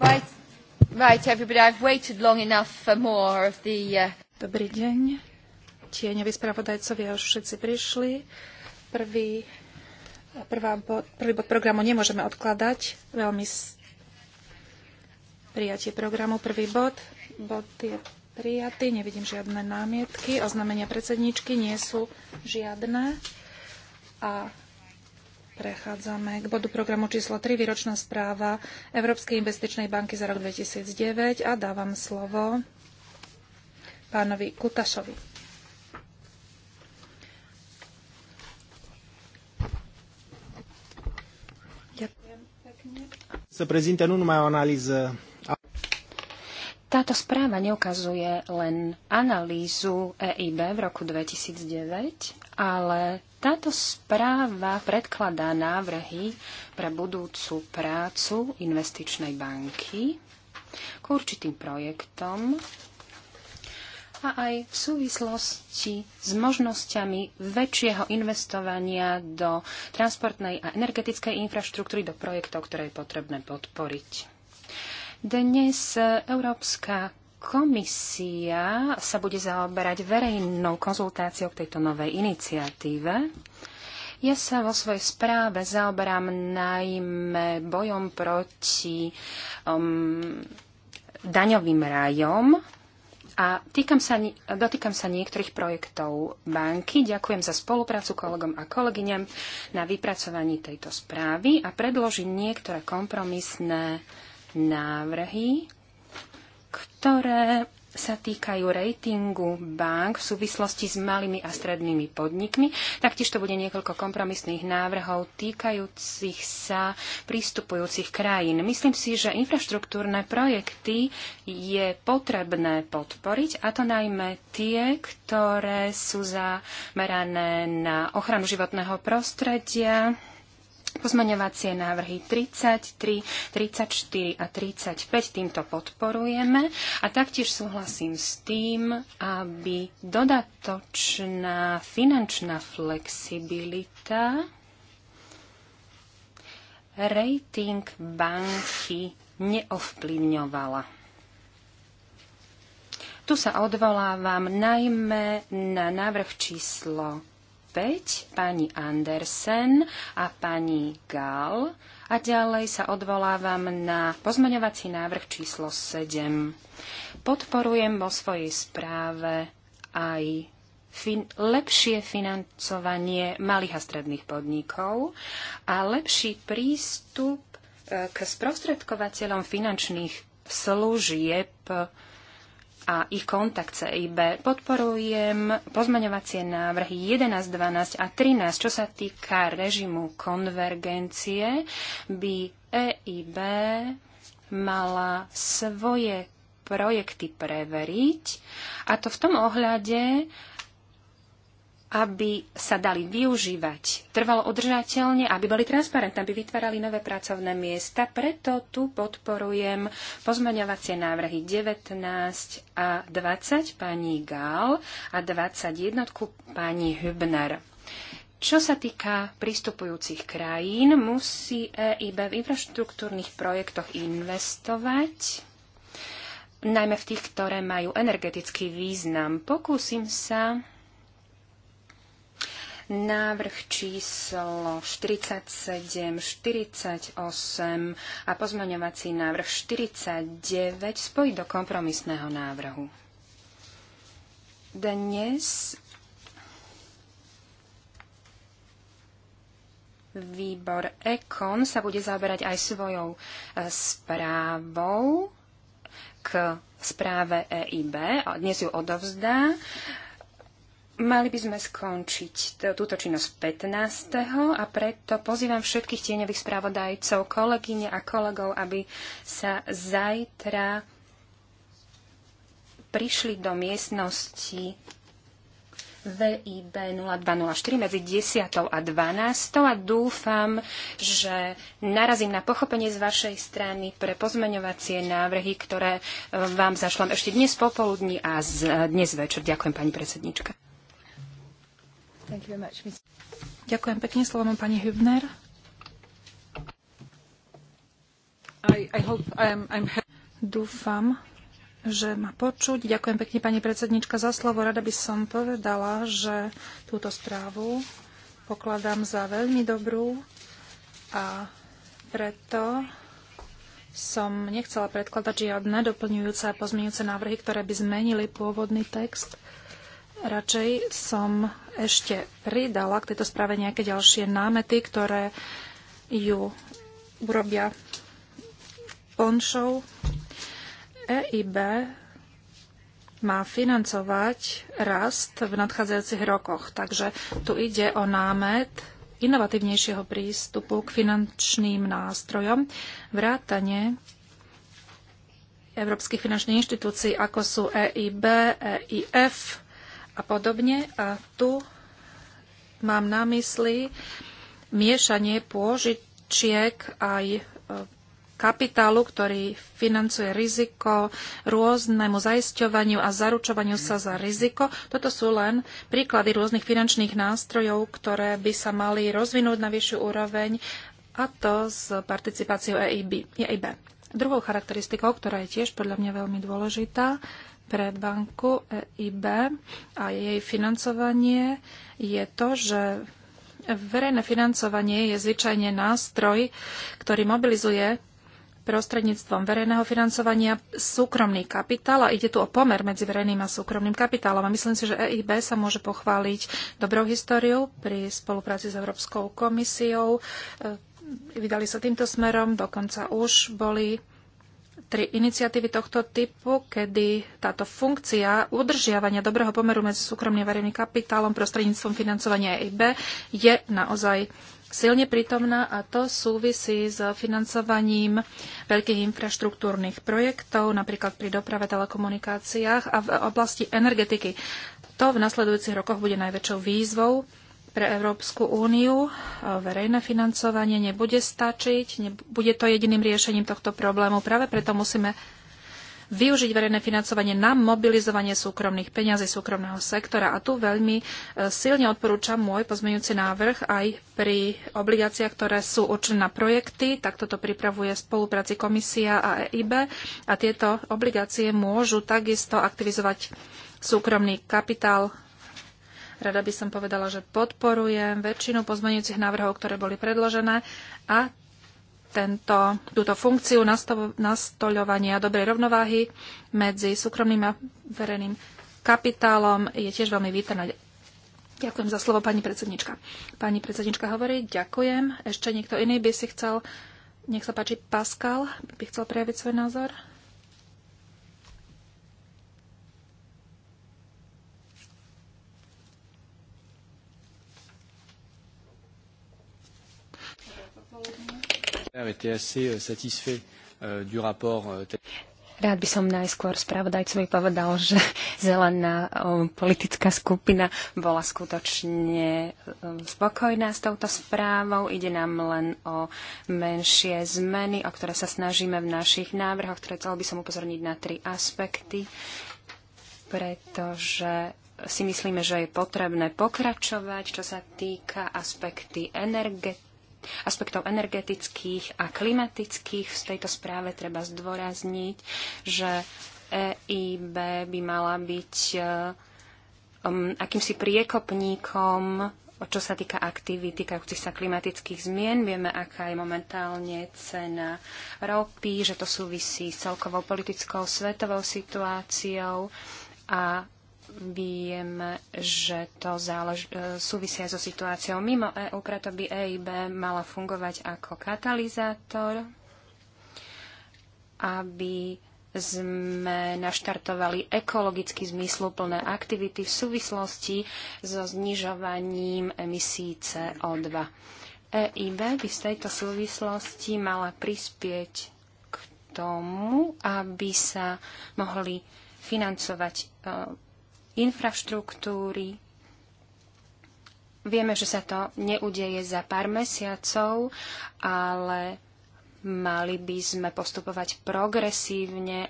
Right, right, everybody, I've waited long enough for more of the... Uh... Dobrý deň. Tieňoví spravodajcovia už všetci prišli. Prvý, prvá bod, prvý bod programu nemôžeme odkladať. Veľmi s... prijatie programu. Prvý bod. Bod je prijatý. Nevidím žiadne námietky. Oznamenia predsedničky nie sú žiadne. A Prechádzame k bodu programu číslo 3, výročná správa Európskej investičnej banky za rok 2009 a dávam slovo pánovi Kutašovi. Ďakujem pekne. Sa prezinte nu numai o analiză táto správa neukazuje len analýzu EIB v roku 2009, ale táto správa predkladá návrhy pre budúcu prácu investičnej banky k určitým projektom a aj v súvislosti s možnosťami väčšieho investovania do transportnej a energetickej infraštruktúry, do projektov, ktoré je potrebné podporiť. Dnes Európska komisia sa bude zaoberať verejnou konzultáciou k tejto novej iniciatíve. Ja sa vo svojej správe zaoberám najmä bojom proti um, daňovým rájom a týkam sa, dotýkam sa niektorých projektov banky. Ďakujem za spoluprácu kolegom a kolegyňam na vypracovaní tejto správy a predložím niektoré kompromisné uh, návrhy, ktoré sa týkajú rejtingu bank v súvislosti s malými a strednými podnikmi. Taktiež to bude niekoľko kompromisných návrhov týkajúcich sa prístupujúcich krajín. Myslím si, že infraštruktúrne projekty je potrebné podporiť, a to najmä tie, ktoré sú zamerané na ochranu životného prostredia, Pozmeňovacie návrhy 33, 34 a 35 týmto podporujeme a taktiež súhlasím s tým, aby dodatočná finančná flexibilita rating banky neovplyvňovala. Tu sa odvolávam najmä na návrh číslo 5, pani Andersen a pani Gal. A ďalej sa odvolávam na pozmeňovací návrh číslo 7. Podporujem vo svojej správe aj fin- lepšie financovanie malých a stredných podnikov a lepší prístup e, k sprostredkovateľom finančných služieb a ich kontakt CIB. E Podporujem pozmeňovacie návrhy 11, 12 a 13, čo sa týka režimu konvergencie, by EIB mala svoje projekty preveriť, a to v tom ohľade, aby sa dali využívať trvalo udržateľne, aby boli transparentné, aby vytvárali nové pracovné miesta. Preto tu podporujem pozmeňovacie návrhy 19 a 20 pani Gál a 21 pani Hübner. Čo sa týka pristupujúcich krajín, musí EIB v infraštruktúrnych projektoch investovať, najmä v tých, ktoré majú energetický význam. Pokúsim sa návrh číslo 47, 48 a pozmaňovací návrh 49 spojiť do kompromisného návrhu. Dnes výbor EKON sa bude zaoberať aj svojou e, správou k správe EIB. Dnes ju odovzdá. Mali by sme skončiť túto činnosť 15. a preto pozývam všetkých tieňových správodajcov, kolegyne a kolegov, aby sa zajtra prišli do miestnosti VIB 0204 medzi 10. a 12. a dúfam, že narazím na pochopenie z vašej strany pre pozmeňovacie návrhy, ktoré e, vám zašlem ešte dnes popoludní a e, dnes večer. Ďakujem, pani predsednička. Ďakujem pekne. Slovo má pani Hübner. Dúfam, že ma počuť. Ďakujem pekne, pani predsednička, za slovo. Rada by som povedala, že túto správu pokladám za veľmi dobrú a preto som nechcela predkladať žiadne doplňujúce a pozmeňujúce návrhy, ktoré by zmenili pôvodný text. Radšej som ešte pridala k tejto správe nejaké ďalšie námety, ktoré ju urobia ponšou. EIB má financovať rast v nadchádzajúcich rokoch. Takže tu ide o námet inovatívnejšieho prístupu k finančným nástrojom, vrátane európskych finančných inštitúcií, ako sú EIB, EIF, a podobne. A tu mám na mysli miešanie pôžičiek aj e, kapitálu, ktorý financuje riziko, rôznemu zaisťovaniu a zaručovaniu sa za riziko. Toto sú len príklady rôznych finančných nástrojov, ktoré by sa mali rozvinúť na vyššiu úroveň, a to s participáciou EIB. EIB. Druhou charakteristikou, ktorá je tiež podľa mňa veľmi dôležitá, pre banku EIB a jej financovanie je to, že verejné financovanie je zvyčajne nástroj, ktorý mobilizuje prostredníctvom verejného financovania súkromný kapitál a ide tu o pomer medzi verejným a súkromným kapitálom. A myslím si, že EIB sa môže pochváliť dobrou históriou pri spolupráci s Európskou komisiou. E, vydali sa týmto smerom, dokonca už boli tri iniciatívy tohto typu, kedy táto funkcia udržiavania dobrého pomeru medzi súkromným a verejným kapitálom prostredníctvom financovania EIB je naozaj silne prítomná a to súvisí s financovaním veľkých infraštruktúrnych projektov, napríklad pri doprave, telekomunikáciách a v oblasti energetiky. To v nasledujúcich rokoch bude najväčšou výzvou pre Európsku úniu verejné financovanie nebude stačiť, nebude to jediným riešením tohto problému. Práve preto musíme využiť verejné financovanie na mobilizovanie súkromných peňazí súkromného sektora. A tu veľmi e, silne odporúčam môj pozmeňujúci návrh aj pri obligáciách, ktoré sú určené na projekty. Takto to pripravuje spolupráci komisia a EIB. A tieto obligácie môžu takisto aktivizovať súkromný kapitál Rada by som povedala, že podporujem väčšinu pozmeňujúcich návrhov, ktoré boli predložené a tento, túto funkciu nastoľovania dobrej rovnováhy medzi súkromným a verejným kapitálom je tiež veľmi vítaná. Ďakujem za slovo, pani predsednička. Pani predsednička hovorí, ďakujem. Ešte niekto iný by si chcel, nech sa páči, Pascal by chcel prejaviť svoj názor. Euh, euh, euh, Rád by som najskôr spravodajcovi povedal, že zelená politická skupina bola skutočne spokojná s touto správou. Ide nám len o menšie zmeny, o ktoré sa snažíme v našich návrhoch, ktoré chcel by som upozorniť na tri aspekty, pretože si myslíme, že je potrebné pokračovať, čo sa týka aspekty energetiky aspektov energetických a klimatických v tejto správe treba zdôrazniť, že EIB by mala byť e, um, akýmsi priekopníkom čo sa týka aktivít týkajúcich sa klimatických zmien. Vieme, aká je momentálne cena ropy, že to súvisí s celkovou politickou svetovou situáciou a Viem, že to zálež- e, súvisia so situáciou mimo EU, preto by EIB mala fungovať ako katalizátor, aby sme naštartovali ekologicky zmysluplné aktivity v súvislosti so znižovaním emisí CO2. EIB by z tejto súvislosti mala prispieť k tomu, aby sa mohli financovať e, infraštruktúry. Vieme, že sa to neudeje za pár mesiacov, ale mali by sme postupovať progresívne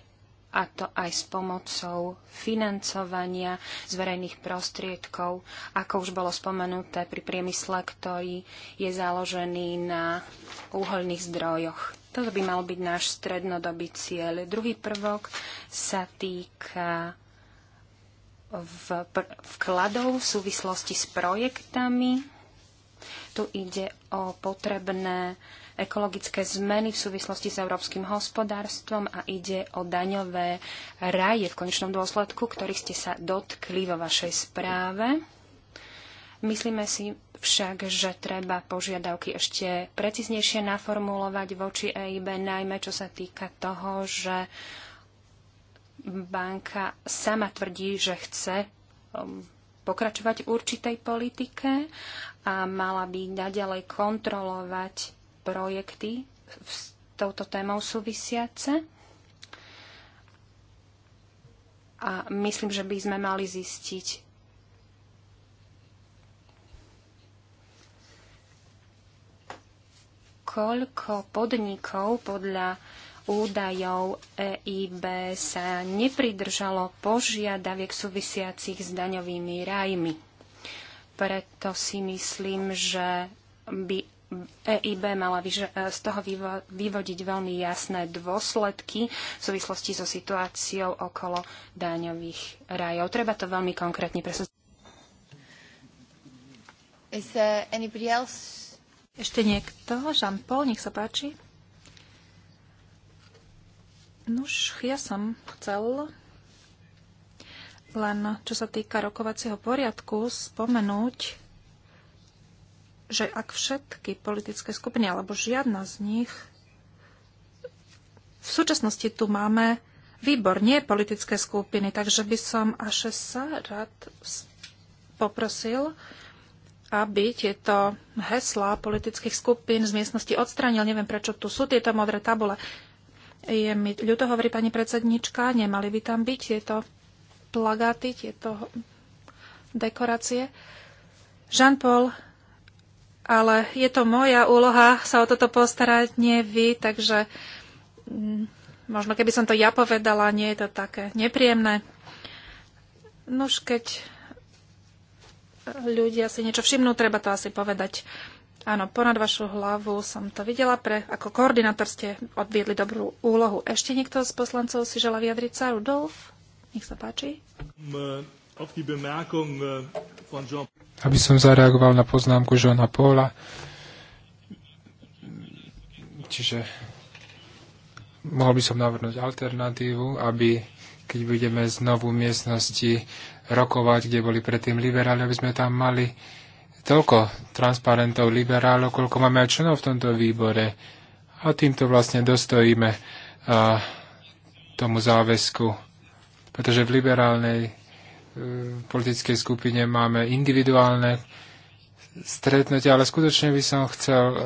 a to aj s pomocou financovania z verejných prostriedkov, ako už bolo spomenuté pri priemysle, ktorý je založený na uholných zdrojoch. Toto by mal byť náš strednodobý cieľ. Druhý prvok sa týka vkladov v súvislosti s projektami. Tu ide o potrebné ekologické zmeny v súvislosti s európskym hospodárstvom a ide o daňové raje v konečnom dôsledku, ktorých ste sa dotkli vo vašej správe. Myslíme si však, že treba požiadavky ešte preciznejšie naformulovať voči EIB, najmä čo sa týka toho, že banka sama tvrdí, že chce um, pokračovať v určitej politike a mala by naďalej kontrolovať projekty s touto témou súvisiace. A myslím, že by sme mali zistiť, koľko podnikov podľa údajov EIB sa nepridržalo požiadaviek súvisiacich s daňovými rajmi. Preto si myslím, že by EIB mala e, z toho vyvodiť veľmi jasné dôsledky v súvislosti so situáciou okolo daňových rajov. Treba to veľmi konkrétne presúdiť. Uh, Ešte niekto? Jean-Paul, nech sa páči. Nuž, ja som chcel len, čo sa týka rokovacieho poriadku, spomenúť, že ak všetky politické skupiny, alebo žiadna z nich, v súčasnosti tu máme výbor, nie politické skupiny, takže by som až sa rád poprosil, aby tieto heslá politických skupín z miestnosti odstranil. Neviem, prečo tu sú tieto modré tabule. Je mi ľuto, hovorí pani predsednička, nemali by tam byť tieto plagáty, tieto dekorácie. Jean-Paul, ale je to moja úloha sa o toto postarať, nie vy, takže mm, možno keby som to ja povedala, nie je to také nepríjemné. Nož keď ľudia si niečo všimnú, treba to asi povedať. Áno, ponad vašu hlavu som to videla. Pre, ako koordinátor ste odviedli dobrú úlohu. Ešte niekto z poslancov si žela vyjadriť sa? Rudolf? Nech sa páči. Aby som zareagoval na poznámku Žona Paula. Čiže mohol by som navrhnúť alternatívu, aby keď budeme znovu v miestnosti rokovať, kde boli predtým liberáli, aby sme tam mali uh, toľko transparentov, liberálov, koľko máme aj členov v tomto výbore. A týmto vlastne dostojíme a, tomu záväzku, pretože v liberálnej e, politickej skupine máme individuálne stretnutia, ale skutočne by som chcel e,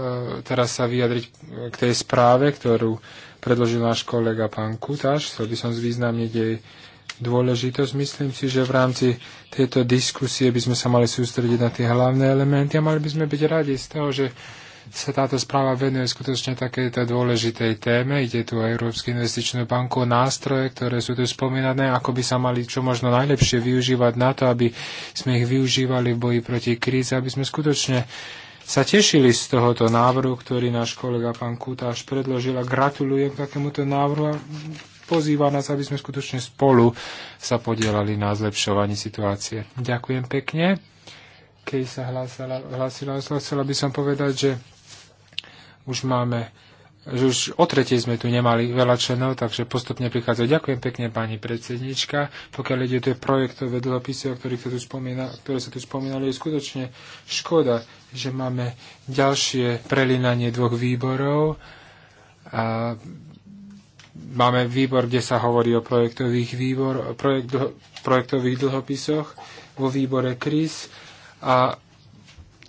teraz sa vyjadriť k tej správe, ktorú predložil náš kolega pán Kutáš. Chcel by som zvýznamniť jej dôležitosť. Myslím si, že v rámci tejto diskusie by sme sa mali sústrediť na tie hlavné elementy a mali by sme byť radi z toho, že sa táto správa venuje skutočne takéto dôležitej téme. Ide tu o Európsku investičnú banku, nástroje, ktoré sú tu spomínané, ako by sa mali čo možno najlepšie využívať na to, aby sme ich využívali v boji proti kríze, aby sme skutočne sa tešili z tohoto návrhu, ktorý náš kolega pán Kutáš predložil a gratulujem k takémuto návrhu a pozýva nás, aby sme skutočne spolu sa podielali na zlepšovaní situácie. Ďakujem pekne. Keď sa hlásila, hlásila, chcela by som povedať, že už máme že už o tretej sme tu nemali veľa členov, takže postupne prichádza. Ďakujem pekne, pani predsednička. Pokiaľ ide o tie projektové dlhopisy, o ktorých sa tu spomína, ktoré sa tu spomínali, je skutočne škoda, že máme ďalšie prelinanie dvoch výborov. A máme výbor, kde sa hovorí o projektových, výbor, projekt, projektových dlhopisoch, vo výbore kríz a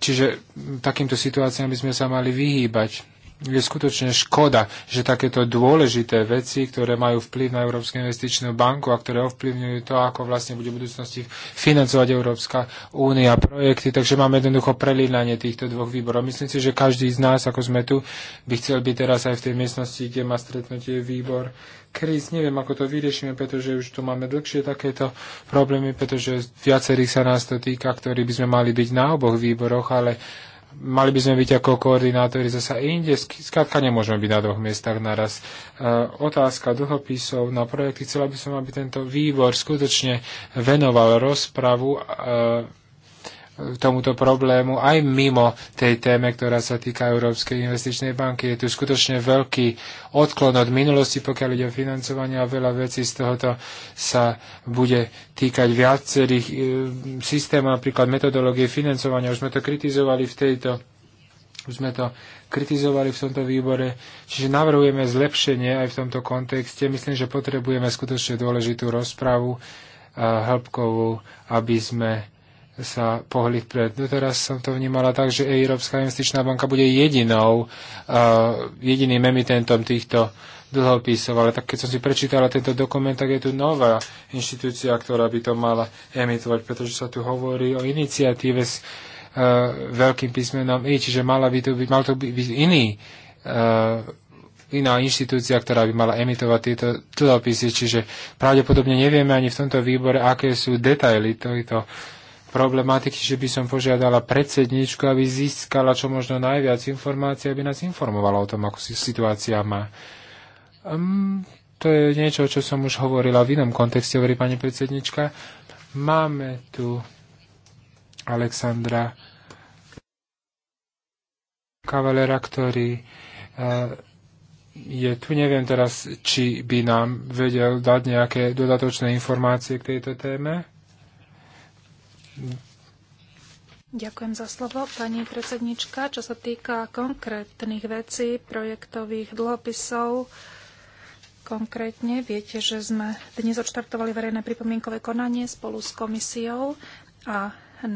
čiže takýmto situáciám by sme sa mali vyhýbať je skutočne škoda, že takéto dôležité veci, ktoré majú vplyv na Európsku investičnú banku a ktoré ovplyvňujú to, ako vlastne bude v budúcnosti financovať Európska únia projekty. Takže máme jednoducho prelínanie týchto dvoch výborov. Myslím si, že každý z nás, ako sme tu, by chcel byť teraz aj v tej miestnosti, kde má stretnutie výbor kríz. Neviem, ako to vyriešime, pretože už tu máme dlhšie takéto problémy, pretože viacerých sa nás to týka, ktorí by sme mali byť na oboch výboroch, ale mali by sme byť ako koordinátori zasa inde. Skrátka nemôžeme byť na dvoch miestach naraz. E, otázka dlhopisov na projekty. Chcela by som, aby tento výbor skutočne venoval rozpravu e, tomuto problému aj mimo tej téme, ktorá sa týka Európskej investičnej banky. Je tu skutočne veľký odklon od minulosti, pokiaľ ide o financovanie a veľa vecí z tohoto sa bude týkať viacerých e, systémov, napríklad metodológie financovania. Už sme to kritizovali v tejto už sme to kritizovali v tomto výbore, čiže navrhujeme zlepšenie aj v tomto kontexte. Myslím, že potrebujeme skutočne dôležitú rozpravu e, hĺbkovú, aby sme sa pohli vpred. No teraz som to vnímala tak, že Európska investičná banka bude jedinou, uh, jediným emitentom týchto dlhopisov, ale tak keď som si prečítala tento dokument, tak je tu nová inštitúcia, ktorá by to mala emitovať, pretože sa tu hovorí o iniciatíve s uh, veľkým písmenom I, čiže mala by to byť, mal to byť iný uh, iná inštitúcia, ktorá by mala emitovať tieto dlhopisy, čiže pravdepodobne nevieme ani v tomto výbore, aké sú detaily tohto problematiky, že by som požiadala predsedničku, aby získala čo možno najviac informácií, aby nás informovala o tom, ako si situácia má. Um, to je niečo, čo som už hovorila v inom kontexte, hovorí pani predsednička. Máme tu Alexandra Kavalera, ktorý e, je tu. Neviem teraz, či by nám vedel dať nejaké dodatočné informácie k tejto téme. Ďakujem za slovo, pani predsednička. Čo sa týka konkrétnych vecí, projektových dlhopisov, konkrétne viete, že sme dnes odštartovali verejné pripomienkové konanie spolu s komisiou a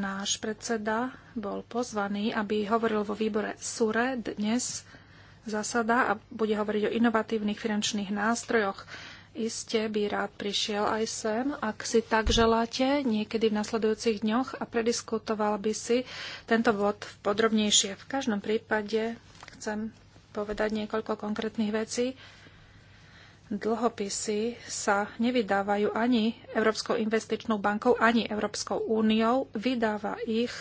náš predseda bol pozvaný, aby hovoril vo výbore SURE dnes zasada a bude hovoriť o inovatívnych finančných nástrojoch. Iste by rád prišiel aj sem, ak si tak želáte, niekedy v nasledujúcich dňoch a prediskutoval by si tento bod podrobnejšie. V každom prípade chcem povedať niekoľko konkrétnych vecí. Dlhopisy sa nevydávajú ani Európskou investičnou bankou, ani Európskou úniou. Vydáva ich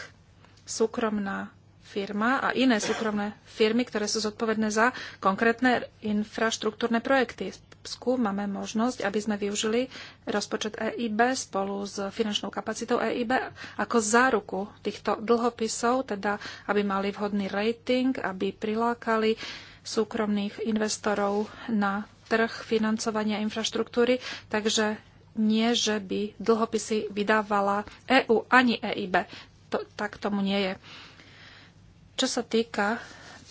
súkromná firma a iné súkromné firmy, ktoré sú zodpovedné za konkrétne infraštruktúrne projekty. Srbsku máme možnosť, aby sme využili rozpočet EIB spolu s finančnou kapacitou EIB ako záruku týchto dlhopisov, teda aby mali vhodný rating, aby prilákali súkromných investorov na trh financovania infraštruktúry, takže nie, že by dlhopisy vydávala EU ani EIB. To, tak tomu nie je. Čo sa týka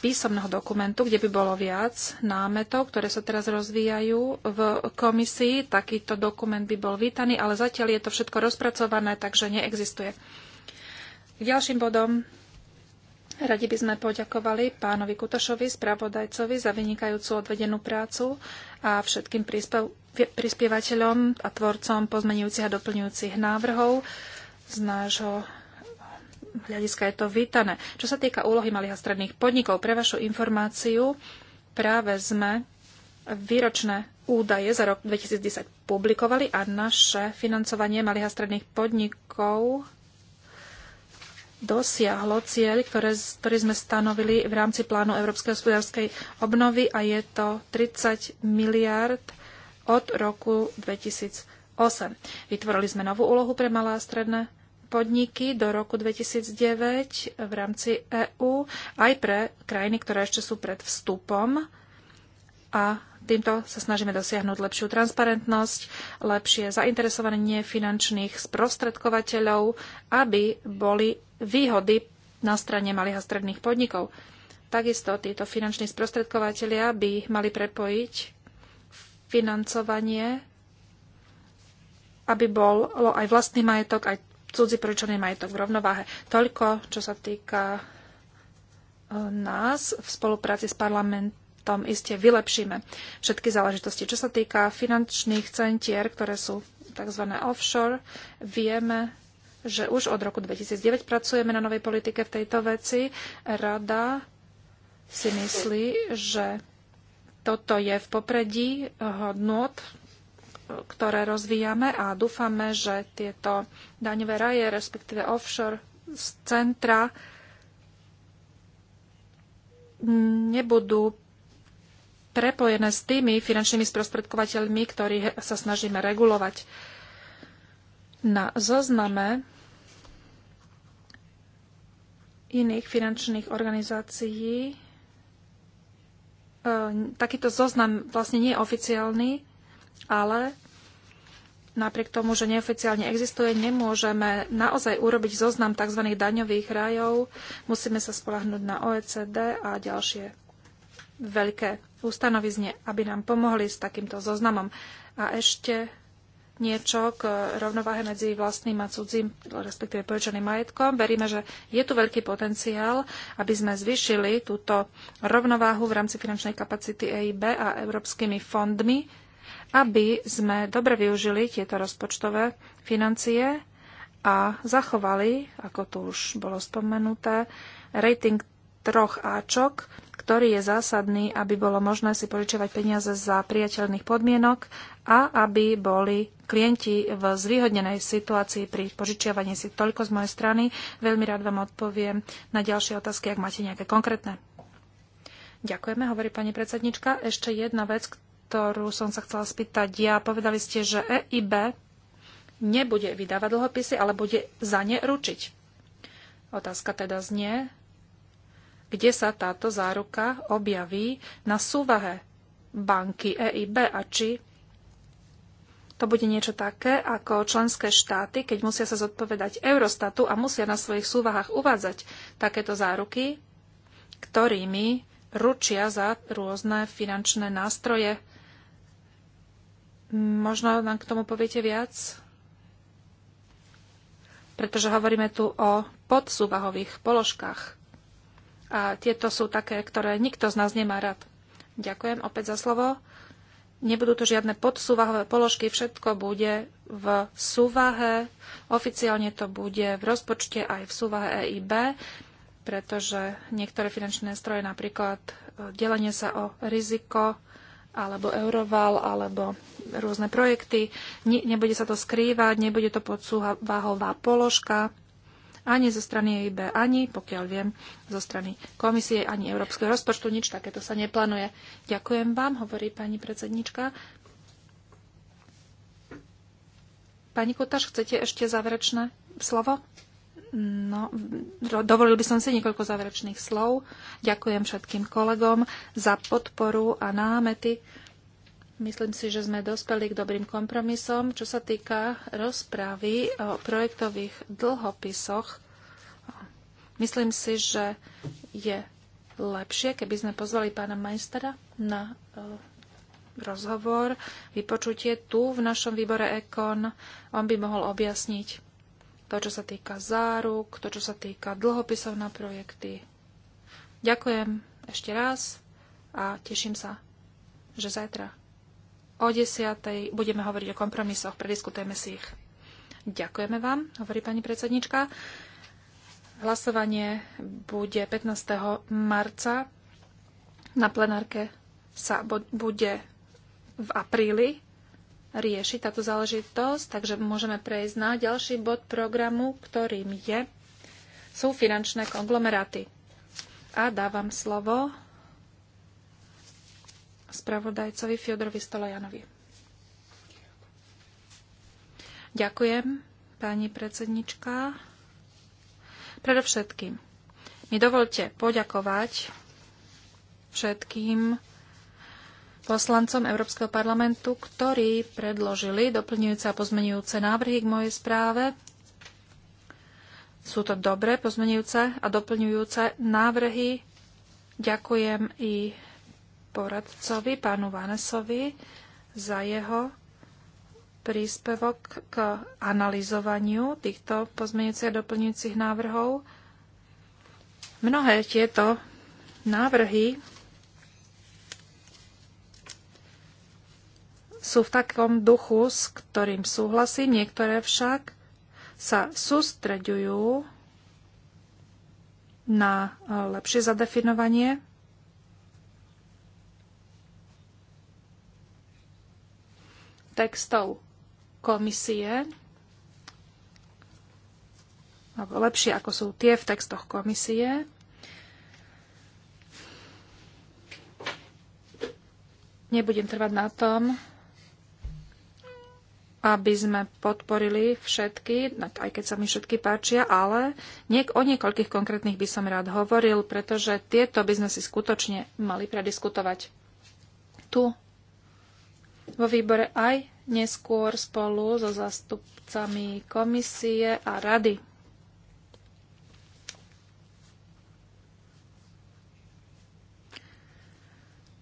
písomného dokumentu, kde by bolo viac námetov, ktoré sa teraz rozvíjajú v komisii. Takýto dokument by bol vítaný, ale zatiaľ je to všetko rozpracované, takže neexistuje. K ďalším bodom radi by sme poďakovali pánovi Kutošovi, spravodajcovi, za vynikajúcu odvedenú prácu a všetkým prispievateľom a tvorcom pozmenujúcich a doplňujúcich návrhov z nášho hľadiska je to vítané. Čo sa týka úlohy malých a stredných podnikov, pre vašu informáciu práve sme výročné údaje za rok 2010 publikovali a naše financovanie malých a stredných podnikov dosiahlo cieľ, ktoré, ktorý sme stanovili v rámci plánu Európskej hospodárskej obnovy a je to 30 miliard od roku 2008. Vytvorili sme novú úlohu pre malé a stredné podniky do roku 2009 v rámci EÚ, aj pre krajiny, ktoré ešte sú pred vstupom. A týmto sa snažíme dosiahnuť lepšiu transparentnosť, lepšie zainteresovanie finančných sprostredkovateľov, aby boli výhody na strane malých a stredných podnikov. Takisto títo finanční sprostredkovateľia by mali prepojiť financovanie aby bolo aj vlastný majetok, aj cudzí poručený majetok v rovnováhe. Toľko, čo sa týka e, nás v spolupráci s parlamentom iste vylepšíme všetky záležitosti. Čo sa týka finančných centier, ktoré sú tzv. offshore, vieme, že už od roku 2009 pracujeme na novej politike v tejto veci. Rada si myslí, že toto je v popredí e, hodnot ktoré rozvíjame a dúfame, že tieto daňové raje, respektíve offshore centra nebudú prepojené s tými finančnými sprostredkovateľmi, ktorí sa snažíme regulovať. Na zozname iných finančných organizácií e, takýto zoznam vlastne nie je oficiálny, ale napriek tomu, že neoficiálne existuje, nemôžeme naozaj urobiť zoznam tzv. daňových rajov. Musíme sa spolahnúť na OECD a ďalšie veľké ustanovizne, aby nám pomohli s takýmto zoznamom. A ešte niečo k rovnováhe medzi vlastným a cudzím, respektíve požičaným majetkom. Veríme, že je tu veľký potenciál, aby sme zvyšili túto rovnováhu v rámci finančnej kapacity EIB a európskymi fondmi aby sme dobre využili tieto rozpočtové financie a zachovali, ako tu už bolo spomenuté, rating troch Ačok, ktorý je zásadný, aby bolo možné si požičiavať peniaze za priateľných podmienok a aby boli klienti v zvýhodnenej situácii pri požičiavaní si. Toľko z mojej strany. Veľmi rád vám odpoviem na ďalšie otázky, ak máte nejaké konkrétne. Ďakujeme, hovorí pani predsednička. Ešte jedna vec, ktorú som sa chcela spýtať ja. Povedali ste, že EIB nebude vydávať dlhopisy, ale bude za ne ručiť. Otázka teda znie, kde sa táto záruka objaví na súvahe banky EIB a či to bude niečo také ako členské štáty, keď musia sa zodpovedať Eurostatu a musia na svojich súvahách uvádzať takéto záruky, ktorými ručia za rôzne finančné nástroje Možno nám k tomu poviete viac? Pretože hovoríme tu o podsúvahových položkách. A tieto sú také, ktoré nikto z nás nemá rád. Ďakujem opäť za slovo. Nebudú to žiadne podsúvahové položky, všetko bude v súvahe. Oficiálne to bude v rozpočte aj v súvahe EIB, pretože niektoré finančné stroje, napríklad eh, delenie sa o riziko, alebo Euroval, alebo rôzne projekty. Nebude sa to skrývať, nebude to podsúvahová položka ani zo strany EIB, ani, pokiaľ viem, zo strany komisie, ani európskeho rozpočtu. Nič takéto sa neplánuje. Ďakujem vám, hovorí pani predsednička. Pani Kutaš, chcete ešte záverečné slovo? No, dovolil by som si niekoľko záverečných slov. Ďakujem všetkým kolegom za podporu a námety. Myslím si, že sme dospeli k dobrým kompromisom. Čo sa týka rozpravy o projektových dlhopisoch, myslím si, že je lepšie, keby sme pozvali pána majstera na e, rozhovor, vypočutie tu v našom výbore EKON. On by mohol objasniť to, čo sa týka záruk, to, čo sa týka dlhopisov na projekty. Ďakujem ešte raz a teším sa, že zajtra o 10.00 budeme hovoriť o kompromisoch, prediskutujeme si ich. Ďakujeme vám, hovorí pani predsednička. Hlasovanie bude 15. marca. Na plenárke sa bude v apríli riešiť táto záležitosť, takže môžeme prejsť na ďalší bod programu, ktorým je, sú finančné konglomeráty. A dávam slovo spravodajcovi Fiodorovi Stolojanovi. Ďakujem, pani predsednička. Predovšetkým mi dovolte poďakovať všetkým, poslancom Európskeho parlamentu, ktorí predložili doplňujúce a pozmenujúce návrhy k mojej správe. Sú to dobré pozmenujúce a doplňujúce návrhy. Ďakujem i poradcovi, pánu Vanesovi, za jeho príspevok k analyzovaniu týchto pozmenujúcich a doplňujúcich návrhov. Mnohé tieto návrhy sú v takom duchu, s ktorým súhlasím, niektoré však sa sústreďujú na eh, lepšie zadefinovanie textov komisie, alebo lepšie ako sú tie v textoch komisie. Nebudem trvať na tom, aby sme podporili všetky, no aj keď sa mi všetky páčia, ale niek- o niekoľkých konkrétnych by som rád hovoril, pretože tieto by sme si skutočne mali prediskutovať tu vo výbore aj neskôr spolu so zastupcami komisie a rady.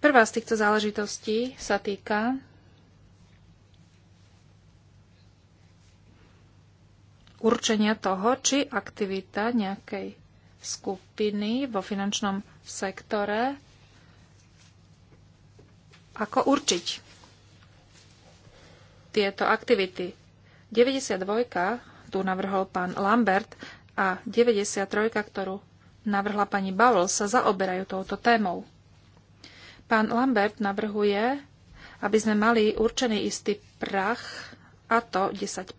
Prvá z týchto záležitostí sa týka určenia toho, či aktivita nejakej skupiny vo finančnom sektore ako určiť tieto aktivity. 92 tu navrhol pán Lambert a 93, ktorú navrhla pani Bavl, sa zaoberajú touto témou. Pán Lambert navrhuje, aby sme mali určený istý prach, a to 10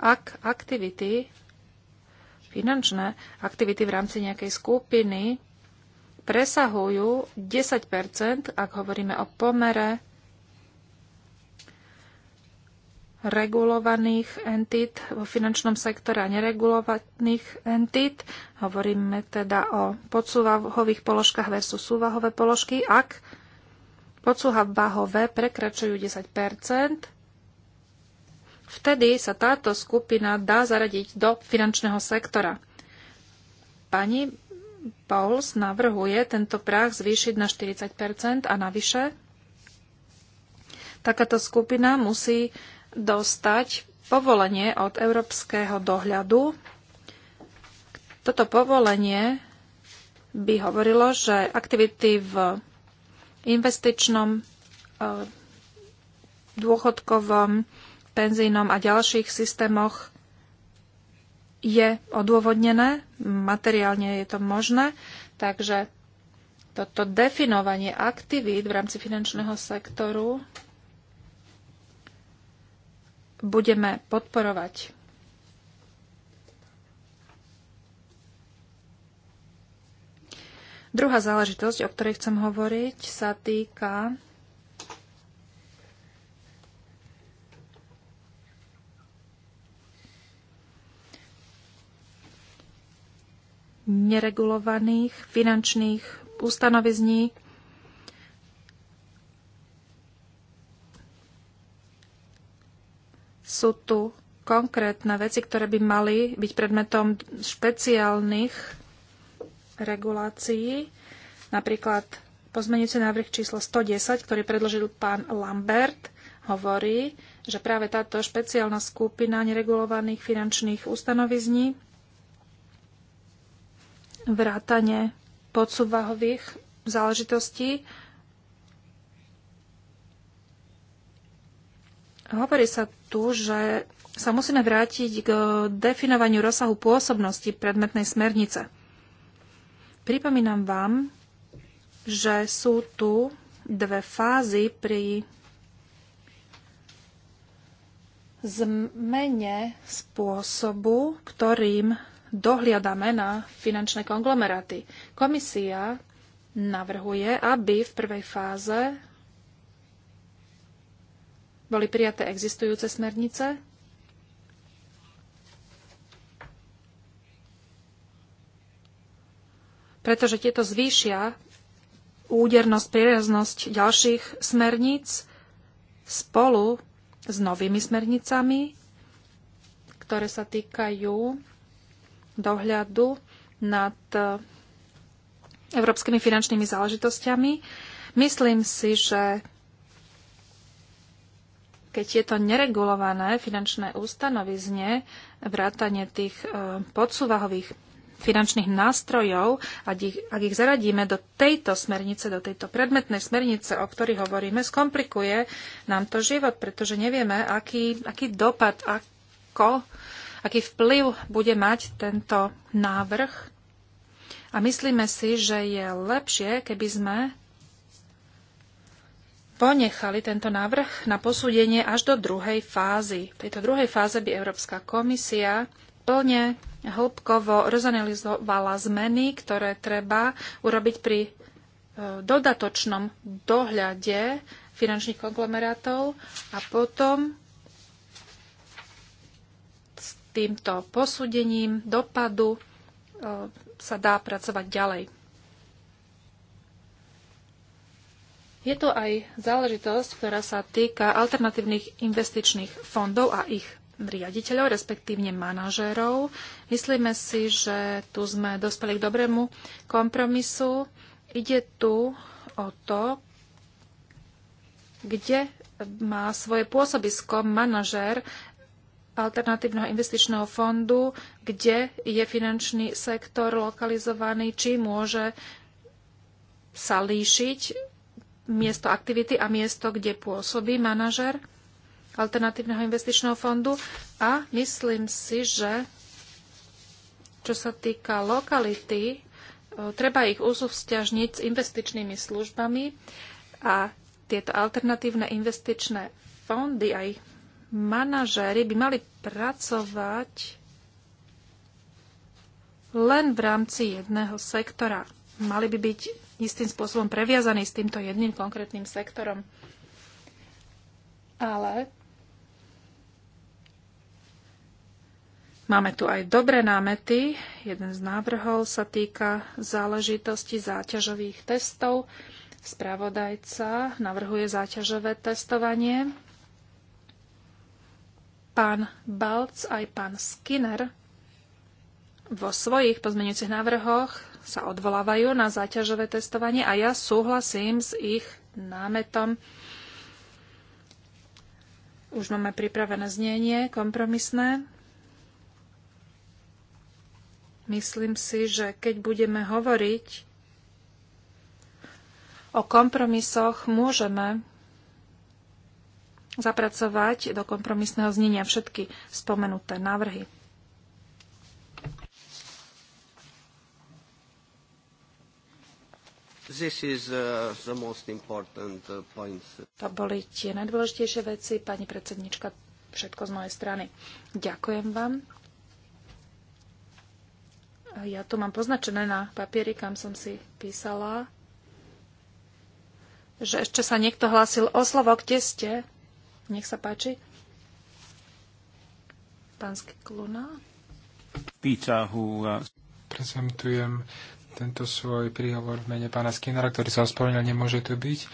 ak aktivity, finančné aktivity v rámci nejakej skupiny presahujú 10 ak hovoríme o pomere regulovaných entít vo finančnom sektore a neregulovaných entít. Hovoríme teda o podsúvahových položkách versus súvahové položky. Ak podsúvahové prekračujú 10 Vtedy sa táto skupina dá zaradiť do finančného sektora. Pani Pauls navrhuje tento práh zvýšiť na 40 a navyše. Takáto skupina musí dostať povolenie od európskeho dohľadu. Toto povolenie by hovorilo, že aktivity v investičnom, eh, dôchodkovom, benzínom a ďalších systémoch je odôvodnené, materiálne je to možné, takže toto definovanie aktivít v rámci finančného sektoru budeme podporovať. Druhá záležitosť, o ktorej chcem hovoriť, sa týka neregulovaných finančných ustanovizní. Sú tu konkrétne veci, ktoré by mali byť predmetom špeciálnych regulácií. Napríklad pozmenujúci návrh číslo 110, ktorý predložil pán Lambert, hovorí, že práve táto špeciálna skupina neregulovaných finančných ustanovizní vrátane podsúvahových záležitostí. Hovorí sa tu, že sa musíme vrátiť k definovaniu rozsahu pôsobnosti predmetnej smernice. Pripomínam vám, že sú tu dve fázy pri zmene spôsobu, ktorým dohliadame na finančné konglomeráty. Komisia navrhuje, aby v prvej fáze boli prijaté existujúce smernice, pretože tieto zvýšia údernosť, prieraznosť ďalších smerníc spolu s novými smernicami, ktoré sa týkajú dohľadu nad e, európskymi finančnými záležitosťami. Myslím si, že keď je to neregulované finančné ústanovizne, vrátanie tých e, podsúvahových finančných nástrojov, ak ich, ak ich zaradíme do tejto smernice, do tejto predmetnej smernice, o ktorej hovoríme, skomplikuje nám to život, pretože nevieme, aký, aký dopad, ako aký vplyv bude mať tento návrh. A myslíme si, že je lepšie, keby sme ponechali tento návrh na posúdenie až do druhej fázy. V tejto druhej fáze by Európska komisia plne hĺbkovo rozanalizovala zmeny, ktoré treba urobiť pri e, dodatočnom dohľade finančných konglomerátov a potom týmto posúdením dopadu e, sa dá pracovať ďalej. Je to aj záležitosť, ktorá sa týka alternatívnych investičných fondov a ich riaditeľov, respektívne manažérov. Myslíme si, že tu sme dospeli k dobrému kompromisu. Ide tu o to, kde má svoje pôsobisko manažér alternatívneho investičného fondu, kde je finančný sektor lokalizovaný, či môže sa líšiť miesto aktivity a miesto, kde pôsobí manažer alternatívneho investičného fondu. A myslím si, že čo sa týka lokality, e, treba ich uzovzťažniť s investičnými službami a tieto alternatívne investičné fondy a ich manažéri by mali pracovať len v rámci jedného sektora. Mali by byť istým spôsobom previazaní s týmto jedným konkrétnym sektorom. Ale máme tu aj dobré námety. Jeden z návrhov sa týka záležitosti záťažových testov. Spravodajca navrhuje záťažové testovanie pán Balc aj pán Skinner vo svojich pozmeňujúcich návrhoch sa odvolávajú na záťažové testovanie a ja súhlasím s ich námetom. Už máme pripravené znenie kompromisné. Myslím si, že keď budeme hovoriť o kompromisoch, môžeme zapracovať do kompromisného znenia všetky spomenuté návrhy. Is, uh, uh to boli tie najdôležitejšie veci, pani predsednička, všetko z mojej strany. Ďakujem vám. Ja tu mám poznačené na papieri, kam som si písala, že ešte sa niekto hlásil o slovo, kde ste? Nech sa páči. Pánsky Kluna. Pýta, who, uh... Prezentujem tento svoj príhovor v mene pána Skinnera, ktorý sa ospravedlnil, nemôže tu byť. Uh,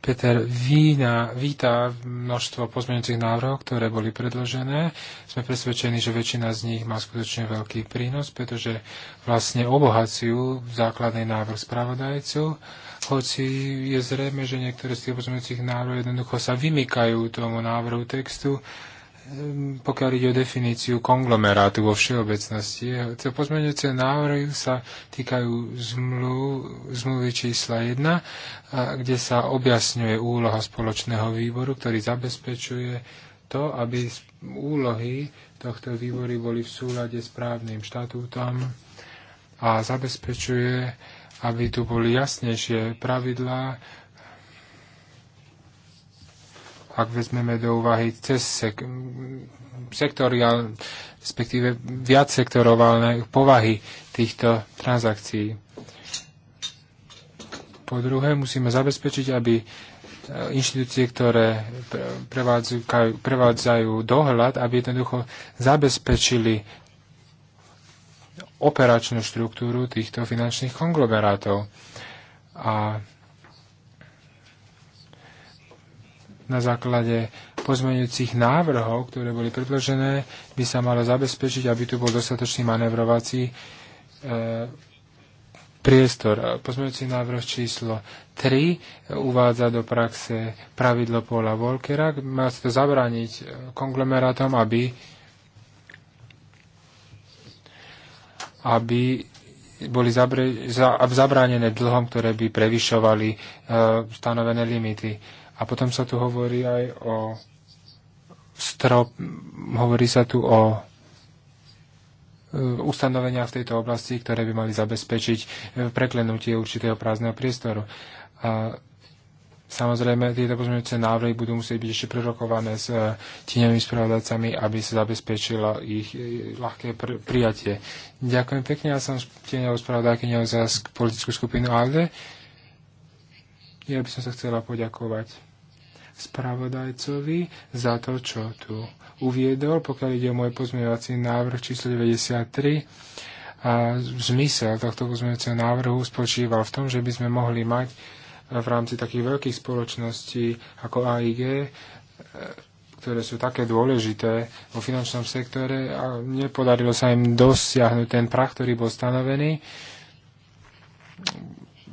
Peter vína, víta množstvo pozmeňujúcich návrhov, ktoré boli predložené. Sme presvedčení, že väčšina z nich má skutočne veľký prínos, pretože vlastne obohacujú základný návrh spravodajcu, hoci je zrejme, že niektoré z tých pozmeňujúcich návrhov jednoducho sa vymykajú tomu návrhu textu, Ehm, pokiaľ ide o definíciu konglomerátu vo všeobecnosti. Eh, Tie pozmeňujúce návrhy sa týkajú zmluv, zmluvy čísla 1, kde sa objasňuje úloha spoločného výboru, ktorý zabezpečuje to, aby úlohy tohto výboru boli v súlade s právnym štatútom a zabezpečuje, aby tu boli jasnejšie pravidlá, ak vezmeme do úvahy cez sek- sektoriál, respektíve viac sektorovalné povahy týchto transakcií. Po druhé, musíme zabezpečiť, aby e, inštitúcie, ktoré prevádzajú, prevádzajú dohľad, aby jednoducho zabezpečili operačnú štruktúru týchto finančných konglomerátov. A na základe pozmeňujúcich návrhov, ktoré boli predložené, by sa malo zabezpečiť, aby tu bol dostatočný manevrovací e, priestor. Pozmeňujúci návrh číslo 3 uvádza do praxe pravidlo Paula Volkera. Má sa to zabrániť e, konglomerátom, aby aby boli zabre, za, zabránené dlhom, ktoré by prevyšovali e, stanovené limity. A potom sa tu hovorí aj o strop, hovorí sa tu o e, ustanovenia v tejto oblasti, ktoré by mali zabezpečiť e, preklenutie určitého prázdneho priestoru. A Samozrejme, tieto pozmeňujúce návrhy budú musieť byť ešte prerokované s e, tíňovými spravodajcami, aby sa zabezpečilo ich ľahké pr- prijatie. Ďakujem pekne, ja som tieňovou spravodajkyňou za politickú skupinu ALDE. Ja by som sa chcela poďakovať spravodajcovi za to, čo tu uviedol, pokiaľ ide o môj pozmeňovací návrh číslo 93. A zmysel tohto pozmeňovacieho návrhu spočíval v tom, že by sme mohli mať e, v rámci takých veľkých spoločností ako AIG, e, ktoré sú také dôležité vo finančnom sektore a nepodarilo sa im dosiahnuť ten prach, ktorý bol stanovený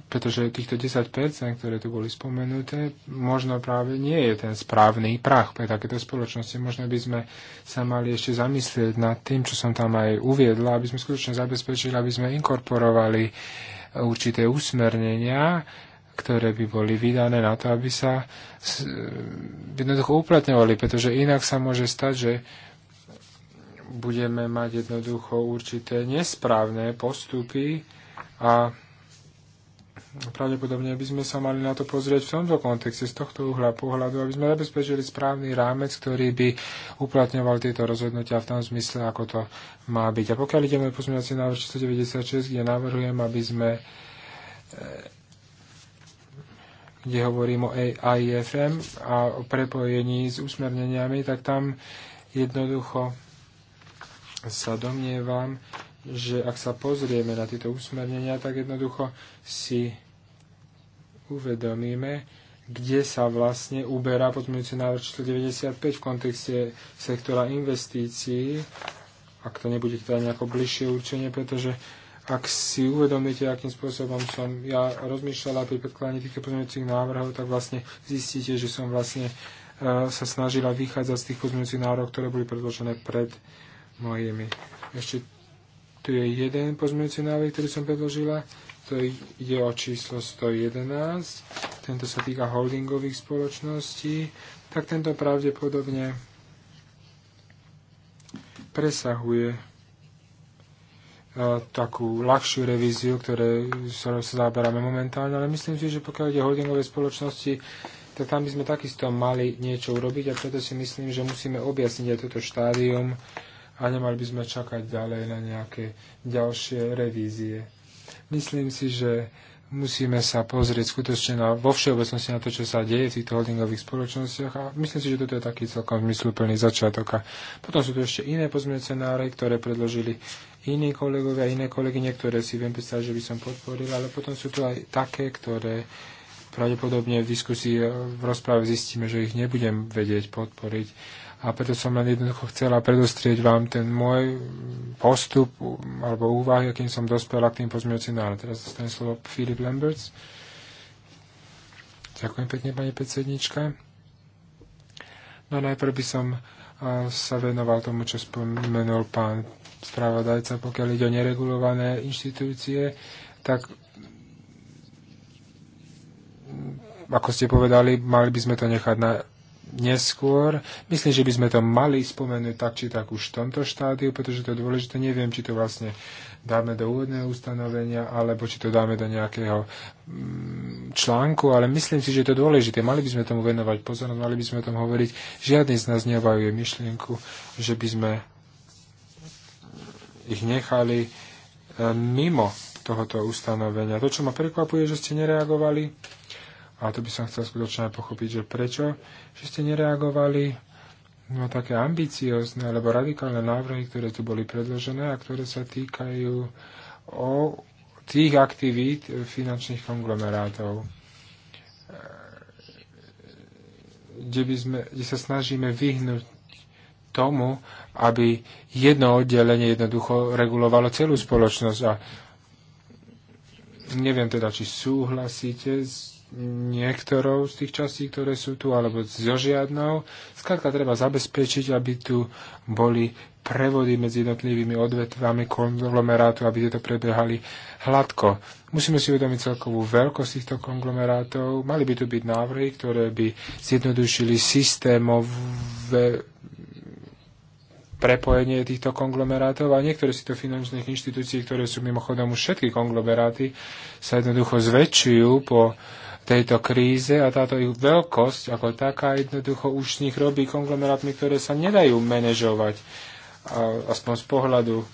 pretože týchto 10%, ktoré tu boli spomenuté, možno práve nie je ten správny prach pre takéto spoločnosti. Možno by sme sa mali ešte zamyslieť nad tým, čo som tam aj uviedla, aby sme skutočne zabezpečili, aby sme inkorporovali určité usmernenia, ktoré by boli vydané na to, aby sa jednoducho uplatňovali, pretože inak sa môže stať, že budeme mať jednoducho určité nesprávne postupy a pravdepodobne by sme sa mali na to pozrieť v tomto kontexte, z tohto uhla pohľadu, aby sme zabezpečili správny rámec, ktorý by uplatňoval tieto rozhodnutia v tom zmysle, ako to má byť. A pokiaľ ide môj pozmeňovací návrh 196, kde navrhujem, aby sme e, kde hovorím o AIFM a o prepojení s usmerneniami, tak tam jednoducho sa domnievam, že ak sa pozrieme na tieto usmernenia, tak jednoducho si uvedomíme, kde sa vlastne uberá pozmeňujúci návrh číslo 95 v kontexte sektora investícií, ak to nebude teda nejako bližšie určenie, pretože ak si uvedomíte, akým spôsobom som ja rozmýšľala pri predkladaní týchto pozmeňujúcich návrhov, tak vlastne zistíte, že som vlastne e, sa snažila vychádzať z tých pozmeňujúcich návrhov, ktoré boli predložené pred mojimi. Ešte tu je jeden pozmeňujúci návrh, ktorý som predložila to ide o číslo 111, tento sa týka holdingových spoločností, tak tento pravdepodobne presahuje e, takú ľahšiu revíziu, ktoré, sa zaoberáme momentálne, ale myslím si, že pokiaľ ide holdingové spoločnosti, tak tam by sme takisto mali niečo urobiť a preto si myslím, že musíme objasniť aj toto štádium a nemali by sme čakať ďalej na nejaké ďalšie revízie. Myslím si, že musíme sa pozrieť skutočne na, vo všeobecnosti na to, čo sa deje v týchto holdingových spoločnostiach a myslím si, že toto je taký celkom zmysluplný začiatok. A potom sú tu ešte iné pozmeňujúce návrhy, ktoré predložili iní kolegovia, iné kolegy, niektoré si viem predstaviť, že by som podporil, ale potom sú tu aj také, ktoré pravdepodobne v diskusii, v rozpráve zistíme, že ich nebudem vedieť podporiť a preto som len jednoducho chcela predostrieť vám ten môj postup alebo úvahy, akým som dospela k tým pozmeňujúcim návrhom. Teraz dostanem slovo Filip Lamberts. Ďakujem pekne, pani predsednička. No najprv by som eh, sa venoval tomu, čo spomenul pán spravodajca, pokiaľ ide o neregulované inštitúcie, tak ako ste povedali, mali by sme to nechať na neskôr. Myslím, že by sme to mali spomenúť tak či tak už v tomto štádiu, pretože to je dôležité. Neviem, či to vlastne dáme do úvodného ustanovenia, alebo či to dáme do nejakého mm, článku, ale myslím si, že to je dôležité. Mali by sme tomu venovať pozornosť, mali by sme o tom hovoriť. Žiadny z nás neobajuje myšlienku, že by sme ich nechali e, mimo tohoto ustanovenia. To, čo ma prekvapuje, že ste nereagovali a to by som chcel skutočne pochopiť, že prečo, že ste nereagovali na také ambiciozne alebo radikálne návrhy, ktoré tu boli predložené a ktoré sa týkajú o tých aktivít finančných konglomerátov, kde, by sme, kde sa snažíme vyhnúť tomu, aby jedno oddelenie jednoducho regulovalo celú spoločnosť. A neviem teda, či súhlasíte s niektorou z tých častí, ktoré sú tu, alebo so žiadnou. Skrátka treba zabezpečiť, aby tu boli prevody medzi jednotlivými odvetvami konglomerátu, aby tieto prebiehali hladko. Musíme si uvedomiť celkovú veľkosť týchto konglomerátov. Mali by tu byť návrhy, ktoré by zjednodušili systémové prepojenie týchto konglomerátov a niektoré z týchto finančných inštitúcií, ktoré sú mimochodom už všetky konglomeráty, sa jednoducho zväčšujú po uh, tejto kríze a táto ich veľkosť ako taká jednoducho už z nich robí konglomerátmi, ktoré sa nedajú manažovať, aspoň z pohľadu e,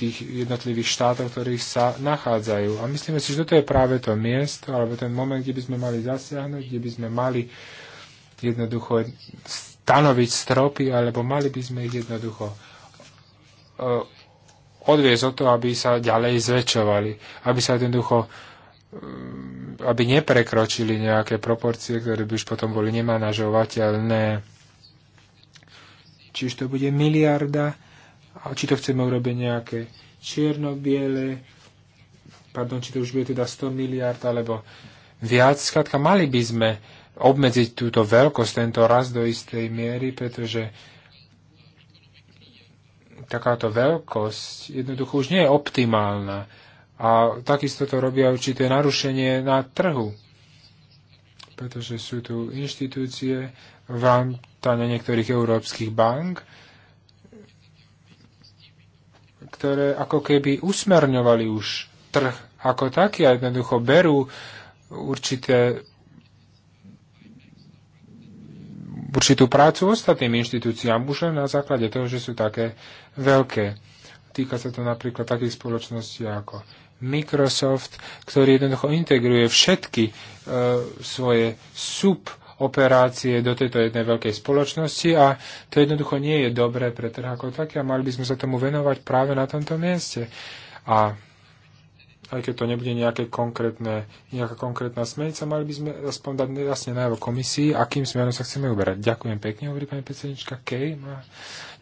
tých jednotlivých štátov, ktorých sa nachádzajú. A myslíme si, že toto je práve to miesto, alebo ten moment, kde by sme mali zasiahnuť, kde by sme mali jednoducho stanoviť stropy, alebo mali by sme ich jednoducho e, odviezť o to, aby sa ďalej zväčšovali, aby sa jednoducho aby neprekročili nejaké proporcie, ktoré by už potom boli nemanažovateľné. Či už to bude miliarda, a či to chceme urobiť nejaké čierno-biele, pardon, či to už bude teda 100 miliard alebo viac. Skladka, mali by sme obmedziť túto veľkosť, tento raz do istej miery, pretože takáto veľkosť jednoducho už nie je optimálna a takisto to robia určité narušenie na trhu, pretože sú tu inštitúcie v rámtane niektorých európskych bank, ktoré ako keby usmerňovali už trh ako taký a jednoducho berú určité určitú prácu ostatným inštitúciám už len na základe toho, že sú také veľké. Týka sa to napríklad takých spoločností ako Microsoft, ktorý jednoducho integruje všetky e, svoje sub operácie do tejto jednej veľkej spoločnosti a to jednoducho nie je dobré pre trh ako také a mali by sme sa tomu venovať práve na tomto mieste. A aj keď to nebude nejaké konkrétne, nejaká konkrétna smernica, mali by sme aspoň dať jasne na komisii, akým smerom sa chceme uberať. Ďakujem pekne, hovorí pani predsednička Kej. No,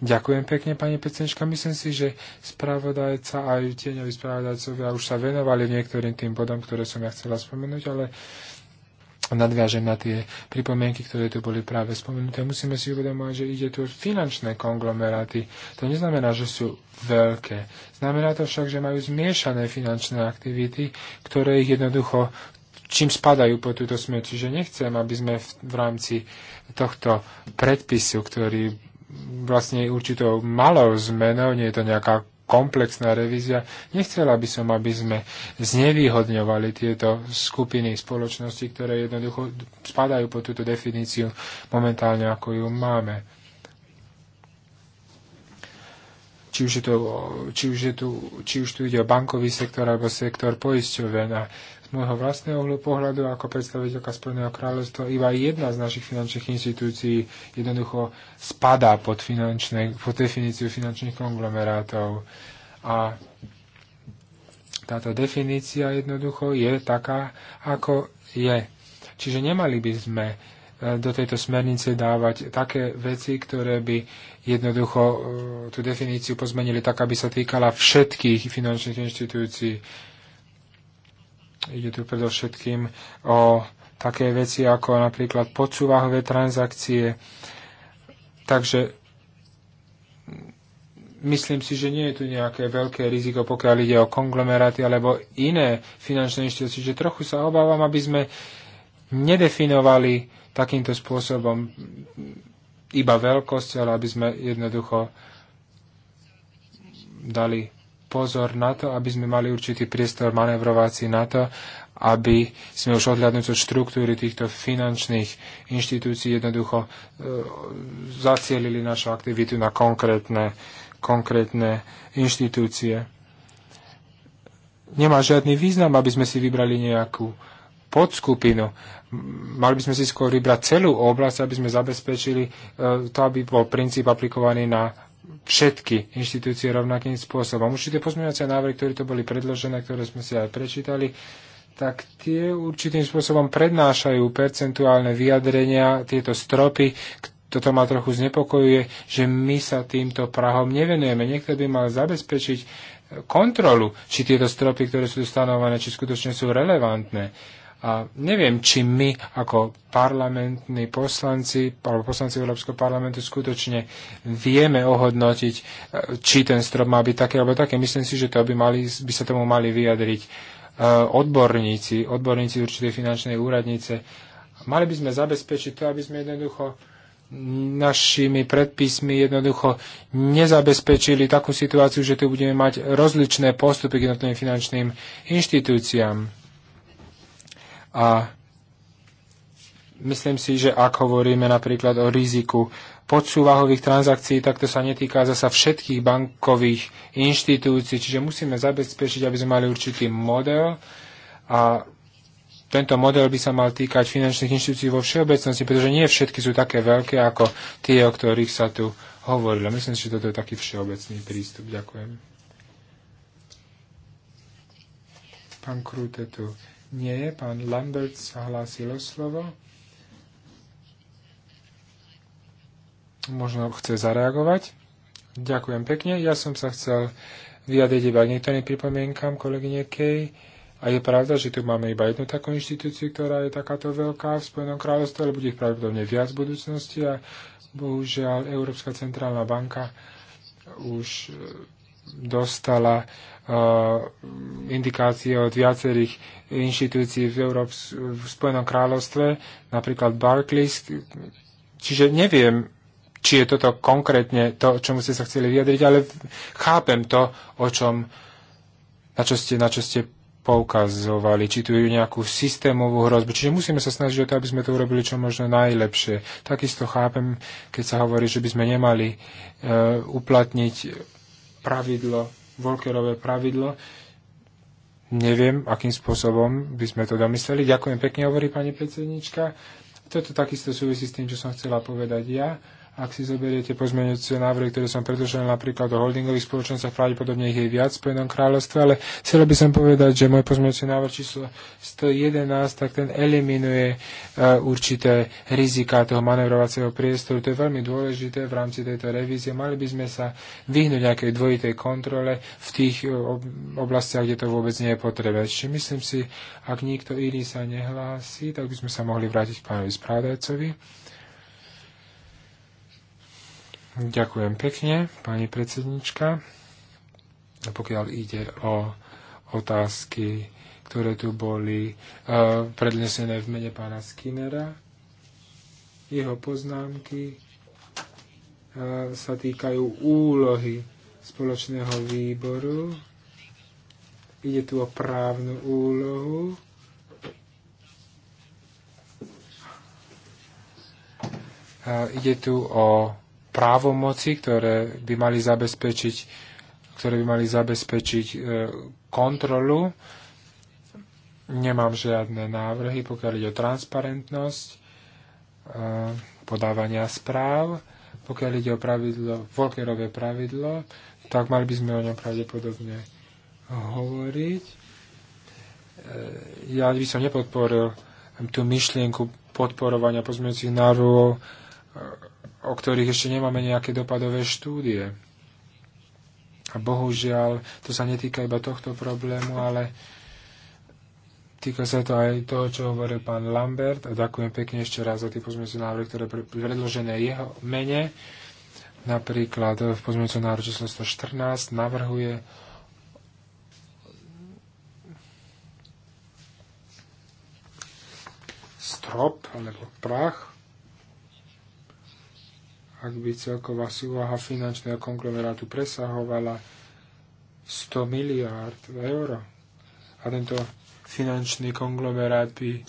ďakujem pekne, pani predsednička. Myslím si, že spravodajca aj tieňoví spravodajcovia už sa venovali niektorým tým bodom, ktoré som ja chcela spomenúť, ale nadviažem na tie pripomienky, ktoré tu boli práve spomenuté. Musíme si uvedomovať, že ide tu finančné konglomeráty. To neznamená, že sú veľké. Znamená to však, že majú zmiešané finančné aktivity, ktoré ich jednoducho čím spadajú po túto smieť. Čiže nechcem, aby sme v, v rámci tohto predpisu, ktorý vlastne určitou malou zmenou, nie je to nejaká komplexná revízia. Nechcela by som, aby sme znevýhodňovali tieto skupiny spoločnosti, ktoré jednoducho spadajú pod túto definíciu momentálne, ako ju máme. Či už, je to, či, už je tu, či už tu ide o bankový sektor alebo sektor poisťoven. A z môjho vlastného pohľadu ako predstaviteľka Spojeného kráľovstva iba jedna z našich finančných inštitúcií jednoducho spadá pod, finančné, pod definíciu finančných konglomerátov. A táto definícia jednoducho je taká, ako je. Čiže nemali by sme e, do tejto smernice dávať také veci, ktoré by jednoducho e, tú definíciu pozmenili tak, aby sa týkala všetkých finančných inštitúcií. Ide tu predovšetkým o také veci ako napríklad podsúvahové transakcie. Takže myslím si, že nie je tu nejaké veľké riziko, pokiaľ ide o konglomeráty alebo iné finančné inštitúcie, že trochu sa obávam, aby sme nedefinovali takýmto spôsobom iba veľkosť, ale aby sme jednoducho dali pozor na to, aby sme mali určitý priestor manevrovací na to, aby sme už odhľadnúť od štruktúry týchto finančných inštitúcií jednoducho e, zacielili našu aktivitu na konkrétne, konkrétne inštitúcie. Nemá žiadny význam, aby sme si vybrali nejakú podskupinu. Mali by sme si skôr vybrať celú oblasť, aby sme zabezpečili e, to, aby bol princíp aplikovaný na všetky inštitúcie rovnakým spôsobom. Určité pozmeňovacie návrhy, ktoré to boli predložené, ktoré sme si aj prečítali, tak tie určitým spôsobom prednášajú percentuálne vyjadrenia, tieto stropy, toto ma trochu znepokojuje, že my sa týmto prahom nevenujeme. Niekto by mal zabezpečiť kontrolu, či tieto stropy, ktoré sú stanované, či skutočne sú relevantné. A neviem, či my ako parlamentní poslanci alebo poslanci Európskeho parlamentu skutočne vieme ohodnotiť, eh, či ten strop má byť taký alebo taký. Myslím si, že to by, mali, by sa tomu mali vyjadriť eh, odborníci, odborníci určitej finančnej úradnice. Mali by sme zabezpečiť to, aby sme jednoducho našimi predpismi jednoducho nezabezpečili takú situáciu, že tu budeme mať rozličné postupy k jednotlivým finančným inštitúciám a myslím si, že ak hovoríme napríklad o riziku podsúvahových transakcií, tak to sa netýka zasa všetkých bankových inštitúcií, čiže musíme zabezpečiť, aby sme mali určitý model a tento model by sa mal týkať finančných inštitúcií vo všeobecnosti, pretože nie všetky sú také veľké ako tie, o ktorých sa tu hovorilo. Myslím si, že toto je taký všeobecný prístup. Ďakujem. Pán Krúte tu nie, pán Lambert sa hlásil o slovo. Možno chce zareagovať. Ďakujem pekne. Ja som sa chcel vyjadriť iba k niektorým pripomienkám kolegyne Kej. A je pravda, že tu máme iba jednu takú inštitúciu, ktorá je takáto veľká v Spojenom kráľovstve, ale bude ich pravdepodobne viac v budúcnosti a bohužiaľ Európska centrálna banka už e, dostala Eh, indikácie od viacerých inštitúcií v, Európs- v Spojenom kráľovstve, napríklad Barclays. Čiže neviem, či je toto konkrétne to, čomu ste sa chceli vyjadriť, ale chápem to, o čom, na čo ste, na čo ste poukazovali, či tu je nejakú systémovú hrozbu. Čiže musíme sa snažiť o to, aby sme to urobili čo možno najlepšie. Takisto chápem, keď sa hovorí, že by sme nemali e, uplatniť pravidlo Volkerové pravidlo. Neviem, akým spôsobom by sme to domysleli. Ďakujem pekne, hovorí pani predsednička. Toto takisto súvisí s tým, čo som chcela povedať ja. Ak si zoberiete pozmeňujúce návrhy, ktoré som predložil napríklad o holdingových spoločenstvách, pravdepodobne ich je viac v Spojenom kráľovstve, ale chcel by som povedať, že môj pozmeňujúci návrh číslo 111, tak ten eliminuje e, určité rizika toho manevrovacieho priestoru. To je veľmi dôležité v rámci tejto revízie. Mali by sme sa vyhnúť nejakej dvojitej kontrole v tých e, oblastiach, kde to vôbec nie je potrebné. Čiže myslím si, ak nikto iný sa nehlási, tak by sme sa mohli vrátiť k pánovi správdajcovi. Ďakujem pekne, pani predsednička. A pokiaľ ide o otázky, ktoré tu boli uh, prednesené v mene pána Skinnera, jeho poznámky uh, sa týkajú úlohy spoločného výboru. Ide tu o právnu úlohu. Uh, ide tu o právomoci, ktoré by mali zabezpečiť, ktoré by mali zabezpečiť e, kontrolu. Nemám žiadne návrhy, pokiaľ ide o transparentnosť e, podávania správ. Pokiaľ ide o pravidlo, Volkerové pravidlo, tak mali by sme o ňom pravdepodobne hovoriť. E, ja by som nepodporil tú myšlienku podporovania pozmeňujúcich návrhov o ktorých ešte nemáme nejaké dopadové štúdie. A bohužiaľ, to sa netýka iba tohto problému, ale týka sa to aj toho, čo hovoril pán Lambert. A ďakujem pekne ešte raz za tie pozmeňujúce návrhy, ktoré predložené jeho mene. Napríklad v pozmeňujúcom návrhu číslo 114 navrhuje strop alebo prach ak by celková súvaha finančného konglomerátu presahovala 100 miliárd eur a tento finančný konglomerát by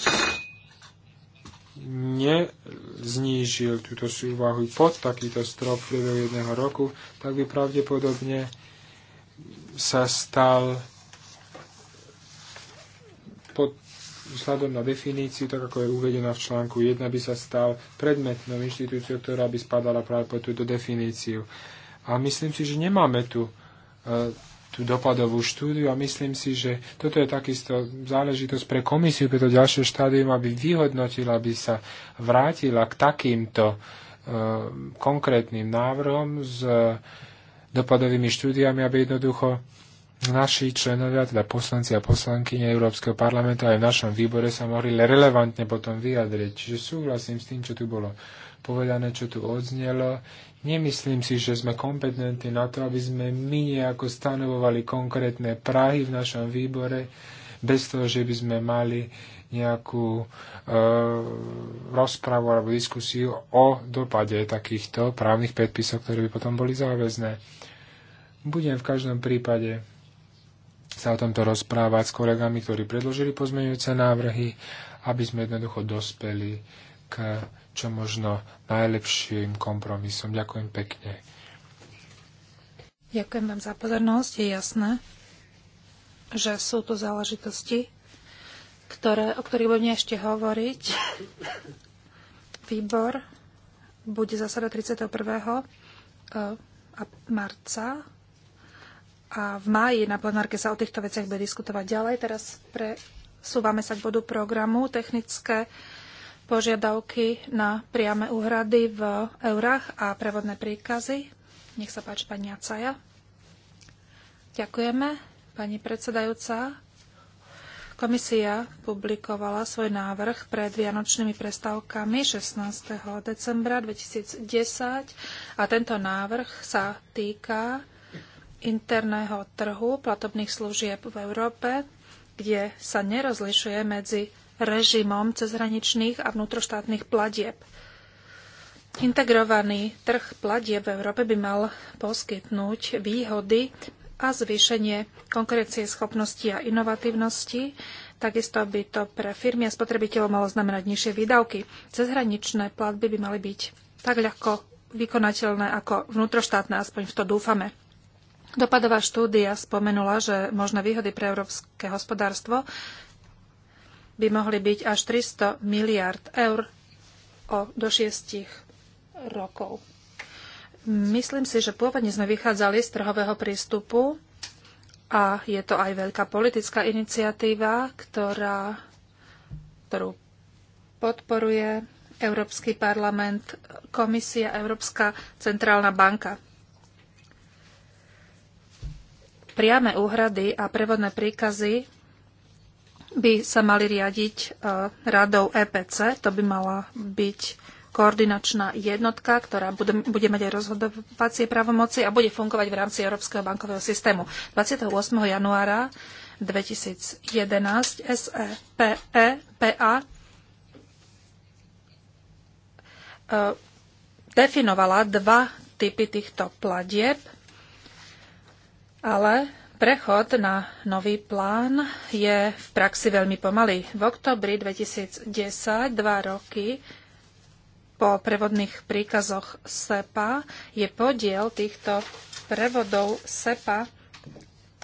neznížil túto súvahu pod takýto strop v priebehu jedného roku, tak by pravdepodobne sa stal pod vzhľadom na definíciu, tak ako je uvedená v článku 1, by sa stal predmetnou inštitúciou, ktorá by spadala práve po túto definíciu. A myslím si, že nemáme tu e, tú dopadovú štúdiu a myslím si, že toto je takisto záležitosť pre komisiu, pre to ďalšie štádium, aby vyhodnotila, aby sa vrátila k takýmto e, konkrétnym návrhom s dopadovými štúdiami, aby jednoducho naši členovia, teda poslanci a poslanky Európskeho parlamentu aj v našom výbore sa mohli relevantne potom vyjadriť. Čiže súhlasím s tým, čo tu bolo povedané, čo tu odznelo. Nemyslím si, že sme kompetentní na to, aby sme my nejako stanovovali konkrétne Prahy v našom výbore, bez toho, že by sme mali nejakú e, rozpravu alebo diskusiu o dopade takýchto právnych predpisov, ktoré by potom boli záväzné. Budem v každom prípade sa o tomto rozprávať s kolegami, ktorí predložili pozmeňujúce návrhy, aby sme jednoducho dospeli k čo možno najlepším kompromisom. Ďakujem pekne. Ďakujem vám za pozornosť. Je jasné, že sú tu záležitosti, ktoré, o ktorých budeme ešte hovoriť. Výbor bude zasada 31. Eh, marca a v máji na plenárke sa o týchto veciach bude diskutovať ďalej. Teraz presúvame sa k bodu programu technické požiadavky na priame úhrady v eurách a prevodné príkazy. Nech sa páči pani Acaja. Ďakujeme. Pani predsedajúca, komisia publikovala svoj návrh pred vianočnými prestávkami 16. decembra 2010 a tento návrh sa týka interného trhu platobných služieb v Európe, kde sa nerozlišuje medzi režimom cezhraničných a vnútroštátnych platieb. Integrovaný trh platieb v Európe by mal poskytnúť výhody a zvýšenie konkurencie schopnosti a inovatívnosti. Takisto by to pre firmy a spotrebiteľov malo znamenať nižšie výdavky. Cezhraničné platby by mali byť tak ľahko vykonateľné ako vnútroštátne, aspoň v to dúfame. Dopadová štúdia spomenula, že možné výhody pre európske hospodárstvo by mohli byť až 300 miliard eur o, do šiestich rokov. Myslím si, že pôvodne sme vychádzali z trhového prístupu a je to aj veľká politická iniciatíva, ktorá, ktorú podporuje Európsky parlament, Komisia, Európska centrálna banka. priame úhrady a prevodné príkazy by sa mali riadiť e, radou EPC. To by mala byť koordinačná jednotka, ktorá bude, bude mať aj rozhodovacie právomoci a bude fungovať v rámci Európskeho bankového systému. 28. januára 2011 SEPEPA e, definovala dva typy týchto platieb – ale prechod na nový plán je v praxi veľmi pomalý. V oktobri 2010, dva roky po prevodných príkazoch SEPA, je podiel týchto prevodov SEPA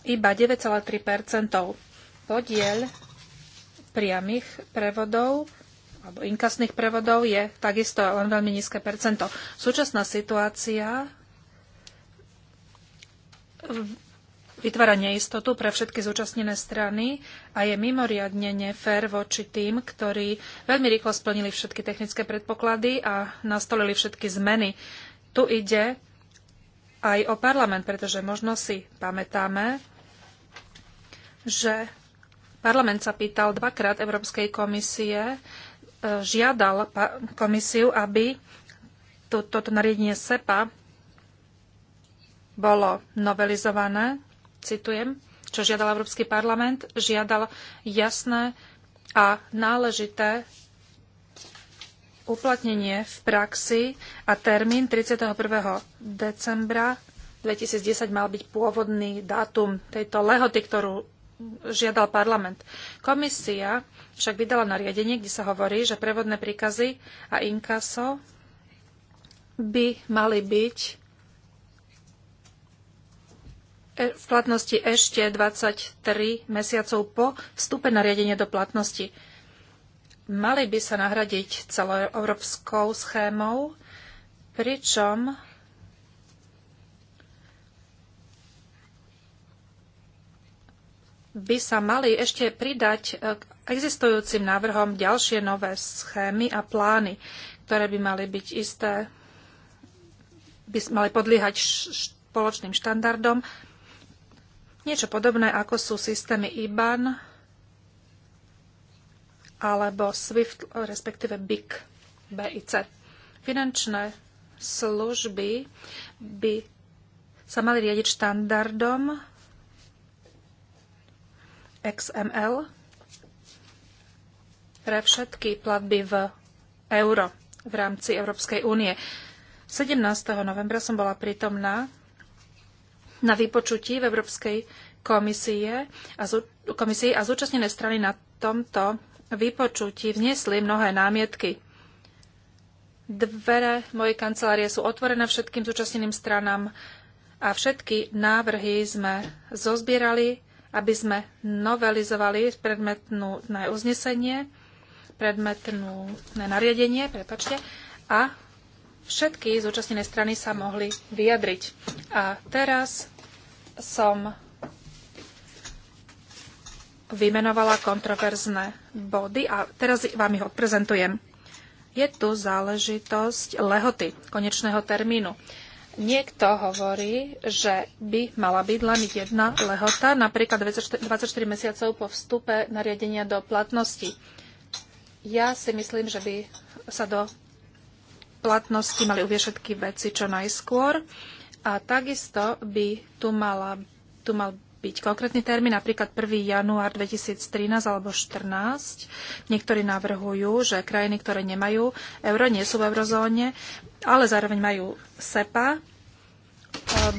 iba 9,3 Podiel priamých prevodov alebo inkasných prevodov je takisto len veľmi nízke percento. Súčasná situácia vytvára neistotu pre všetky zúčastnené strany a je mimoriadne nefér voči tým, ktorí veľmi rýchlo splnili všetky technické predpoklady a nastolili všetky zmeny. Tu ide aj o parlament, pretože možno si pamätáme, že parlament sa pýtal dvakrát Európskej komisie, e, žiadal komisiu, aby toto nariadenie SEPA bolo novelizované, citujem, čo žiadal Európsky parlament, žiadal jasné a náležité uplatnenie v praxi a termín 31. decembra 2010 mal byť pôvodný dátum tejto lehoty, ktorú žiadal parlament. Komisia však vydala nariadenie, kde sa hovorí, že prevodné príkazy a inkaso by mali byť E, v platnosti ešte 23 mesiacov po vstupe nariadenia do platnosti. Mali by sa nahradiť celoeurópskou schémou, pričom by sa mali ešte pridať e, k existujúcim návrhom ďalšie nové schémy a plány, ktoré by mali byť isté, by mali podliehať spoločným štandardom Niečo podobné ako sú systémy IBAN alebo SWIFT, respektíve BIC. BIC. Finančné služby by sa mali riadiť štandardom XML pre všetky platby v euro v rámci Európskej únie. 17. novembra som bola prítomná na vypočutí v Európskej komisie a komisii a zúčastnené strany na tomto vypočutí vniesli mnohé námietky. Dvere mojej kancelárie sú otvorené všetkým zúčastneným stranám a všetky návrhy sme zozbierali, aby sme novelizovali predmetnú na uznesenie, predmetnú na nariadenie, prepačte, a všetky zúčastnené strany sa mohli vyjadriť. A teraz som vymenovala kontroverzné body a teraz vám ich odprezentujem. Je tu záležitosť lehoty, konečného termínu. Niekto hovorí, že by mala byť len jedna lehota, napríklad 24 mesiacov po vstupe nariadenia do platnosti. Ja si myslím, že by sa do platnosti mali uvieť všetky veci čo najskôr a takisto by tu, mala, tu mal byť konkrétny termín, napríklad 1. január 2013 alebo 2014. Niektorí navrhujú, že krajiny, ktoré nemajú euro, nie sú v eurozóne, ale zároveň majú SEPA, e,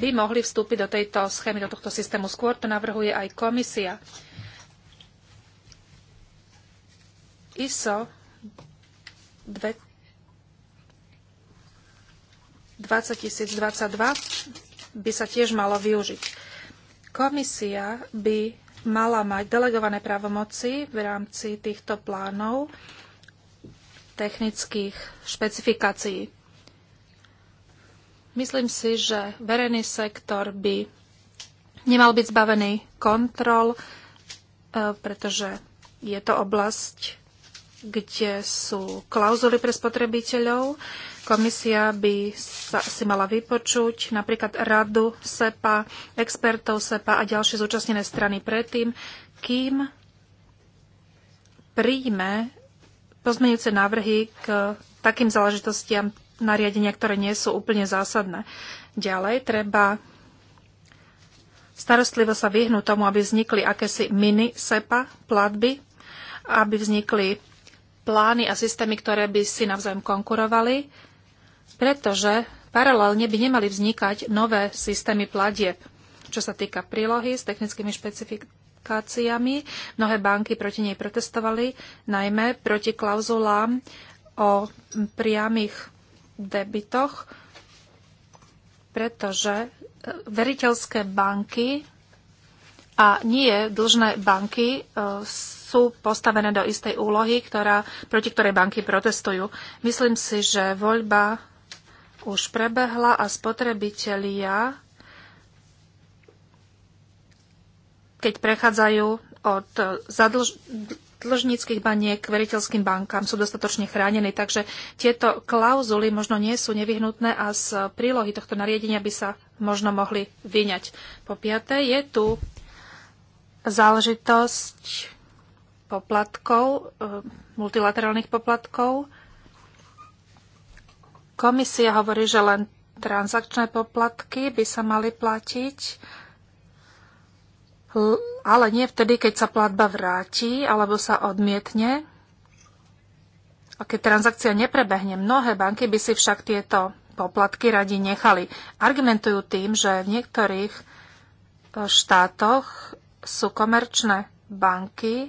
by mohli vstúpiť do tejto schémy, do tohto systému. Skôr to navrhuje aj komisia. ISO 2, 2022 by sa tiež malo využiť. Komisia by mala mať delegované právomoci v rámci týchto plánov technických špecifikácií. Myslím si, že verejný sektor by nemal byť zbavený kontrol, e, pretože je to oblasť, kde sú klauzuly pre spotrebiteľov, Komisia by sa, si mala vypočuť napríklad radu SEPA, expertov SEPA a ďalšie zúčastnené strany predtým, kým príjme pozmeňujúce návrhy k takým záležitostiam nariadenia, ktoré nie sú úplne zásadné. Ďalej treba starostlivo sa vyhnúť tomu, aby vznikli akési mini SEPA platby, aby vznikli plány a systémy, ktoré by si navzájom konkurovali pretože paralelne by nemali vznikať nové systémy platieb, čo sa týka prílohy s technickými špecifikáciami. Mnohé banky proti nej protestovali, najmä proti klauzulám o priamých debitoch, pretože e, veriteľské banky a nie dlžné banky e, sú postavené do istej úlohy, ktorá, proti ktorej banky protestujú. Myslím si, že voľba už prebehla a spotrebitelia, keď prechádzajú od zadlž- dlžníckých baniek k veriteľským bankám sú dostatočne chránení. Takže tieto klauzuly možno nie sú nevyhnutné a z prílohy tohto nariadenia by sa možno mohli vyňať. Po piaté je tu záležitosť poplatkov, e, multilaterálnych poplatkov. Komisia hovorí, že len transakčné poplatky by sa mali platiť, ale nie vtedy, keď sa platba vráti alebo sa odmietne. A keď transakcia neprebehne, mnohé banky by si však tieto poplatky radi nechali. Argumentujú tým, že v niektorých e, štátoch sú komerčné banky,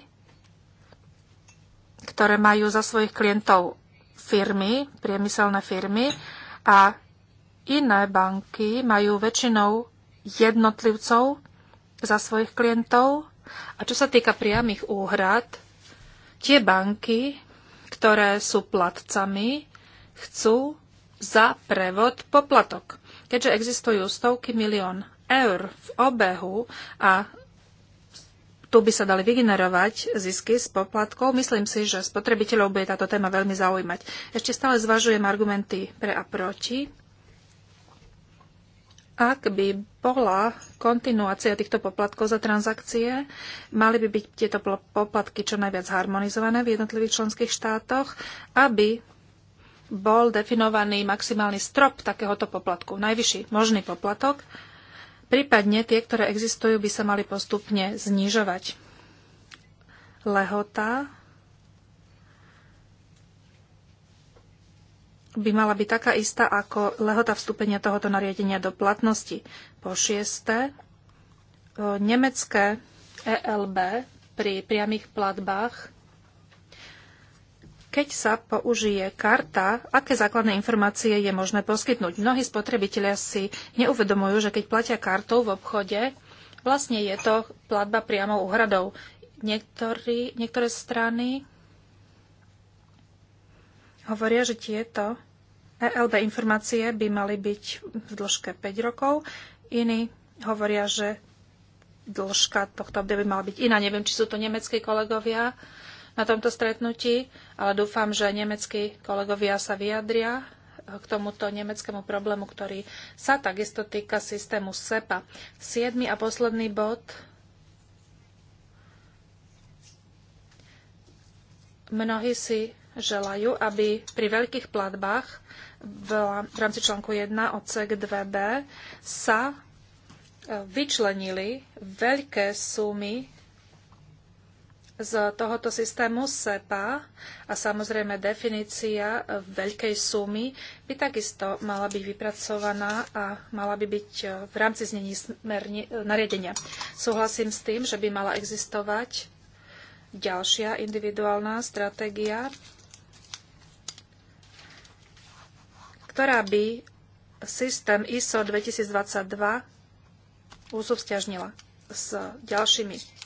ktoré majú za svojich klientov firmy, priemyselné firmy a iné banky majú väčšinou jednotlivcov za svojich klientov. A čo sa týka priamých úhrad, tie banky, ktoré sú platcami, chcú za prevod poplatok. Keďže existujú stovky milión eur v obehu a tu by sa dali vygenerovať zisky z poplatkov. Myslím si, že spotrebiteľov bude táto téma veľmi zaujímať. Ešte stále zvažujem argumenty pre a proti. Ak by bola kontinuácia týchto poplatkov za transakcie, mali by byť tieto poplatky čo najviac harmonizované v jednotlivých členských štátoch, aby bol definovaný maximálny strop takéhoto poplatku, najvyšší možný poplatok, Prípadne tie, ktoré existujú, by sa mali postupne znižovať. Lehota by mala byť taká istá ako lehota vstúpenia tohoto nariadenia do platnosti. Po šieste, nemecké ELB pri priamých platbách keď sa použije karta, aké základné informácie je možné poskytnúť? Mnohí spotrebitelia si neuvedomujú, že keď platia kartou v obchode, vlastne je to platba priamo úhradou. Niektorí, niektoré strany hovoria, že tieto ELB informácie by mali byť v dĺžke 5 rokov. Iní hovoria, že dĺžka tohto obdobia by mala byť iná. Neviem, či sú to nemeckí kolegovia na tomto stretnutí, ale dúfam, že nemeckí kolegovia sa vyjadria eh, k tomuto nemeckému problému, ktorý sa takisto týka systému SEPA. Siedmy a posledný bod mnohí si želajú, aby pri veľkých platbách v rámci článku 1 odsek 2b sa eh, vyčlenili veľké sumy z tohoto systému SEPA a samozrejme definícia veľkej sumy by takisto mala byť vypracovaná a mala by byť e, v rámci znení smerne, nariadenia. Súhlasím s tým, že by mala existovať ďalšia individuálna stratégia, ktorá by systém ISO 2022 úsúvzťažnila s ďalšími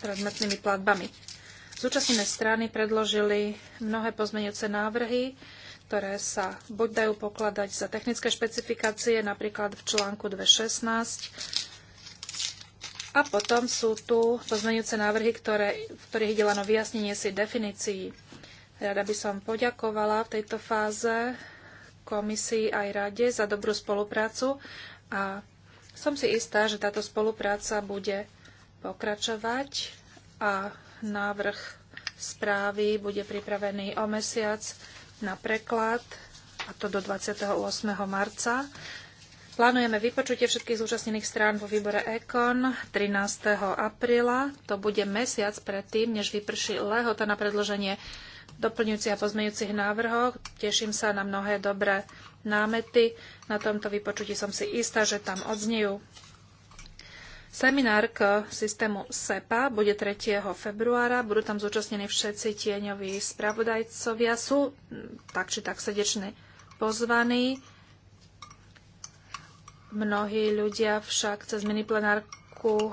transmetnými platbami. Zúčastnené strany predložili mnohé pozmeňujúce návrhy, ktoré sa buď dajú pokladať za technické špecifikácie, napríklad v článku 216. A potom sú tu pozmeňujúce návrhy, ktoré, v ktorých ide len o vyjasnenie si definícií. Rada by som poďakovala v tejto fáze komisii aj rade za dobrú spoluprácu a som si istá, že táto spolupráca bude pokračovať a návrh správy bude pripravený o mesiac na preklad, a to do 28. marca. Plánujeme vypočutie všetkých zúčastnených strán vo výbore EKON 13. apríla. To bude mesiac predtým, než vyprší lehota na predloženie doplňujúcich a pozmeňujúcich návrhov. Teším sa na mnohé dobré námety. Na tomto vypočutí som si istá, že tam odznejú. Seminár k systému SEPA bude 3. februára. Budú tam zúčastnení všetci tieňoví spravodajcovia. Sú mm, tak či tak srdečne pozvaní. Mnohí ľudia však cez miniplenárku e,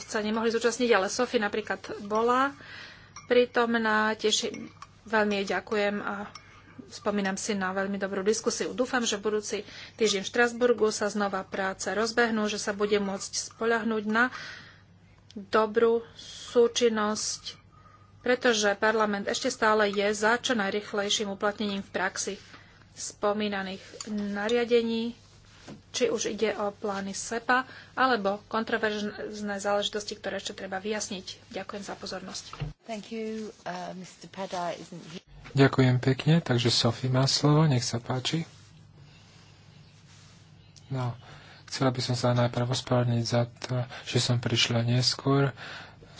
sa nemohli zúčastniť, ale Sofi napríklad bola prítomná. Tiež veľmi jej ďakujem a spomínam si na veľmi dobrú diskusiu. Dúfam, že budúci týždeň v Štrasburgu sa znova práce rozbehnú, že sa bude môcť spolahnúť na dobrú súčinnosť, pretože parlament ešte stále je za čo najrychlejším uplatnením v praxi spomínaných nariadení či už ide o plány SEPA alebo kontroverzné záležitosti, ktoré ešte treba vyjasniť. Ďakujem za pozornosť. You, uh, Ďakujem pekne, takže Sophie má slovo, nech sa páči. No, chcela by som sa najprv ospravedlniť za to, že som prišla neskôr.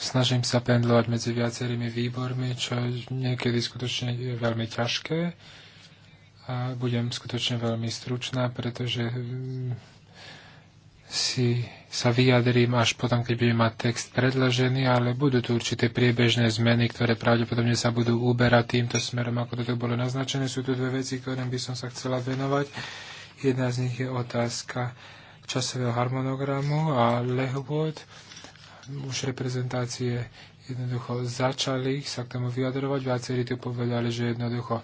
Snažím sa pendlovať medzi viacerými výbormi, čo niekedy skutočne je veľmi ťažké. A budem skutočne veľmi stručná, pretože mm, si sa vyjadrím až potom, keď budem mať text predložený, ale budú tu určité priebežné zmeny, ktoré pravdepodobne sa budú uberať týmto smerom, ako to bolo naznačené. Sú tu dve veci, ktorým by som sa chcela venovať. Jedna z nich je otázka časového harmonogramu a lehôd. Už reprezentácie jednoducho začali sa k tomu vyjadrovať. Viacerí tu povedali, že jednoducho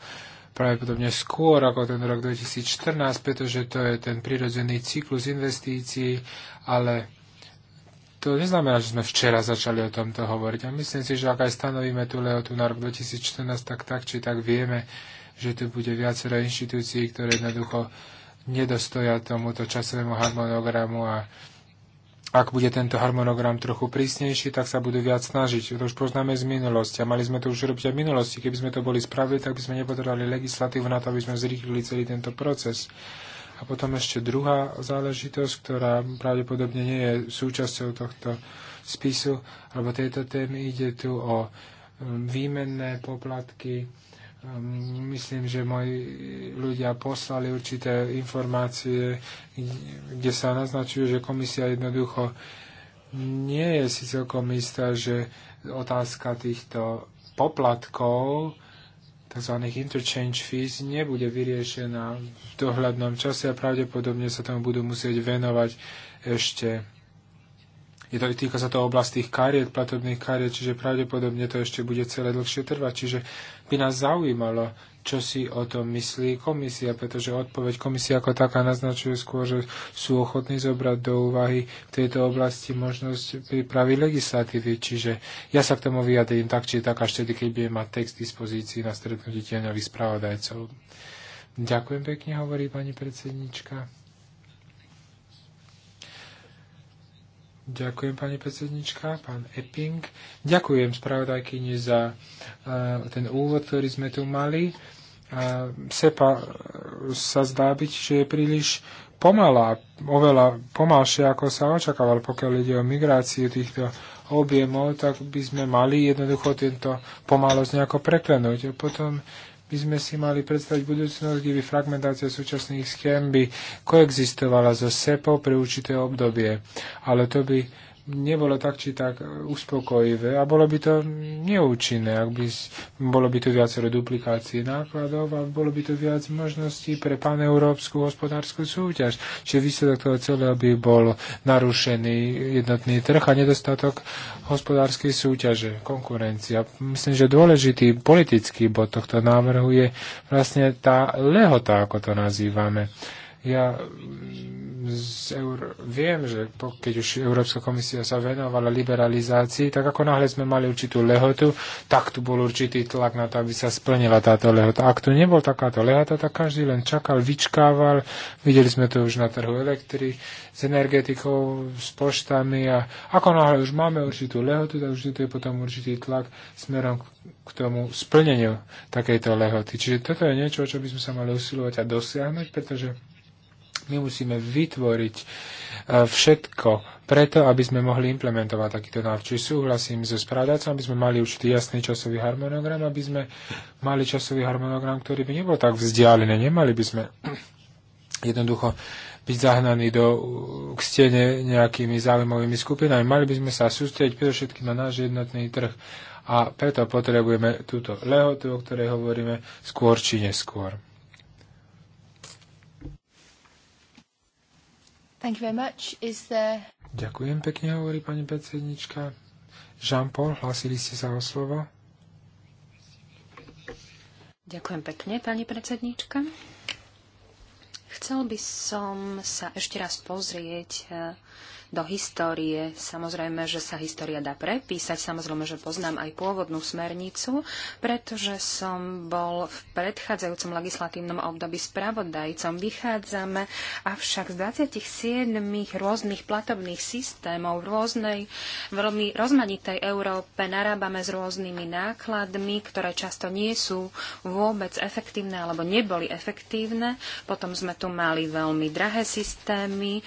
pravdepodobne skôr ako ten rok 2014, pretože to je ten prirodzený cyklus investícií, ale to neznamená, že sme včera začali o tomto hovoriť. A myslím si, že ak aj stanovíme tú leotu na rok 2014, tak tak či tak vieme, že tu bude viacero inštitúcií, ktoré jednoducho nedostoja tomuto časovému harmonogramu a ak bude tento harmonogram trochu prísnejší, tak sa budú viac snažiť. To už poznáme z minulosti a mali sme to už robiť aj v minulosti. Keby sme to boli spravili, tak by sme nepotrebovali legislatívu na to, aby sme zrýchlili celý tento proces. A potom ešte druhá záležitosť, ktorá pravdepodobne nie je súčasťou tohto spisu, alebo tejto témy ide tu o mm, výmenné poplatky, Ehm, myslím, že moji ľudia poslali určité informácie, kde sa naznačuje, že komisia jednoducho nie je si celkom istá, že otázka týchto poplatkov, tzv. interchange fees, nebude vyriešená v dohľadnom čase a pravdepodobne sa tomu budú musieť venovať ešte je to, týka sa to oblasti tých kariet, platobných kariet, čiže pravdepodobne to ešte bude celé dlhšie trvať. Čiže by nás zaujímalo, čo si o tom myslí komisia, pretože odpoveď komisia ako taká naznačuje skôr, že sú ochotní zobrať do úvahy v tejto oblasti možnosť prípravy legislatívy. Čiže ja sa k tomu vyjadrím tak, či tak až tedy, keď budem mať text dispozícii na stretnutí tieňových spravodajcov. Ďakujem pekne, hovorí pani predsednička. Ďakujem, pani predsednička, pán Epping. Ďakujem spravodajkyni za uh, ten úvod, ktorý sme tu mali. Uh, SEPA eh, sa zdá byť, že je príliš pomalá, oveľa pomalšie, ako sa očakával, pokiaľ ide o migráciu týchto objemov, tak by sme mali jednoducho tento pomalosť nejako preklenúť. A potom by sme si mali predstaviť budúcnosť, kde by fragmentácia súčasných schém by koexistovala so SEPO pre určité obdobie. Ale to by nebolo tak či tak uspokojivé a bolo by to neúčinné, ak by bolo by tu viacero duplikácií nákladov a bolo by tu viac možností pre paneurópsku hospodárskú súťaž. Čiže výsledok toho celého by bol narušený jednotný trh a nedostatok hospodárskej súťaže, konkurencia. Myslím, že dôležitý politický bod tohto návrhu je vlastne tá lehota, ako to nazývame. Ja mm, z Eur- viem, že po, keď už Európska komisia sa venovala liberalizácii, tak ako náhle sme mali určitú lehotu, tak tu bol určitý tlak na to, aby sa splnila táto lehota. Ak tu nebol takáto lehota, tak každý len čakal, vyčkával. Videli sme to už na trhu elektri, s energetikou, s poštami a ako náhle už máme určitú lehotu, tak už tu je potom určitý tlak smerom k tomu splneniu takejto lehoty. Čiže toto je niečo, čo by sme sa mali usilovať a dosiahnuť, pretože my musíme vytvoriť e, všetko preto, aby sme mohli implementovať takýto návrh. Čiže súhlasím so správdacom, aby sme mali určitý jasný časový harmonogram, aby sme mali časový harmonogram, ktorý by nebol tak vzdialený. Nemali by sme jednoducho byť zahnaní do, k stene nejakými záujmovými skupinami. Mali by sme sa sústrediť predovšetkým na náš jednotný trh a preto potrebujeme túto lehotu, o ktorej hovoríme, skôr či neskôr. Thank you very much. Is there... Ďakujem pekne, hovorí pani predsednička. Jean-Paul, hlasili ste sa o slovo? Ďakujem pekne, pani predsednička. Chcel by som sa ešte raz pozrieť eh, do histórie. Samozrejme, že sa história dá prepísať, samozrejme, že poznám aj pôvodnú smernicu, pretože som bol v predchádzajúcom legislatívnom období spravodajcom. Vychádzame avšak z 27 rôznych platobných systémov v rôznej, veľmi rozmanitej Európe narábame s rôznymi nákladmi, ktoré často nie sú vôbec efektívne alebo neboli efektívne. Potom sme tu mali veľmi drahé systémy,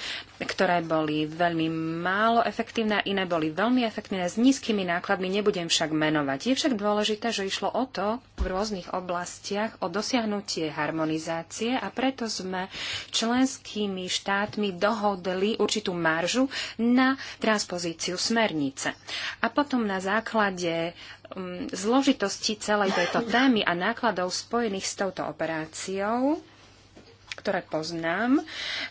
ktoré boli veľmi málo efektívne a iné boli veľmi efektívne s nízkymi nákladmi, nebudem však menovať. Je však dôležité, že išlo o to v rôznych oblastiach o dosiahnutie harmonizácie a preto sme členskými štátmi dohodli určitú maržu na transpozíciu smernice. A potom na základe um, zložitosti celej tejto témy a nákladov spojených s touto operáciou ktoré poznám,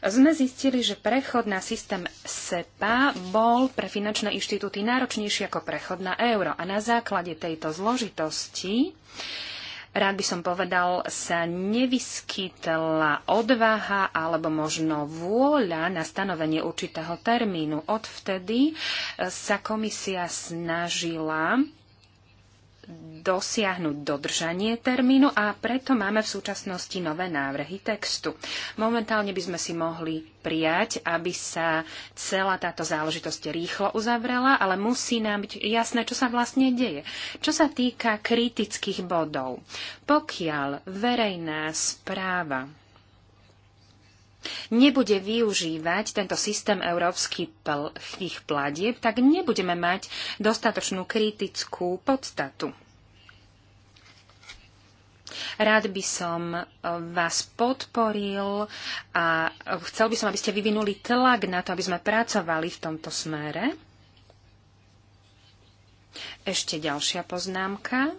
sme zistili, že prechod na systém SEPA bol pre finančné inštitúty náročnejší ako prechod na euro. A na základe tejto zložitosti rád by som povedal, sa nevyskytla odvaha alebo možno vôľa na stanovenie určitého termínu. Odvtedy sa komisia snažila dosiahnuť dodržanie termínu a preto máme v súčasnosti nové návrhy textu. Momentálne by sme si mohli prijať, aby sa celá táto záležitosť rýchlo uzavrela, ale musí nám byť jasné, čo sa vlastne deje. Čo sa týka kritických bodov, pokiaľ verejná správa nebude využívať tento systém európskych pladieb, tak nebudeme mať dostatočnú kritickú podstatu. Rád by som e, vás podporil a chcel by som, aby ste vyvinuli tlak na to, aby sme pracovali v tomto smere. Ešte ďalšia poznámka.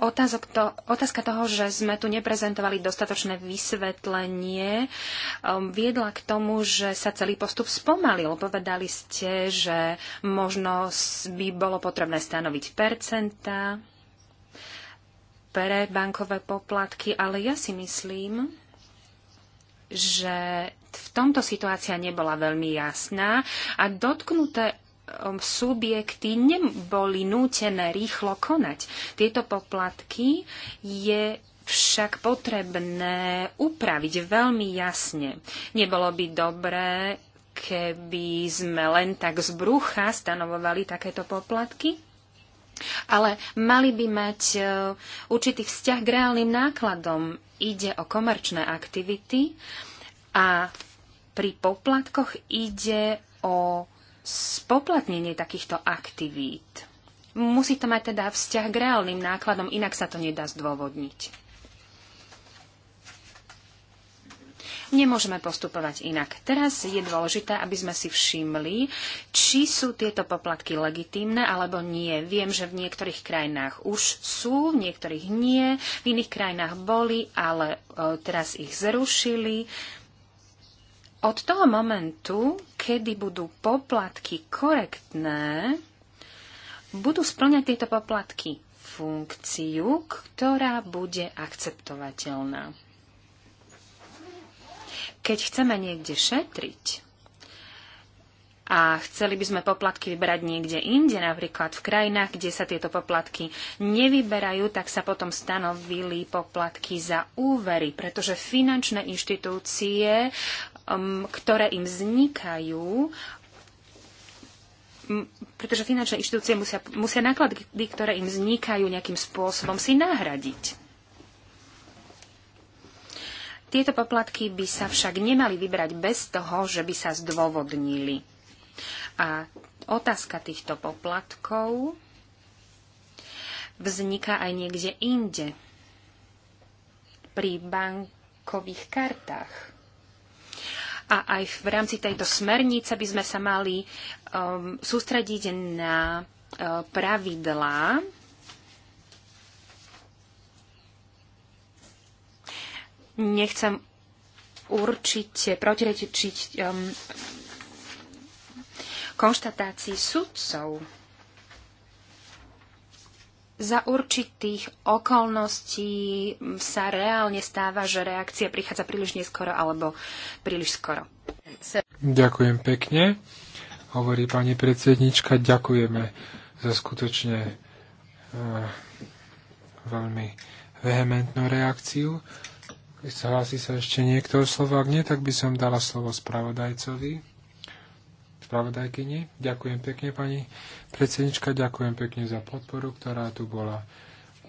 otázok to, otázka toho, že sme tu neprezentovali dostatočné vysvetlenie, um, viedla k tomu, že sa celý postup spomalil. Povedali ste, že možno by bolo potrebné stanoviť percenta pre bankové poplatky, ale ja si myslím, že v tomto situácia nebola veľmi jasná a dotknuté Um, subjekty neboli nútené rýchlo konať. Tieto poplatky je však potrebné upraviť veľmi jasne. Nebolo by dobré, keby sme len tak z brucha stanovovali takéto poplatky, ale mali by mať e, určitý vzťah k reálnym nákladom. Ide o komerčné aktivity a pri poplatkoch ide o spoplatnenie takýchto aktivít. Musí to mať teda vzťah k reálnym nákladom, inak sa to nedá zdôvodniť. Nemôžeme postupovať inak. Teraz je dôležité, aby sme si všimli, či sú tieto poplatky legitímne alebo nie. Viem, že v niektorých krajinách už sú, v niektorých nie, v iných krajinách boli, ale e, teraz ich zrušili od toho momentu, kedy budú poplatky korektné, budú splňať tieto poplatky funkciu, ktorá bude akceptovateľná. Keď chceme niekde šetriť a chceli by sme poplatky vybrať niekde inde, napríklad v krajinách, kde sa tieto poplatky nevyberajú, tak sa potom stanovili poplatky za úvery, pretože finančné inštitúcie Um, ktoré im vznikajú, pretože finančné inštitúcie musia, musia náklady, ktoré im vznikajú nejakým spôsobom, si nahradiť. Tieto poplatky by sa však nemali vybrať bez toho, že by sa zdôvodnili. A otázka týchto poplatkov vzniká aj niekde inde. Pri bankových kartách a aj v rámci tejto smernice by sme sa mali um, sústrediť na uh, pravidlá, nechcem určite protirečiť um, konštatácii sudcov za určitých okolností sa reálne stáva, že reakcia prichádza príliš neskoro alebo príliš skoro. Ďakujem pekne, hovorí pani predsednička. Ďakujeme za skutočne e, veľmi vehementnú reakciu. Hlási sa ešte niekto slovo? Ak nie, tak by som dala slovo spravodajcovi spravodajkyni. Ďakujem pekne, pani predsednička, ďakujem pekne za podporu, ktorá tu bola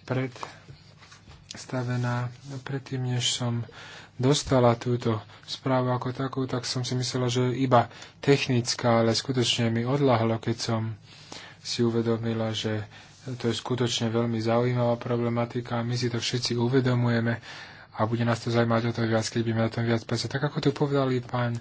predstavená. Predtým, než som dostala túto správu ako takú, tak som si myslela, že iba technická, ale skutočne mi odlahlo, keď som si uvedomila, že to je skutočne veľmi zaujímavá problematika a my si to všetci uvedomujeme a bude nás to zaujímať o to viac, keď budeme na tom viac pracovať. Tak ako tu povedali pán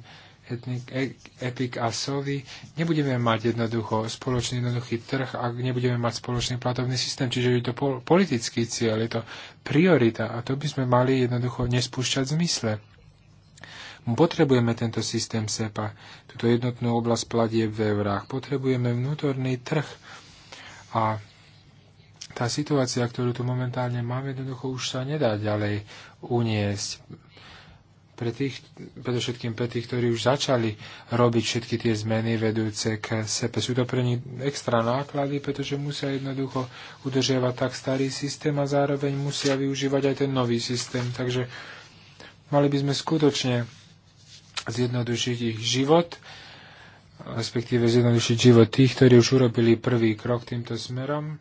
Epic e, a Sovy, nebudeme mať jednoducho spoločný jednoduchý trh, ak nebudeme mať spoločný platovný systém. Čiže je to politický cieľ, je to priorita a to by sme mali jednoducho nespúšťať v zmysle. Potrebujeme tento systém SEPA, túto jednotnú oblasť platie v eurách. Potrebujeme vnútorný trh a tá situácia, ktorú tu momentálne máme, jednoducho už sa nedá ďalej uniesť pre tých, predovšetkým pre tých, ktorí už začali robiť všetky tie zmeny vedúce k SEPE. Sú to pre nich extra náklady, pretože musia jednoducho udržiavať tak starý systém a zároveň musia využívať aj ten nový systém. Takže mali by sme skutočne zjednodušiť ich život, respektíve zjednodušiť život tých, ktorí už urobili prvý krok týmto smerom.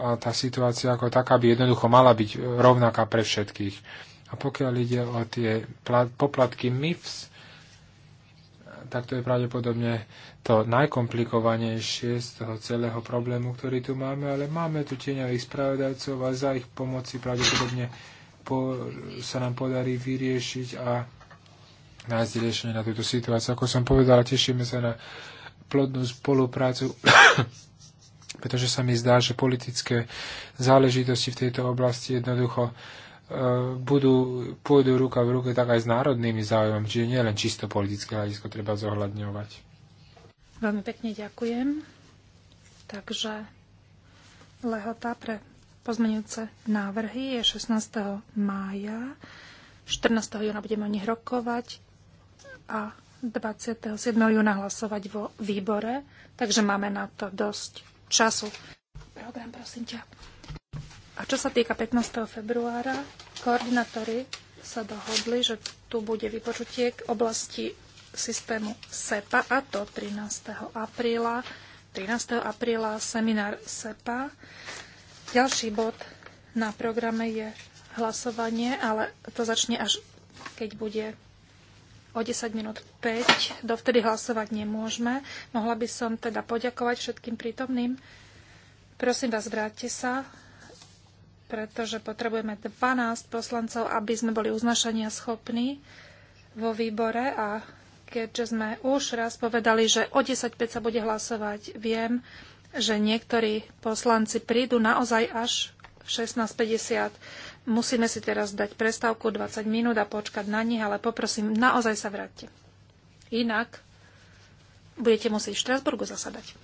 A tá situácia ako taká by jednoducho mala byť rovnaká pre všetkých. A pokiaľ ide o tie poplatky MIFS, tak to je pravdepodobne to najkomplikovanejšie z toho celého problému, ktorý tu máme, ale máme tu tieňových spravodajcov a za ich pomoci pravdepodobne po, sa nám podarí vyriešiť a nájsť riešenie na túto situáciu. Ako som povedal, tešíme sa na plodnú spoluprácu, pretože sa mi zdá, že politické záležitosti v tejto oblasti jednoducho uh, budú, pôjdu ruka v ruke tak aj s národnými záujmami, čiže nie len čisto politické hľadisko treba zohľadňovať. Veľmi pekne ďakujem. Takže lehota pre pozmenujúce návrhy je 16. mája. 14. júna budeme o nich rokovať a 27. júna hlasovať vo výbore, takže máme na to dosť času. Program, prosím ťa. A čo sa týka 15. februára, koordinátori sa dohodli, že tu bude vypočutie k oblasti systému SEPA a to 13. apríla. 13. apríla seminár SEPA. Ďalší bod na programe je hlasovanie, ale to začne až keď bude o 10 minút 5. Dovtedy hlasovať nemôžeme. Mohla by som teda poďakovať všetkým prítomným. Prosím vás, vráťte sa pretože potrebujeme 12 poslancov, aby sme boli uznašania schopní vo výbore a keďže sme už raz povedali, že o 10.5 sa bude hlasovať, viem, že niektorí poslanci prídu naozaj až v 16.50. Musíme si teraz dať prestávku 20 minút a počkať na nich, ale poprosím, naozaj sa vráťte. Inak budete musieť v Štrasburgu zasadať.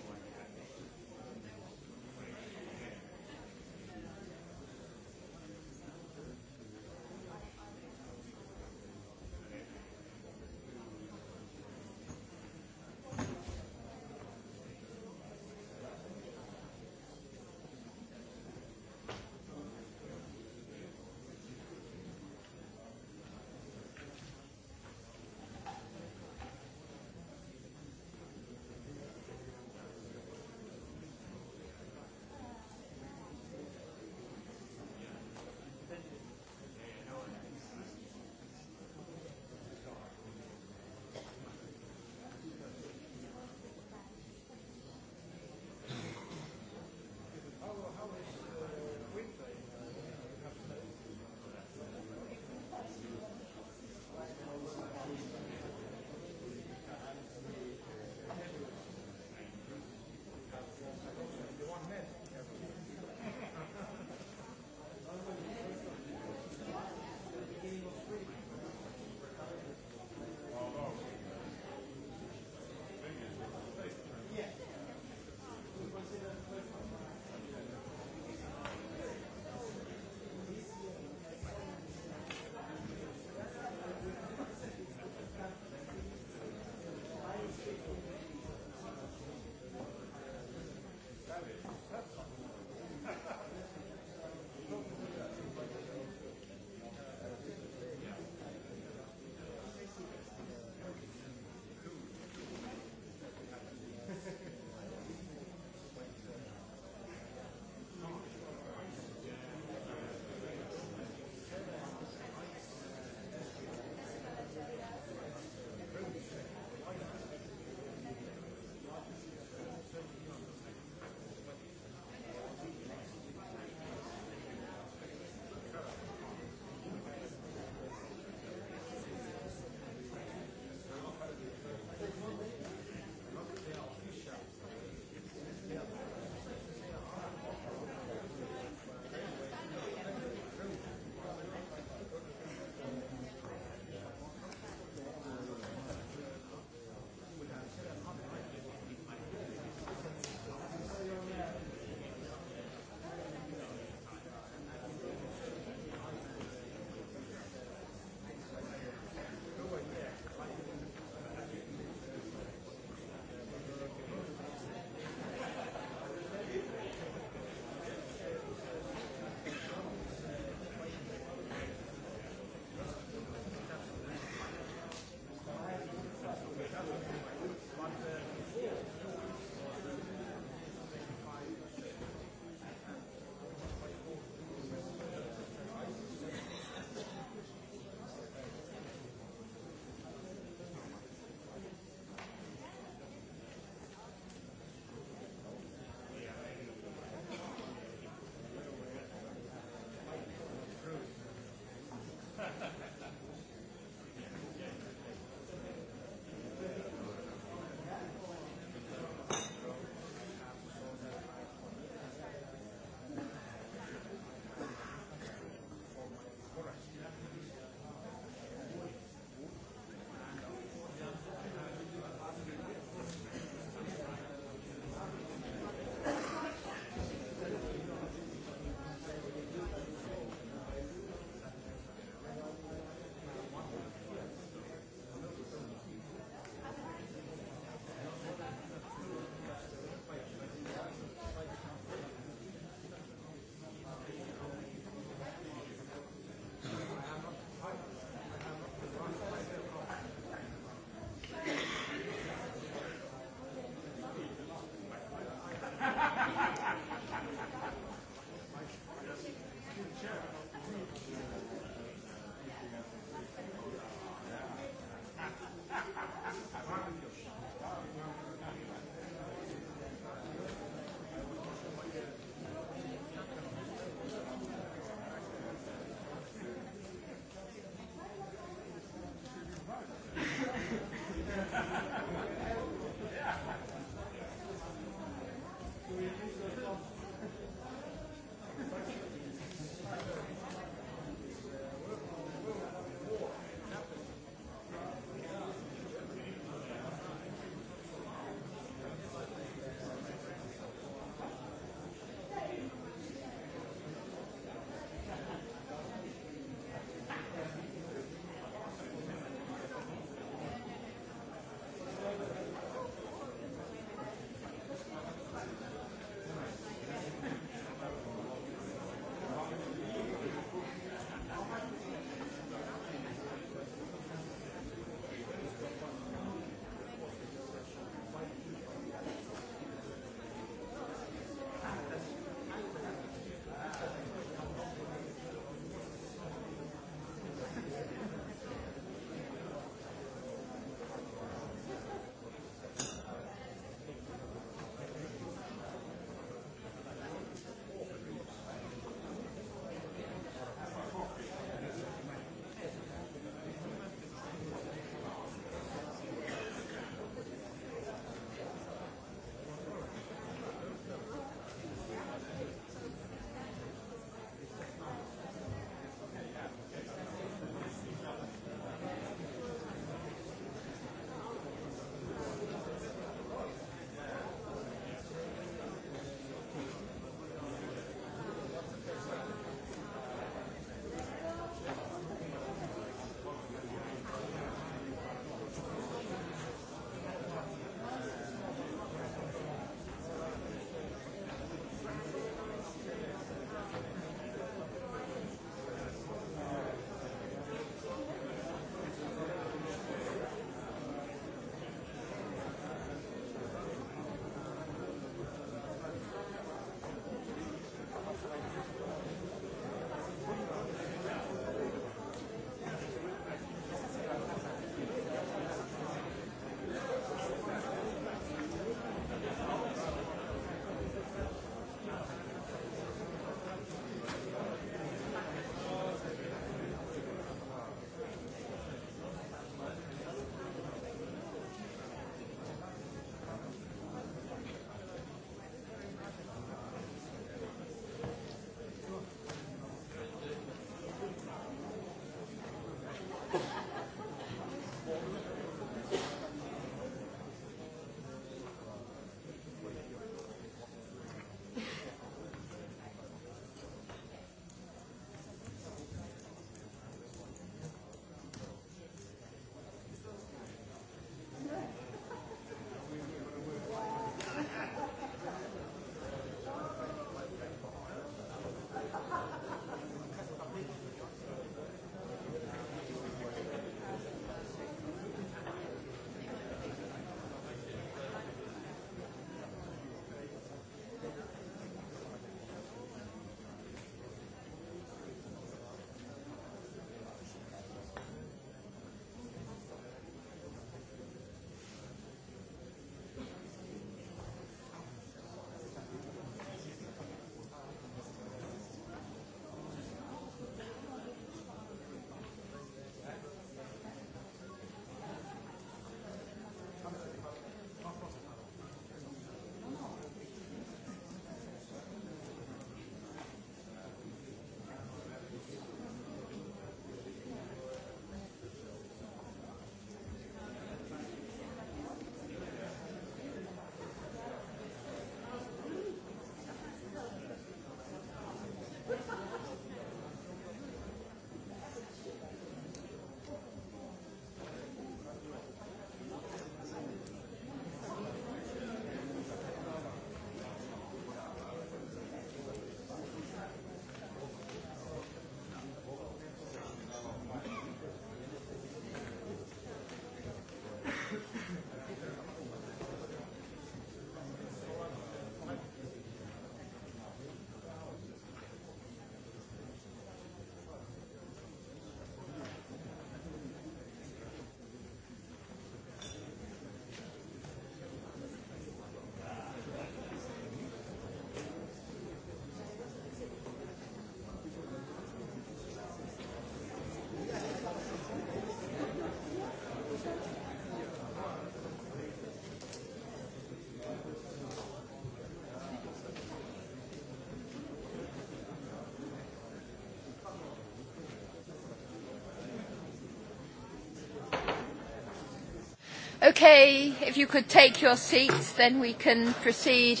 Okay, if you could take your seats, then we can proceed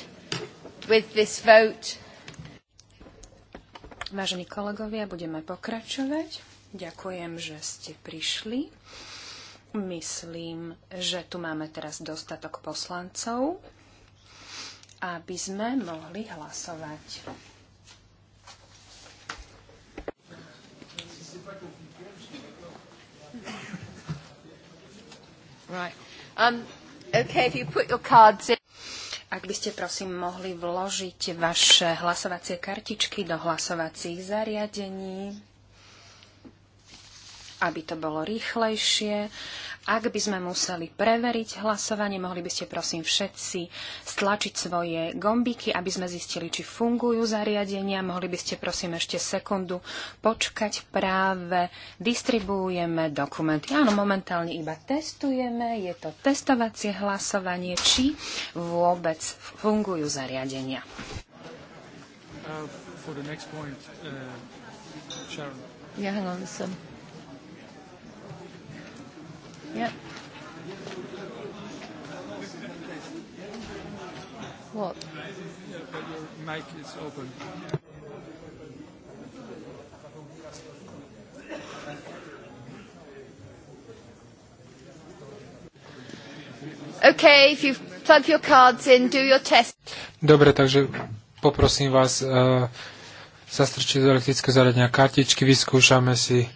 with this vote. Vážení kolegovia, budeme pokračovať. Ďakujem, že ste prišli. Myslím, že tu máme teraz dostatok poslancov, aby sme mohli hlasovať. Ak by ste prosím mohli vložiť vaše hlasovacie kartičky do hlasovacích zariadení, aby to bolo rýchlejšie. Ak by sme museli preveriť hlasovanie, mohli by ste prosím všetci stlačiť svoje gombiky, aby sme zistili, či fungujú zariadenia. Mohli by ste prosím ešte sekundu počkať. Práve distribuujeme dokumenty. Áno, momentálne iba testujeme. Je to testovacie hlasovanie, či vôbec fungujú zariadenia. Uh, for the next point, uh, Sharon. hang on, so... Yep. What? Your mic is open. Okay, if you plug your cards in, do your test. Dobre, takže poprosím vás, uh, eh, zastrčiť do elektrického zariadenia kartičky, vyskúšame si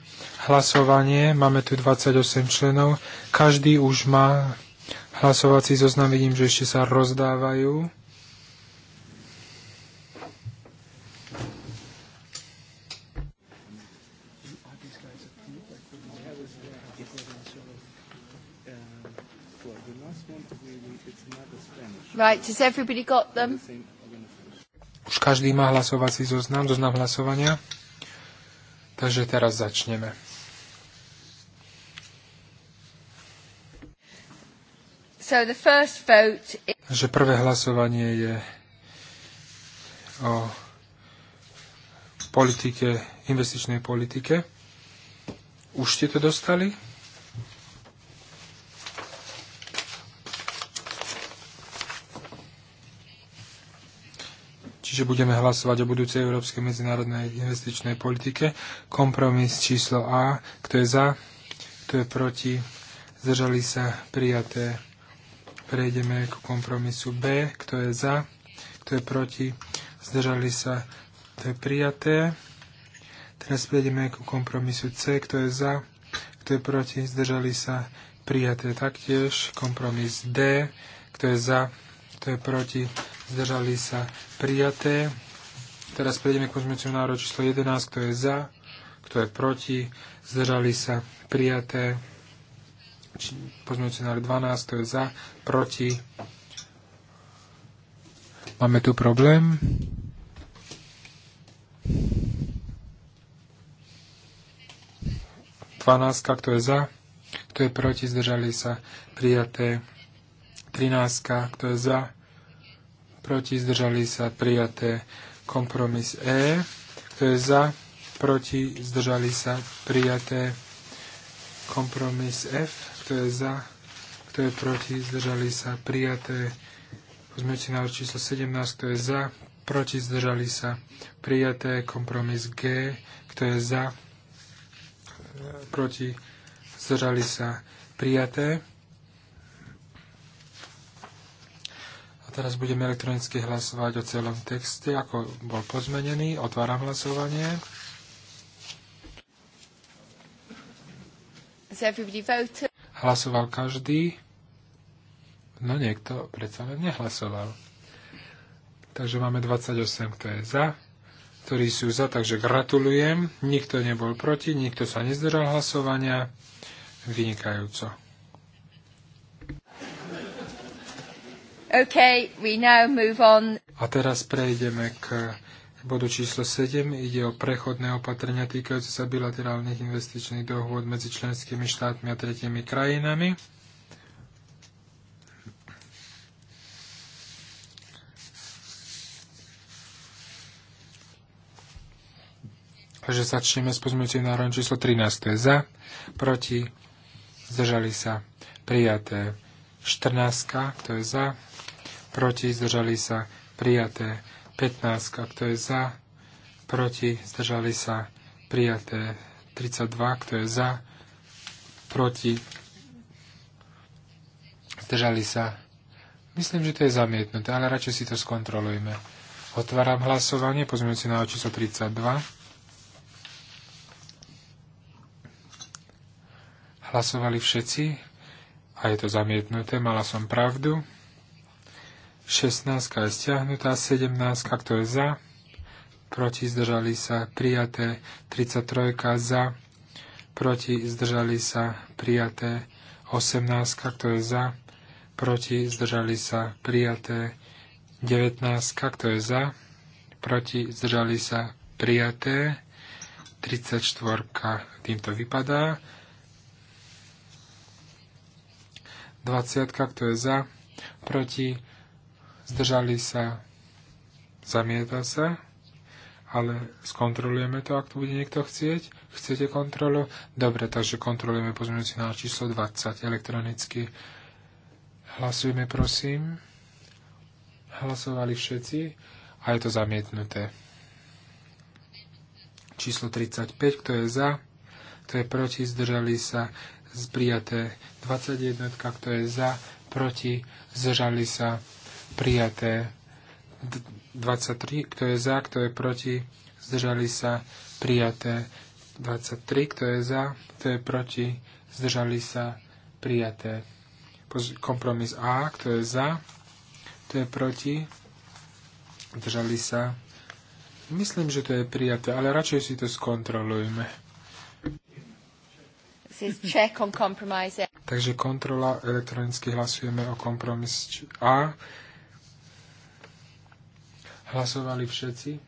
hlasovanie. Máme tu 28 členov. Každý už má hlasovací zoznam. Vidím, že ešte sa rozdávajú. Right, has everybody got them? Už každý má hlasovací zoznam, zoznam hlasovania. Takže teraz začneme. So the first vote... Že prvé hlasovanie je o politike, investičnej politike. Už ste to dostali? Čiže budeme hlasovať o budúcej európskej medzinárodnej investičnej politike. Kompromis číslo A. Kto je za? Kto je proti? Zdržali sa prijaté Prejdeme k kompromisu B. Kto je za? Kto je proti? Zdržali sa? To je prijaté. Teraz prejdeme k kompromisu C. Kto je za? Kto je proti? Zdržali sa? Prijaté taktiež. Kompromis D. Kto je za? Kto je proti? Zdržali sa? Prijaté. Teraz prejdeme k pozmeňujúcemu návrhu číslo 11. Kto je za? Kto je proti? Zdržali sa? Prijaté. Pozmeňujúci návrh 12, to je za, proti. Máme tu problém. Dvanáctka, kto je za, kto je proti, zdržali sa prijaté. Trináctka, kto je za, proti, zdržali sa prijaté. Kompromis E, kto je za, proti, zdržali sa prijaté. Kompromis F, kto je za, kto je proti, zdržali sa, prijaté. Pozmeňujúci na číslo 17, kto je za, proti, zdržali sa, prijaté. Kompromis G, kto je za, proti, zdržali sa, prijaté. A teraz budeme elektronicky hlasovať o celom texte, ako bol pozmenený. Otváram hlasovanie. Hlasoval každý? No niekto predsa len nehlasoval. Takže máme 28, kto je za, ktorí sú za, takže gratulujem. Nikto nebol proti, nikto sa nezdržal hlasovania. Vynikajúco. Okay, we now move on. A teraz prejdeme k bodu číslo 7 ide o prechodné opatrenia týkajúce sa bilaterálnych investičných dohôd medzi členskými štátmi a tretimi krajinami. Takže začneme s pozmeňujúcim národom číslo 13. To je za, proti, zdržali sa, prijaté. 14. To je za, proti, zdržali sa, prijaté. 15, kto je za, proti, zdržali sa prijaté 32, kto je za, proti, zdržali sa. Myslím, že to je zamietnuté, ale radšej si to skontrolujme. Otváram hlasovanie, si na číslo 32. Hlasovali všetci a je to zamietnuté, mala som pravdu. 16 je stiahnutá, 17, kto je za, proti zdržali sa prijaté, 33 za, proti zdržali sa prijaté, 18 kto je za, proti zdržali sa prijaté, 19 kto je za, proti zdržali sa prijaté, 34 týmto vypadá, 20 kto je za, proti zdržali sa, zamieta sa, ale skontrolujeme to, ak to bude niekto chcieť. Chcete kontrolu? Dobre, takže kontrolujeme pozmeňujúci na číslo 20 elektronicky. Hlasujeme, prosím. Hlasovali všetci a je to zamietnuté. Číslo 35, kto je za? Kto je proti? Zdržali sa prijaté 21, kto je za? Proti? Zdržali sa prijaté. 23, kto je za, kto je proti, zdržali sa, prijaté. 23, kto je za, kto je proti, zdržali sa, prijaté. Kompromis A, kto je za, kto je proti, zdržali sa. Myslím, že to je prijaté, ale radšej si to skontrolujme. Takže kontrola elektronicky hlasujeme o kompromis A. Hlasovali všetci?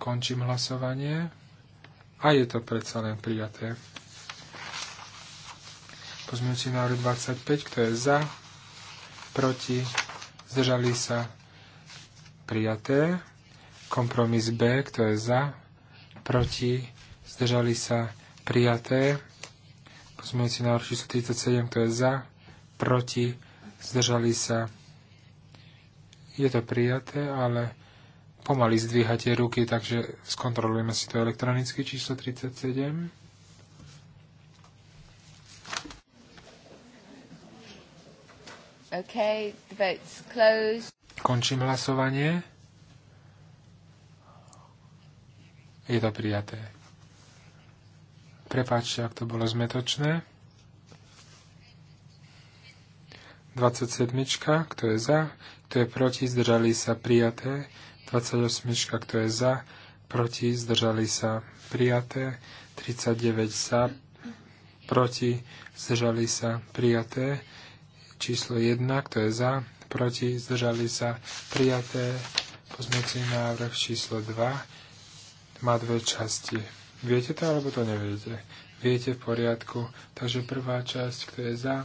Končím hlasovanie. A je to predsa len prijaté. Pozmiňujúci návrh 25, kto je za, proti, zdržali sa, prijaté. Kompromis B, kto je za, proti, zdržali sa, prijaté. Pozmiňujúci návrh číslo 37, kto je za, proti, zdržali sa, prijaté je to prijaté, ale pomaly zdvíhate ruky, takže skontrolujeme si to elektronické číslo 37. Okay, the vote's closed. Končím hlasovanie. Je to prijaté. Prepáčte, ak to bolo zmetočné. 27. Kto je za? kto je proti, zdržali sa prijaté. 28, kto je za, proti, zdržali sa prijaté. 39 za, proti, zdržali sa prijaté. Číslo 1, kto je za, proti, zdržali sa prijaté. Pozmeci návrh číslo 2 má dve časti. Viete to alebo to neviete? Viete v poriadku. Takže prvá časť, kto je za,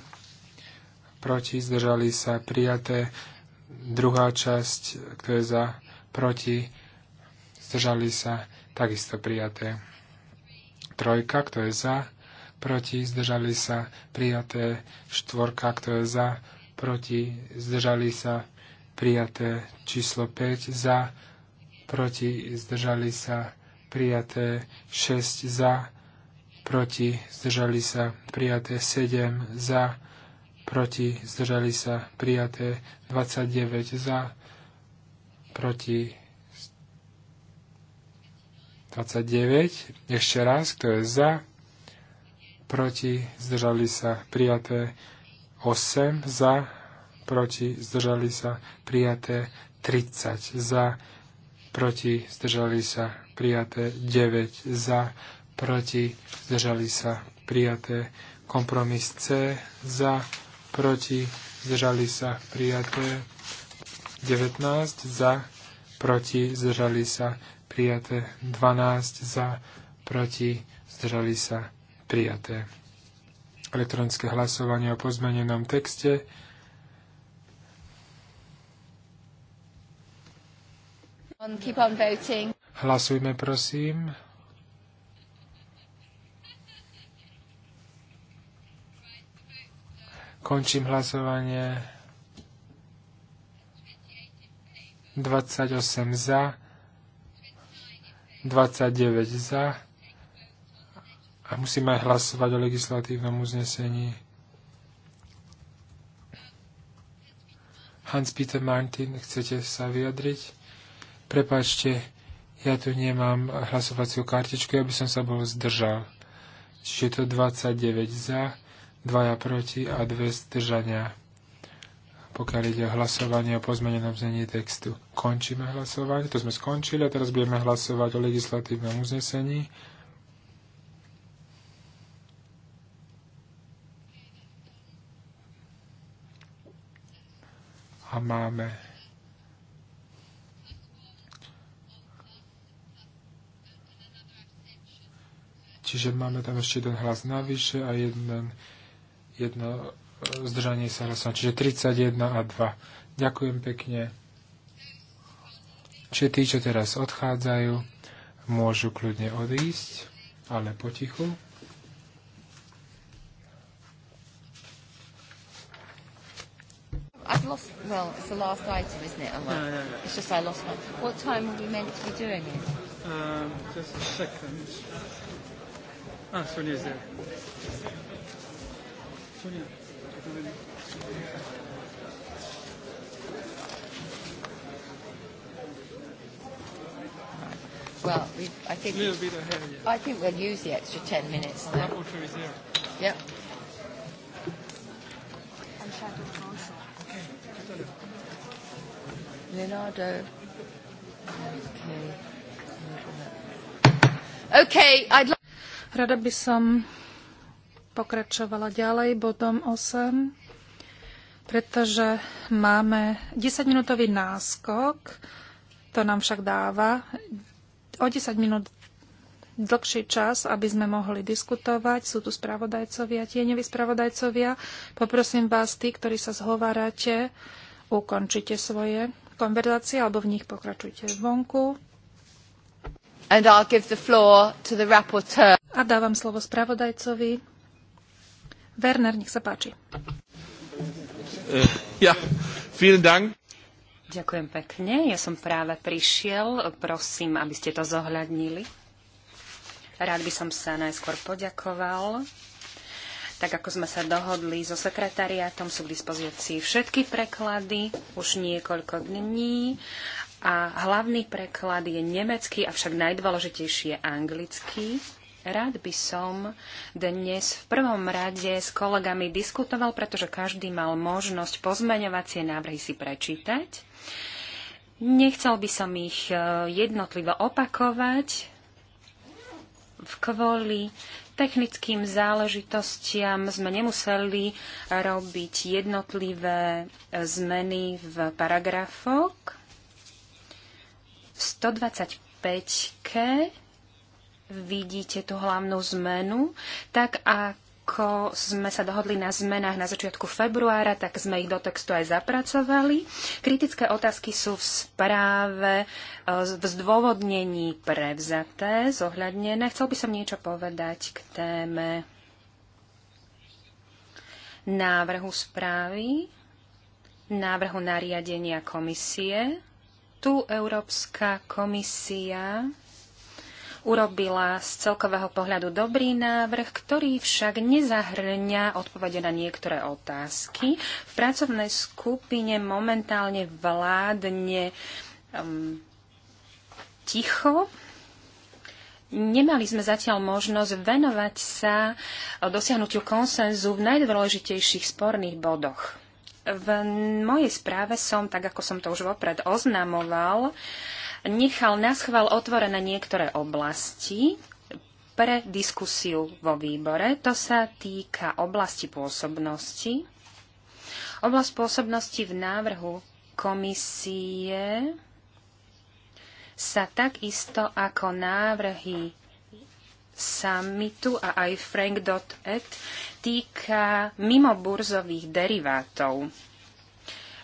proti, zdržali sa prijaté Druhá časť, kto je za, proti, zdržali sa, takisto prijaté. Trojka, kto je za, proti, zdržali sa, prijaté. Štvorka, kto je za, proti, zdržali sa, prijaté. Číslo 5, za, proti, zdržali sa, prijaté. 6, za, proti, zdržali sa, prijaté. 7, za, proti, zdržali sa prijaté 29 za, proti 29, ešte raz, kto je za, proti, zdržali sa prijaté 8 za, proti, zdržali sa prijaté 30 za, proti, zdržali sa prijaté 9 za, proti, zdržali sa prijaté kompromis C za, proti, zdržali sa prijaté. 19 za, proti, zdržali sa prijaté. 12 za, proti, zdržali sa prijaté. Elektronické hlasovanie o pozmenenom texte. Hlasujme, prosím. Končím hlasovanie. 28 za, 29 za a musíme aj hlasovať o legislatívnom uznesení. Hans-Peter Martin, chcete sa vyjadriť? Prepačte, ja tu nemám hlasovaciu kartičku, ja by som sa bol zdržal. Čiže to 29 za, dvaja proti a dve zdržania. Pokiaľ ide o hlasovanie o pozmenenom znení textu. Končíme hlasovanie, to sme skončili a teraz budeme hlasovať o legislatívnom uznesení. A máme Čiže máme tam ešte jeden hlas navyše a jeden jedno e, zdržanie sa hlasovania, čiže 31 a 2. Ďakujem pekne. Čiže tí, čo teraz odchádzajú, môžu kľudne odísť, ale potichu. I've lost, well, it's the last item, isn't it? I'm like, no, no, no. It's just I lost one. What time were we meant to be doing it? Um, just a second. Ah, Sonia's there. Well, we, I think a little bit ahead, yeah. I think we'll use the extra 10 minutes. The rapporteur is there. Yep. And shadow council. Okay. Leonardo. Okay. okay I'd like... Rada by som pokračovala ďalej bodom 8, pretože máme 10-minútový náskok, to nám však dáva o 10 minút dlhší čas, aby sme mohli diskutovať. Sú tu spravodajcovia, tieňoví spravodajcovia. Poprosím vás, tí, ktorí sa zhovárate, ukončite svoje konverzácie alebo v nich pokračujte vonku. And I'll give the floor to the rapporteur. A dávam slovo spravodajcovi. Werner, nech sa páči. Eh, ja, vielen Dank. Ďakujem pekne. Ja som práve prišiel. Prosím, aby ste to zohľadnili. Rád by som sa najskôr poďakoval. Tak ako sme sa dohodli so sekretariátom, sú k dispozícii všetky preklady už niekoľko dní a hlavný preklad je nemecký, avšak najdôležitejší je anglický. Rád by som dnes v prvom rade s kolegami diskutoval, pretože každý mal možnosť pozmeňovacie návrhy si prečítať. Nechcel by som ich e, jednotlivo opakovať kvôli technickým záležitostiam sme nemuseli robiť jednotlivé e, zmeny v paragrafoch. V 125 vidíte tú hlavnú zmenu, tak ako sme sa dohodli na zmenách na začiatku februára, tak sme ich do textu aj zapracovali. Kritické otázky sú v správe e, v zdôvodnení prevzaté, zohľadnené. Chcel by som niečo povedať k téme návrhu správy, návrhu nariadenia komisie. Tu Európska komisia urobila z celkového pohľadu dobrý návrh, ktorý však nezahrňa odpovede na niektoré otázky. V pracovnej skupine momentálne vládne um, ticho. Nemali sme zatiaľ možnosť venovať sa dosiahnutiu konsenzu v najdôležitejších sporných bodoch. V mojej správe som, tak ako som to už vopred oznamoval, uh, nechal na schvál otvorené niektoré oblasti pre diskusiu vo výbore. To sa týka oblasti pôsobnosti. Oblasť pôsobnosti v návrhu komisie sa takisto ako návrhy summitu a aj frank.et týka mimoburzových derivátov.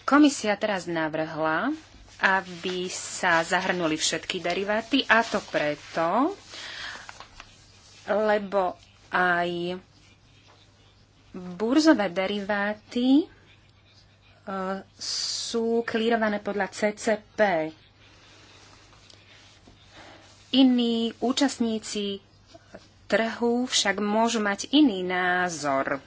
Komisia teraz navrhla, aby sa zahrnuli všetky deriváty a to preto, lebo aj burzové deriváty e, sú klírované podľa CCP. Iní účastníci trhu však môžu mať iný názor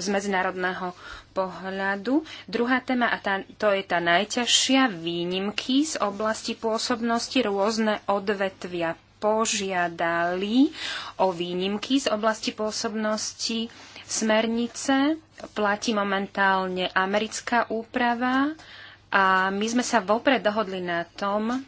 z medzinárodného pohľadu. Druhá téma, a tá, to je tá najťažšia, výnimky z oblasti pôsobnosti rôzne odvetvia požiadali o výnimky z oblasti pôsobnosti smernice. Platí momentálne americká úprava a my sme sa vopred dohodli na tom,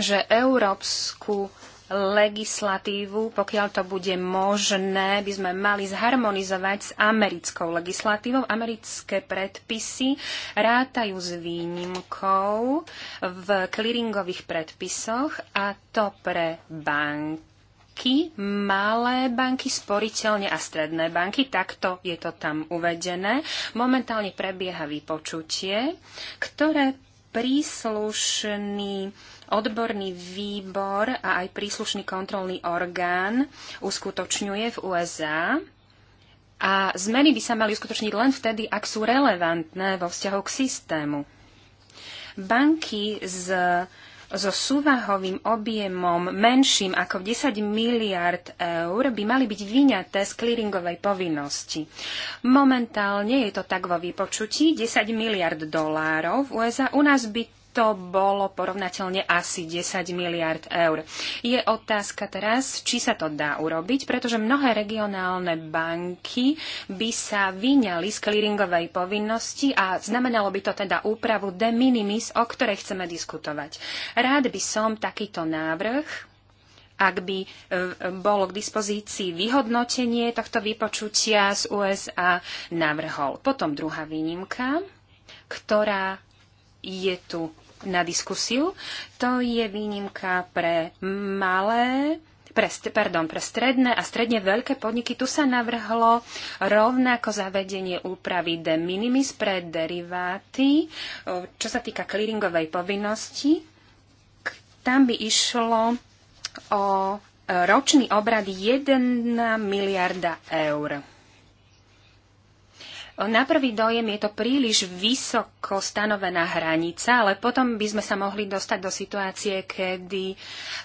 že európsku legislatívu, pokiaľ to bude možné, by sme mali zharmonizovať s americkou legislatívou. Americké predpisy rátajú s výnimkou v clearingových predpisoch a to pre banky malé banky, sporiteľne a stredné banky. Takto je to tam uvedené. Momentálne prebieha vypočutie, ktoré príslušný odborný výbor a aj príslušný kontrolný orgán uskutočňuje v USA. A zmeny by sa mali uskutočniť len vtedy, ak sú relevantné vo vzťahu k systému. Banky z, so súvahovým objemom menším ako 10 miliard eur by mali byť vyňaté z clearingovej povinnosti. Momentálne je to tak vo vypočutí 10 miliard dolárov v USA. U nás by to bolo porovnateľne asi 10 miliard eur. Je otázka teraz, či sa to dá urobiť, pretože mnohé regionálne banky by sa vyňali z clearingovej povinnosti a znamenalo by to teda úpravu de minimis, o ktorej chceme diskutovať. Rád by som takýto návrh ak by e, bolo k dispozícii vyhodnotenie tohto vypočutia z USA, navrhol. Potom druhá výnimka, ktorá je tu na diskusiu. To je výnimka pre malé pre, pardon, pre stredné a stredne veľké podniky. Tu sa navrhlo rovnako zavedenie úpravy de minimis pre deriváty, čo sa týka clearingovej povinnosti. Tam by išlo o e, ročný obrad 1 miliarda eur. Na prvý dojem je to príliš vysoko stanovená hranica, ale potom by sme sa mohli dostať do situácie, kedy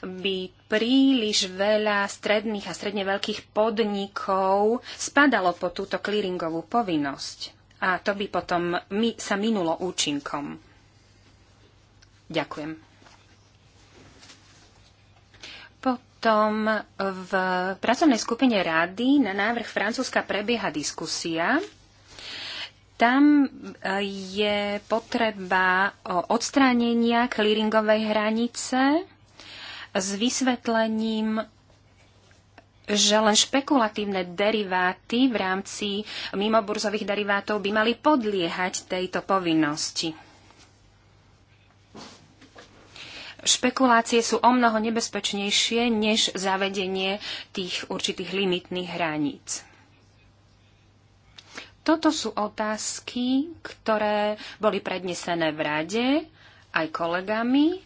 by príliš veľa stredných a stredne veľkých podnikov spadalo po túto clearingovú povinnosť. A to by potom mi, sa minulo účinkom. Ďakujem. Potom v pracovnej skupine rady na návrh Francúzska prebieha diskusia tam e, je potreba e, odstránenia clearingovej hranice s vysvetlením, že len špekulatívne deriváty v rámci mimoburzových derivátov by mali podliehať tejto povinnosti. Špekulácie sú o mnoho nebezpečnejšie než zavedenie tých určitých limitných hraníc. Toto sú otázky, ktoré boli prednesené v rade aj kolegami.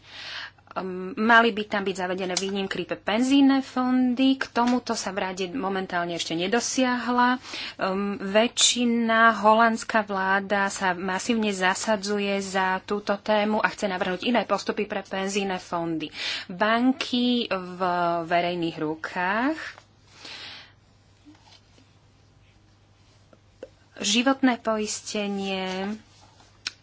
Um, mali by tam byť zavedené výnimky pre penzíne fondy. K tomuto sa v rade momentálne ešte nedosiahla. Um, väčšina holandská vláda sa masívne zasadzuje za túto tému a chce navrhnúť iné postupy pre penzíne fondy. Banky v verejných rukách životné poistenie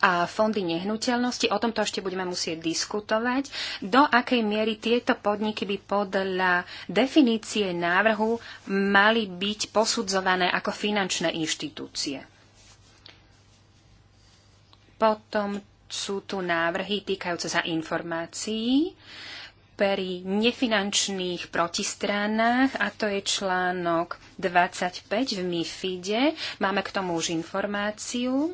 a fondy nehnuteľnosti, o tomto ešte budeme musieť diskutovať, do akej miery tieto podniky by podľa definície návrhu mali byť posudzované ako finančné inštitúcie. Potom sú tu návrhy týkajúce sa informácií pri nefinančných protistranách a to je článok 25 v MIFIDE. Máme k tomu už informáciu.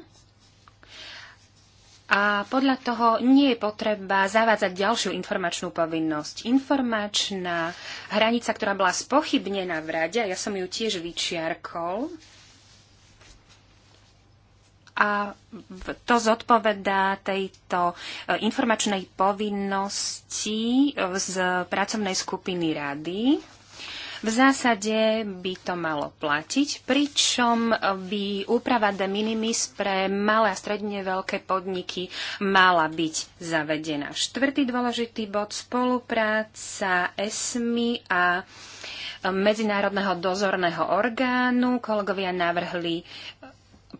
A podľa toho nie je potreba zavádzať ďalšiu informačnú povinnosť. Informačná hranica, ktorá bola spochybnená v rade, ja som ju tiež vyčiarkol, a to zodpovedá tejto e, informačnej povinnosti e, z pracovnej skupiny rady. V zásade by to malo platiť, pričom by úprava de minimis pre malé a stredne veľké podniky mala byť zavedená. Štvrtý dôležitý bod spolupráca ESMI a medzinárodného dozorného orgánu. Kolegovia navrhli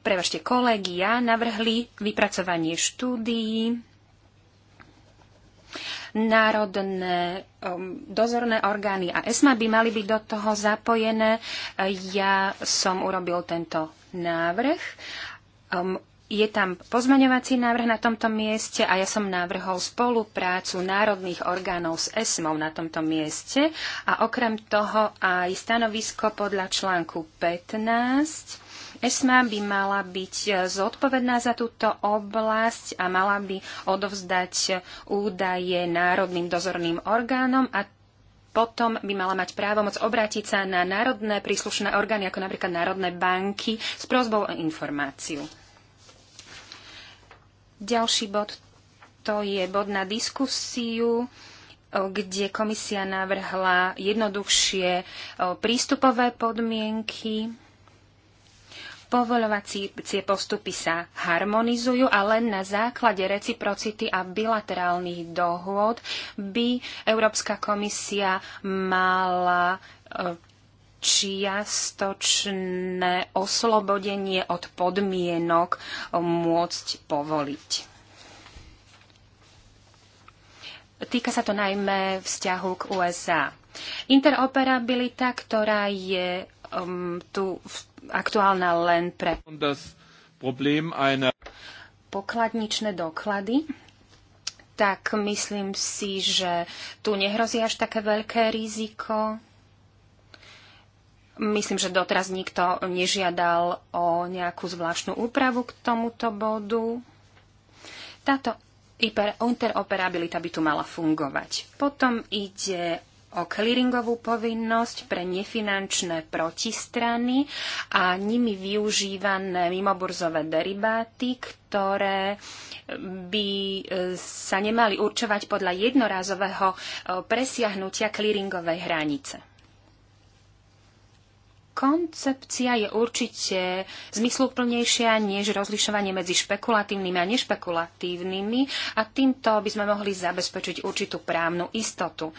prevažte kolegia navrhli vypracovanie štúdií, národné um, dozorné orgány a ESMA by mali byť do toho zapojené. Ja som urobil tento návrh. Um, je tam pozmaňovací návrh na tomto mieste a ja som navrhol spoluprácu národných orgánov s ESMou na tomto mieste a okrem toho aj stanovisko podľa článku 15 ESMA by mala byť e, zodpovedná za túto oblasť a mala by odovzdať údaje národným dozorným orgánom a potom by mala mať právomoc obrátiť sa na národné príslušné orgány, ako napríklad národné banky, s prozbou o informáciu. Ďalší bod to je bod na diskusiu kde komisia navrhla jednoduchšie prístupové podmienky Povolovacie postupy sa harmonizujú a len na základe reciprocity a bilaterálnych dohôd by Európska komisia mala e, čiastočné oslobodenie od podmienok môcť povoliť. Týka sa to najmä vzťahu k USA. Interoperabilita, ktorá je um, tu v aktuálna len pre pokladničné doklady, tak myslím si, že tu nehrozí až také veľké riziko. Myslím, že doteraz nikto nežiadal o nejakú zvláštnu úpravu k tomuto bodu. Táto interoperabilita by tu mala fungovať. Potom ide o clearingovú povinnosť pre nefinančné protistrany a nimi využívané mimoburzové deribáty, ktoré by e, sa nemali určovať podľa jednorázového e, presiahnutia clearingovej hranice. Koncepcia je určite zmysluplnejšia než rozlišovanie medzi špekulatívnymi a nešpekulatívnymi a týmto by sme mohli zabezpečiť určitú právnu istotu.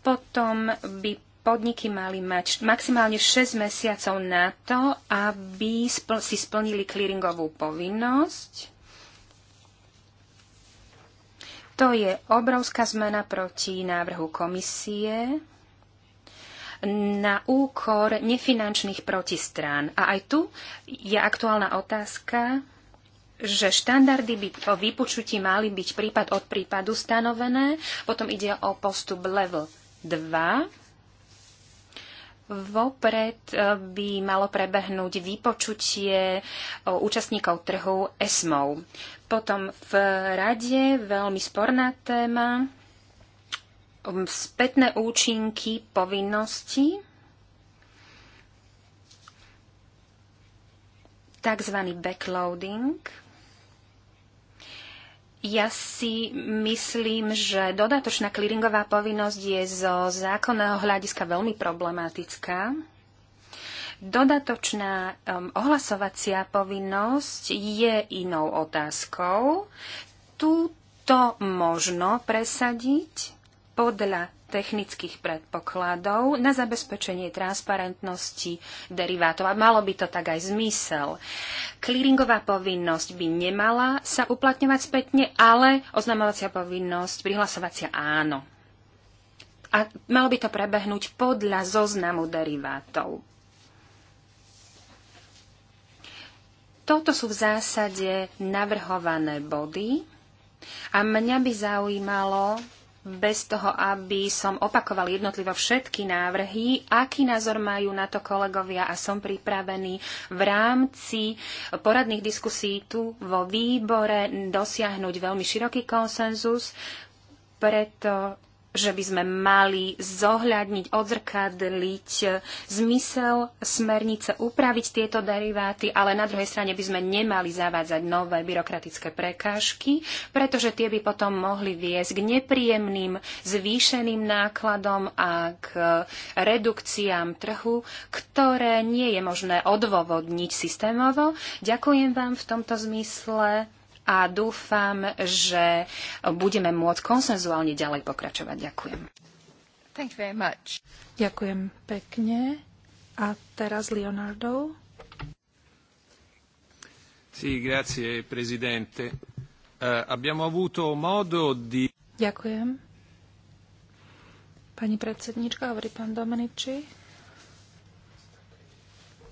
Potom by podniky mali mať maximálne 6 mesiacov na to, aby spl- si splnili clearingovú povinnosť. To je obrovská zmena proti návrhu komisie na úkor nefinančných protistrán. A aj tu je aktuálna otázka, že štandardy by po vypočutí mali byť prípad od prípadu stanovené, potom ide o postup level Vopred eh, by malo prebehnúť vypočutie eh, účastníkov trhu ESMO. Potom v rade veľmi sporná téma mm, spätné účinky povinnosti, takzvaný backloading. Ja si myslím, že dodatočná clearingová povinnosť je zo zákonného hľadiska veľmi problematická. Dodatočná um, ohlasovacia povinnosť je inou otázkou. Túto možno presadiť podľa technických predpokladov na zabezpečenie transparentnosti derivátov. A malo by to tak aj zmysel. Clearingová povinnosť by nemala sa uplatňovať spätne, ale oznamovacia povinnosť, prihlasovacia áno. A malo by to prebehnúť podľa zoznamu derivátov. Toto sú v zásade navrhované body. A mňa by zaujímalo, bez toho, aby som opakoval jednotlivo všetky návrhy, aký názor majú na to kolegovia a som pripravený v rámci poradných diskusí tu vo výbore dosiahnuť veľmi široký konsenzus, preto že by sme mali zohľadniť, odzrkadliť zmysel smernice, upraviť tieto deriváty, ale na druhej strane by sme nemali zavádzať nové byrokratické prekážky, pretože tie by potom mohli viesť k nepríjemným zvýšeným nákladom a k redukciám trhu, ktoré nie je možné odôvodniť systémovo. Ďakujem vám v tomto zmysle a dúfam, že budeme môcť konsenzuálne ďalej pokračovať. Ďakujem. Thank you very much. Ďakujem pekne. A teraz Leonardo. Sì, grazie Presidente. Uh, abbiamo avuto modo di... Ďakujem. Pani predsednička, hovorí pán Domeniči.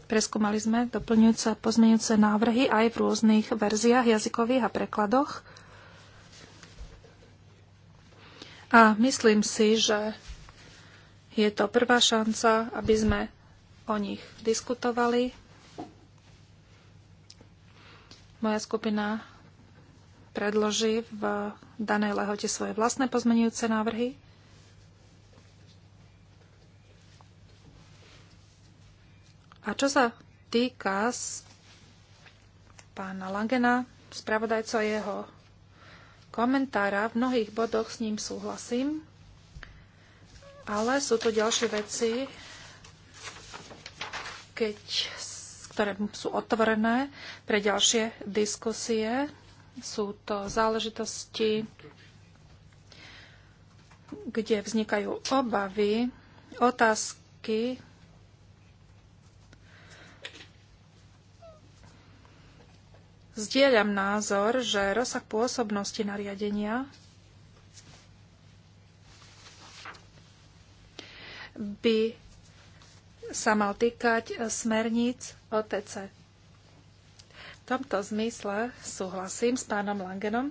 Preskúmali sme doplňujúce a pozmeňujúce návrhy aj v rôznych verziách jazykových a prekladoch. A myslím si, že je to prvá šanca, aby sme o nich diskutovali. Moja skupina predloží v danej lehote svoje vlastné pozmenujúce návrhy. A čo sa týka pána Langena, spravodajco jeho komentára, v mnohých bodoch s ním súhlasím, ale sú tu ďalšie veci, keď, ktoré sú otvorené pre ďalšie diskusie. Sú to záležitosti, kde vznikajú obavy, otázky, Zdieľam názor, že rozsah pôsobnosti nariadenia by sa mal týkať smerníc OTC. V tomto zmysle súhlasím s pánom Langenom.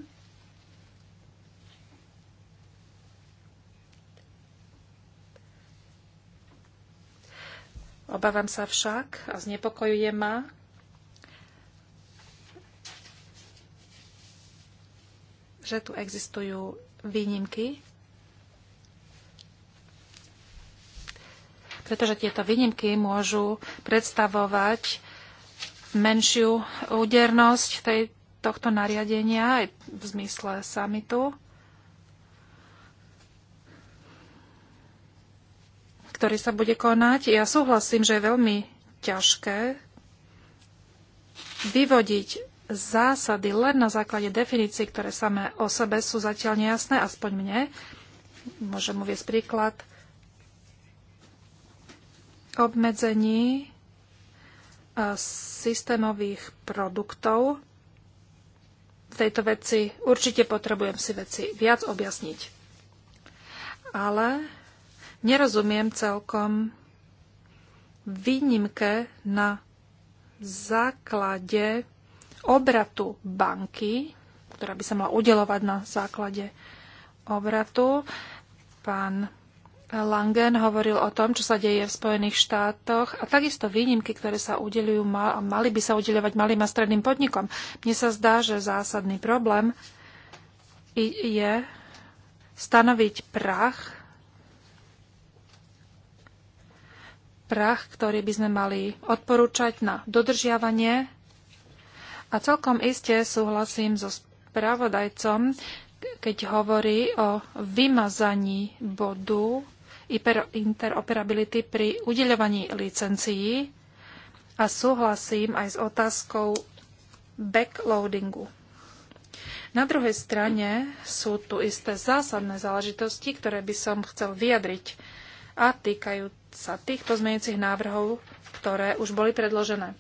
Obávam sa však a znepokojuje ma, že tu existujú výnimky, pretože tieto výnimky môžu predstavovať menšiu údernosť tej, tohto nariadenia aj v zmysle samitu, ktorý sa bude konať. Ja súhlasím, že je veľmi ťažké vyvodiť zásady len na základe definícií, ktoré samé o sebe sú zatiaľ nejasné, aspoň mne. Môžem uvieť príklad obmedzení e, systémových produktov. V tejto veci určite potrebujem si veci viac objasniť. Ale nerozumiem celkom výnimke na základe obratu banky, ktorá by sa mala udelovať na základe obratu. Pán Langen hovoril o tom, čo sa deje v Spojených štátoch a takisto výnimky, ktoré sa udelujú a mali by sa udeľovať malým a stredným podnikom. Mne sa zdá, že zásadný problém je stanoviť prach, prach, ktorý by sme mali odporúčať na dodržiavanie a celkom iste súhlasím so spravodajcom, keď hovorí o vymazaní bodu interoperability pri udeľovaní licencií a súhlasím aj s otázkou backloadingu. Na druhej strane sú tu isté zásadné záležitosti, ktoré by som chcel vyjadriť a týkajú sa tých pozmeňujúcich návrhov, ktoré už boli predložené.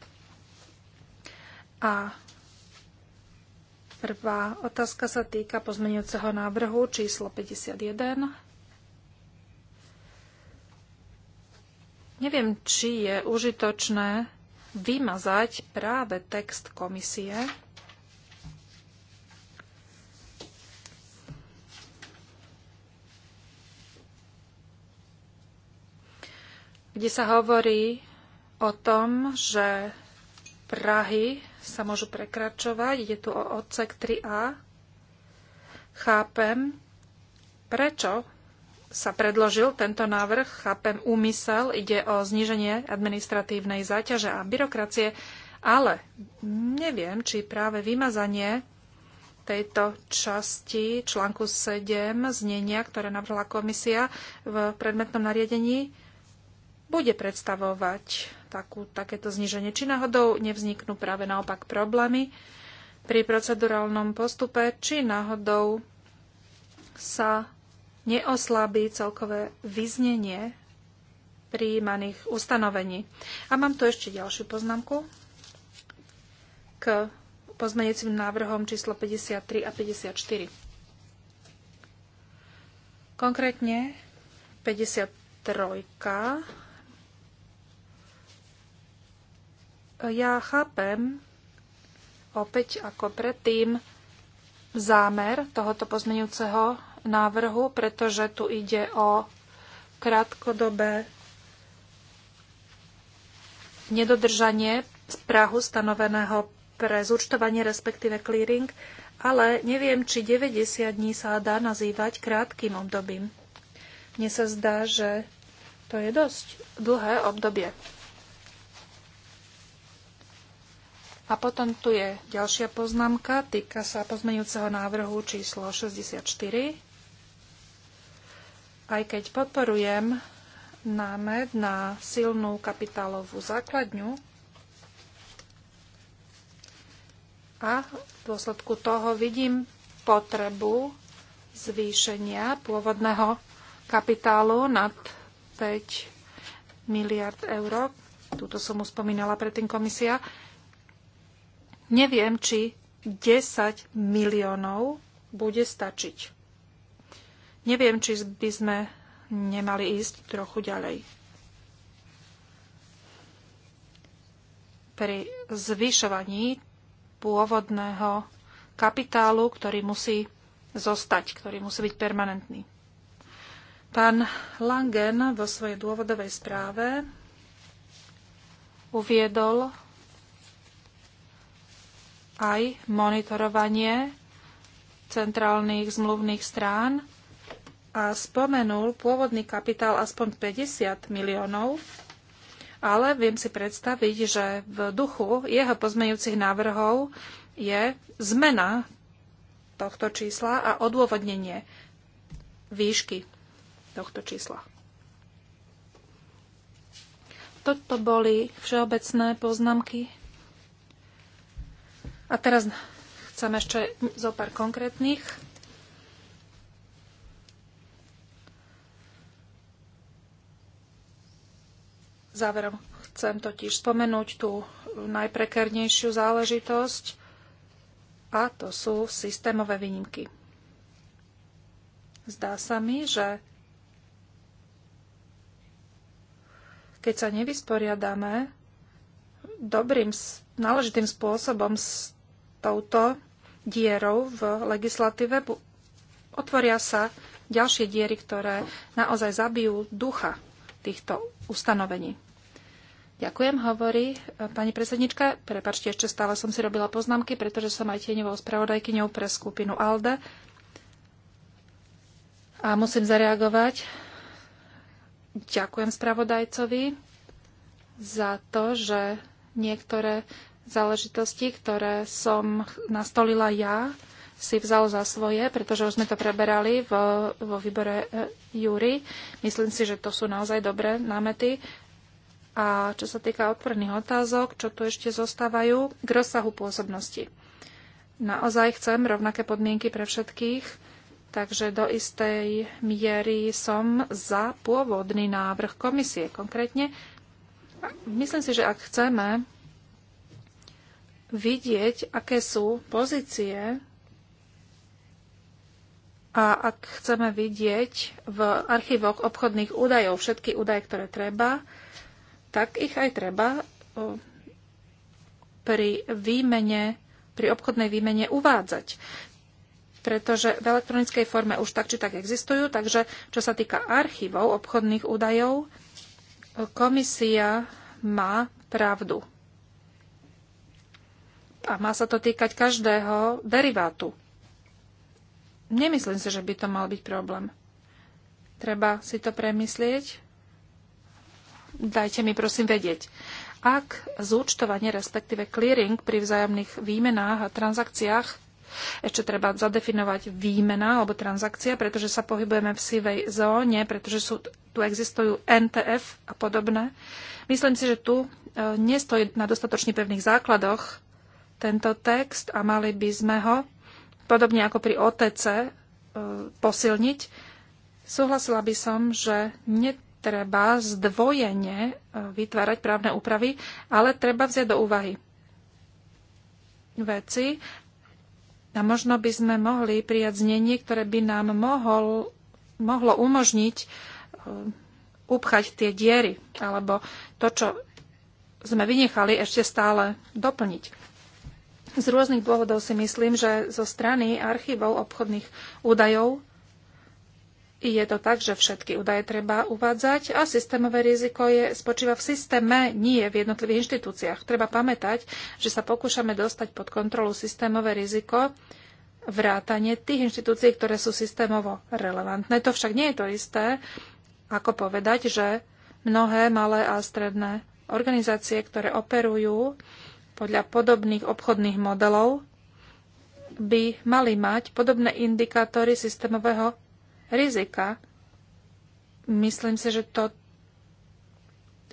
A prvá otázka sa týka pozmeňujúceho návrhu číslo 51. Neviem, či je užitočné vymazať práve text komisie. kde sa hovorí o tom, že Prahy sa môžu prekračovať. Ide tu o odsek 3a. Chápem, prečo sa predložil tento návrh, chápem úmysel, ide o zníženie administratívnej záťaže a byrokracie, ale neviem, či práve vymazanie tejto časti článku 7 znenia, ktoré navrhla komisia v predmetnom nariadení, bude predstavovať takú, takéto zniženie. Či náhodou nevzniknú práve naopak problémy pri procedurálnom postupe, či náhodou sa neoslabí celkové vyznenie príjmaných ustanovení. A mám tu ešte ďalšiu poznámku k pozmenecím návrhom číslo 53 a 54. Konkrétne 53 Ja chápem, opäť ako predtým, zámer tohoto pozmeňujúceho návrhu, pretože tu ide o krátkodobé nedodržanie prahu stanoveného pre zúčtovanie, respektíve clearing, ale neviem, či 90 dní sa dá nazývať krátkým obdobím. Mne sa zdá, že to je dosť dlhé obdobie. A potom tu je ďalšia poznámka, týka sa pozmenujúceho návrhu číslo 64. Aj keď podporujem námed na silnú kapitálovú základňu a v dôsledku toho vidím potrebu zvýšenia pôvodného kapitálu nad 5 miliard eur. Tuto som uspomínala predtým komisia. Neviem, či 10 miliónov bude stačiť. Neviem, či by sme nemali ísť trochu ďalej. Pri zvyšovaní pôvodného kapitálu, ktorý musí zostať, ktorý musí byť permanentný. Pán Langen vo svojej dôvodovej správe uviedol, aj monitorovanie centrálnych zmluvných strán a spomenul pôvodný kapitál aspoň 50 miliónov, ale viem si predstaviť, že v duchu jeho pozmeňujúcich návrhov je zmena tohto čísla a odôvodnenie výšky tohto čísla. Toto boli všeobecné poznámky a teraz chcem ešte zo pár konkrétnych. Záverom chcem totiž spomenúť tú najprekernejšiu záležitosť a to sú systémové výnimky. Zdá sa mi, že keď sa nevysporiadame dobrým, náležitým spôsobom s touto dierou v legislatíve otvoria sa ďalšie diery, ktoré naozaj zabijú ducha týchto ustanovení. Ďakujem, hovorí e, pani predsednička. Prepačte, ešte stále som si robila poznámky, pretože som aj tieňovou spravodajkyňou pre skupinu ALDE. A musím zareagovať. Ďakujem spravodajcovi za to, že niektoré záležitosti, ktoré som nastolila ja, si vzal za svoje, pretože už sme to preberali vo, vo výbore e, Júry. Myslím si, že to sú naozaj dobré námety. A čo sa týka odporných otázok, čo tu ešte zostávajú, k rozsahu pôsobnosti. Naozaj chcem rovnaké podmienky pre všetkých, takže do istej miery som za pôvodný návrh komisie. Konkrétne, myslím si, že ak chceme vidieť, aké sú pozície a ak chceme vidieť v archívoch obchodných údajov všetky údaje, ktoré treba, tak ich aj treba pri výmene, pri obchodnej výmene uvádzať pretože v elektronickej forme už tak či tak existujú, takže čo sa týka archívov obchodných údajov, komisia má pravdu a má sa to týkať každého derivátu. Nemyslím si, že by to mal byť problém. Treba si to premyslieť. Dajte mi prosím vedieť. Ak zúčtovanie, respektíve clearing pri vzájomných výmenách a transakciách ešte treba zadefinovať výmena alebo transakcia, pretože sa pohybujeme v sivej zóne, pretože sú, tu existujú NTF a podobné. Myslím si, že tu e, nestojí na dostatočne pevných základoch tento text a mali by sme ho, podobne ako pri OTC, e, posilniť. Súhlasila by som, že netreba zdvojene e, vytvárať právne úpravy, ale treba vziať do úvahy veci a možno by sme mohli prijať znenie, ktoré by nám mohol, mohlo umožniť e, upchať tie diery, alebo to, čo sme vynechali, ešte stále doplniť. Z rôznych dôvodov si myslím, že zo strany archívov obchodných údajov je to tak, že všetky údaje treba uvádzať a systémové riziko je, spočíva v systéme, nie v jednotlivých inštitúciách. Treba pamätať, že sa pokúšame dostať pod kontrolu systémové riziko, vrátanie tých inštitúcií, ktoré sú systémovo relevantné. To však nie je to isté, ako povedať, že mnohé malé a stredné organizácie, ktoré operujú podľa podobných obchodných modelov by mali mať podobné indikátory systémového rizika. Myslím si, že to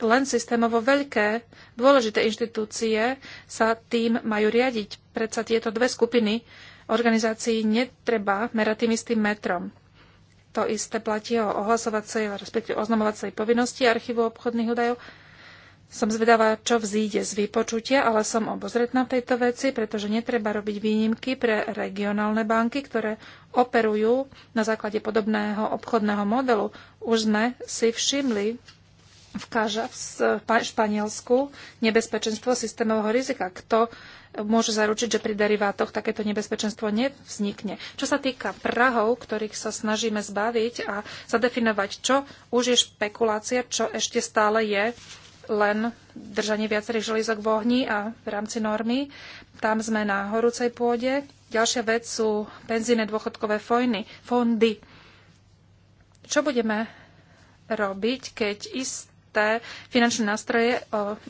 len systémovo veľké, dôležité inštitúcie sa tým majú riadiť. Predsa tieto dve skupiny organizácií netreba merať tým istým metrom. To isté platí o ohlasovacej, respektíve oznamovacej povinnosti archívu obchodných údajov som zvedavá, čo vzíde z vypočutia, ale som obozretná v tejto veci, pretože netreba robiť výnimky pre regionálne banky, ktoré operujú na základe podobného obchodného modelu. Už sme si všimli v Kaža v Španielsku nebezpečenstvo systémového rizika. Kto môže zaručiť, že pri derivátoch takéto nebezpečenstvo nevznikne. Čo sa týka Prahov, ktorých sa snažíme zbaviť a zadefinovať, čo už je špekulácia, čo ešte stále je len držanie viacerých želízok v ohni a v rámci normy. Tam sme na horúcej pôde. Ďalšia vec sú penzíne dôchodkové fojny, fondy. Čo budeme robiť, keď isté finančné nástroje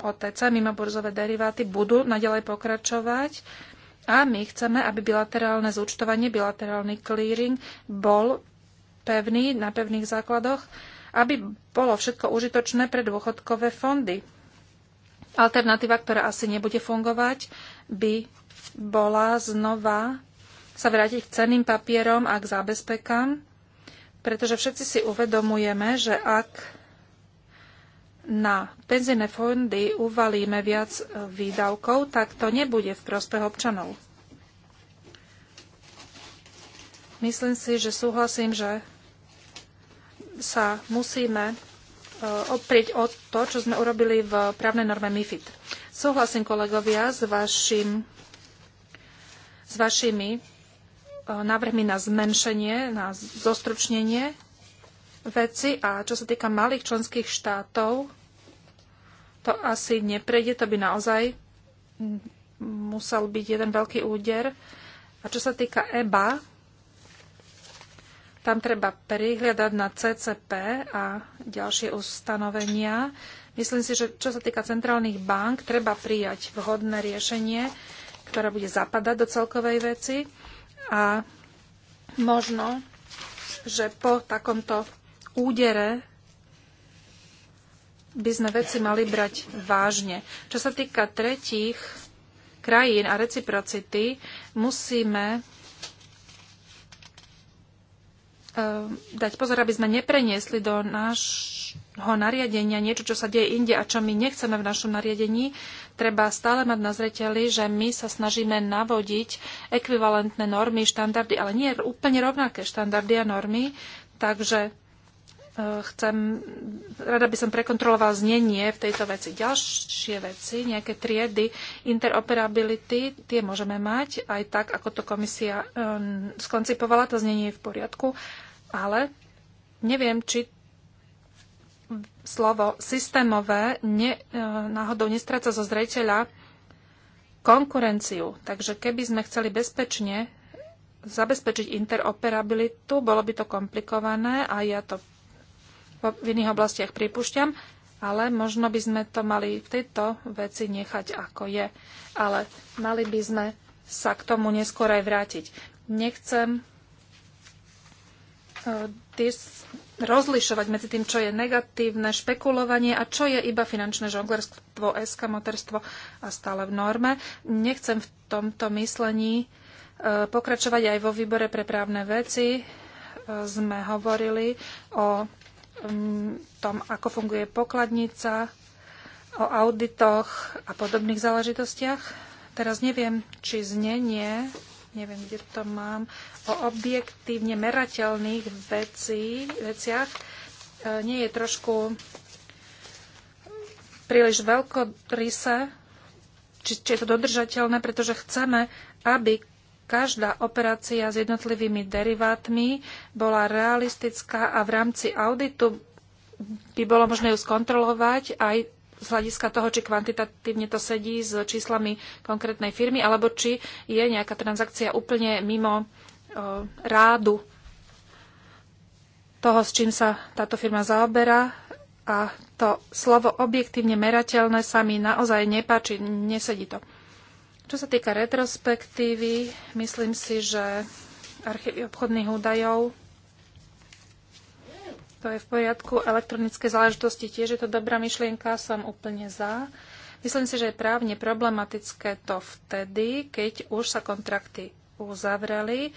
OTC, mimoburzové deriváty, budú nadalej pokračovať? A my chceme, aby bilaterálne zúčtovanie, bilaterálny clearing bol pevný, na pevných základoch aby bolo všetko užitočné pre dôchodkové fondy. Alternatíva, ktorá asi nebude fungovať, by bola znova sa vrátiť k cenným papierom a k zábezpekám, pretože všetci si uvedomujeme, že ak na penzijné fondy uvalíme viac výdavkov, tak to nebude v prospech občanov. Myslím si, že súhlasím, že sa musíme e, oprieť o to, čo sme urobili v právnej norme MIFID. Súhlasím, kolegovia, s, vašim, s vašimi e, návrhmi na zmenšenie, na zostručnenie veci a čo sa týka malých členských štátov, to asi neprejde, to by naozaj musel byť jeden veľký úder. A čo sa týka EBA, tam treba prihliadať na CCP a ďalšie ustanovenia. Myslím si, že čo sa týka centrálnych bank, treba prijať vhodné riešenie, ktoré bude zapadať do celkovej veci a možno, že po takomto údere by sme veci mali brať vážne. Čo sa týka tretích krajín a reciprocity, musíme Ehm, dať pozor, aby sme nepreniesli do nášho nariadenia niečo, čo sa deje inde a čo my nechceme v našom nariadení. Treba stále mať na zreteli, že my sa snažíme navodiť ekvivalentné normy, štandardy, ale nie úplne rovnaké štandardy a normy. Takže e, chcem, rada by som prekontroloval znenie v tejto veci. Ďalšie veci, nejaké triedy interoperability, tie môžeme mať aj tak, ako to komisia um, skoncipovala, to znenie je v poriadku, ale neviem, či slovo systémové ne, e, náhodou nestráca zo zreteľa konkurenciu. Takže keby sme chceli bezpečne zabezpečiť interoperabilitu, bolo by to komplikované a ja to v iných oblastiach pripúšťam, ale možno by sme to mali v tejto veci nechať ako je. Ale mali by sme sa k tomu neskôr aj vrátiť. Nechcem Eh, rozlišovať medzi tým, čo je negatívne špekulovanie a čo je iba finančné žonglerstvo, eskamoterstvo a stále v norme. Nechcem v tomto myslení eh, pokračovať aj vo výbore pre právne veci. Eh, sme hovorili o mm, tom, ako funguje pokladnica, o auditoch a podobných záležitostiach. Teraz neviem, či znenie neviem, kde to mám, o objektívne merateľných veci, veciach, e, nie je trošku príliš veľkoryse, či, či je to dodržateľné, pretože chceme, aby každá operácia s jednotlivými derivátmi bola realistická a v rámci auditu by bolo možné ju skontrolovať aj z hľadiska toho, či kvantitatívne to sedí s číslami konkrétnej firmy, alebo či je nejaká transakcia úplne mimo e, rádu toho, s čím sa táto firma zaoberá. A to slovo objektívne merateľné sa mi naozaj nepáči, nesedí to. Čo sa týka retrospektívy, myslím si, že archívy obchodných údajov to je v poriadku. Elektronické záležitosti tiež je to dobrá myšlienka, som úplne za. Myslím si, že je právne problematické to vtedy, keď už sa kontrakty uzavreli.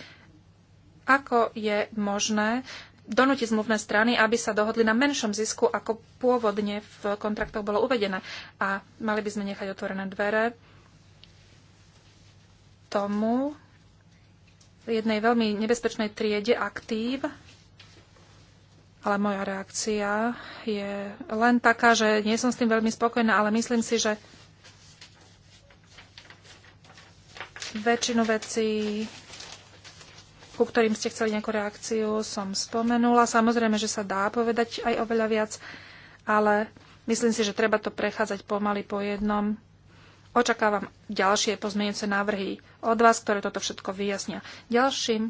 Ako je možné donútiť zmluvné strany, aby sa dohodli na menšom zisku, ako pôvodne v kontraktoch bolo uvedené. A mali by sme nechať otvorené dvere tomu jednej veľmi nebezpečnej triede aktív, ale moja reakcia je len taká, že nie som s tým veľmi spokojná, ale myslím si, že väčšinu vecí, ku ktorým ste chceli nejakú reakciu, som spomenula. Samozrejme, že sa dá povedať aj oveľa viac, ale myslím si, že treba to prechádzať pomaly po jednom. Očakávam ďalšie pozmeňujúce návrhy od vás, ktoré toto všetko vyjasnia. Ďalším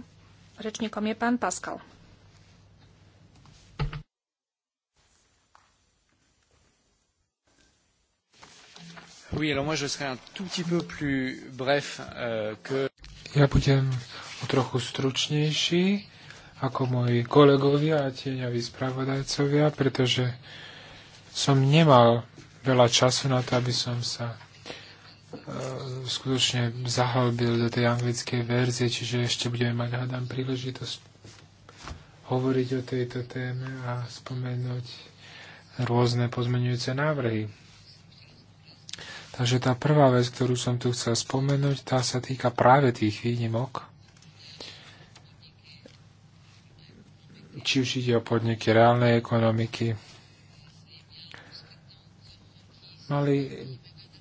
rečníkom je pán Pascal. Oui, alors moi je serai un tout petit peu plus bref euh, que... Ja budem o trochu stručnejší ako moji kolegovia a tieňoví spravodajcovia, pretože som nemal veľa času na to, aby som sa e, skutočne zahlbil do tej anglickej verzie, čiže ešte budeme mať, hádam, príležitosť hovoriť o tejto téme a spomenúť rôzne pozmenujúce návrhy. Takže tá prvá vec, ktorú som tu chcel spomenúť, tá sa týka práve tých výnimok. Či už ide o podniky reálnej ekonomiky. Mali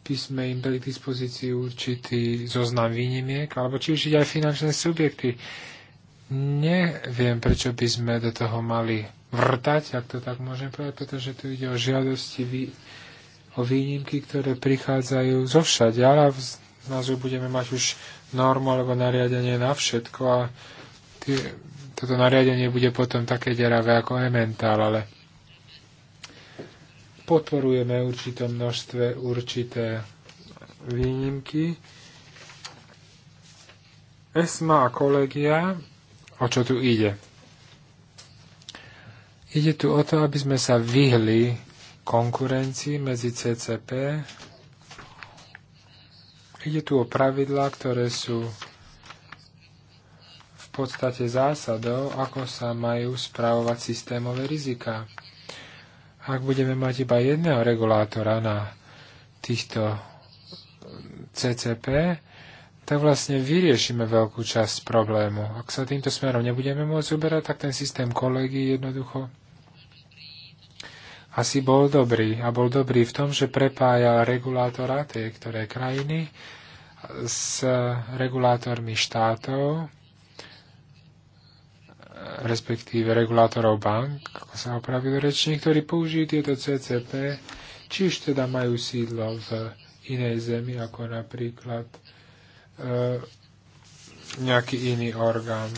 by sme im byli k dispozícii určitý zoznam výnimiek, alebo či už ide aj finančné subjekty. Neviem, prečo by sme do toho mali vrtať, ak to tak môžem povedať, pretože tu ide o žiadosti výnimiek o výnimky, ktoré prichádzajú zo všade, ale na budeme mať už normu alebo nariadenie na všetko a tý, toto nariadenie bude potom také deravé ako ementál, ale podporujeme určité množstve určité výnimky. ESMA a kolegia, o čo tu ide? Ide tu o to, aby sme sa vyhli konkurencii medzi CCP. Ide tu o pravidlá, ktoré sú v podstate zásadou, ako sa majú správovať systémové rizika. Ak budeme mať iba jedného regulátora na týchto e, CCP, tak vlastne vyriešime veľkú časť problému. Ak sa týmto smerom nebudeme môcť uberať, tak ten systém kolegy jednoducho asi bol dobrý. A bol dobrý v tom, že prepájal regulátora tej ktoré krajiny s regulátormi štátov, respektíve regulátorov bank, ako sa opravil rečne, ktorí použijú tieto CCP, či už teda majú sídlo v inej zemi, ako napríklad e, nejaký iný orgán.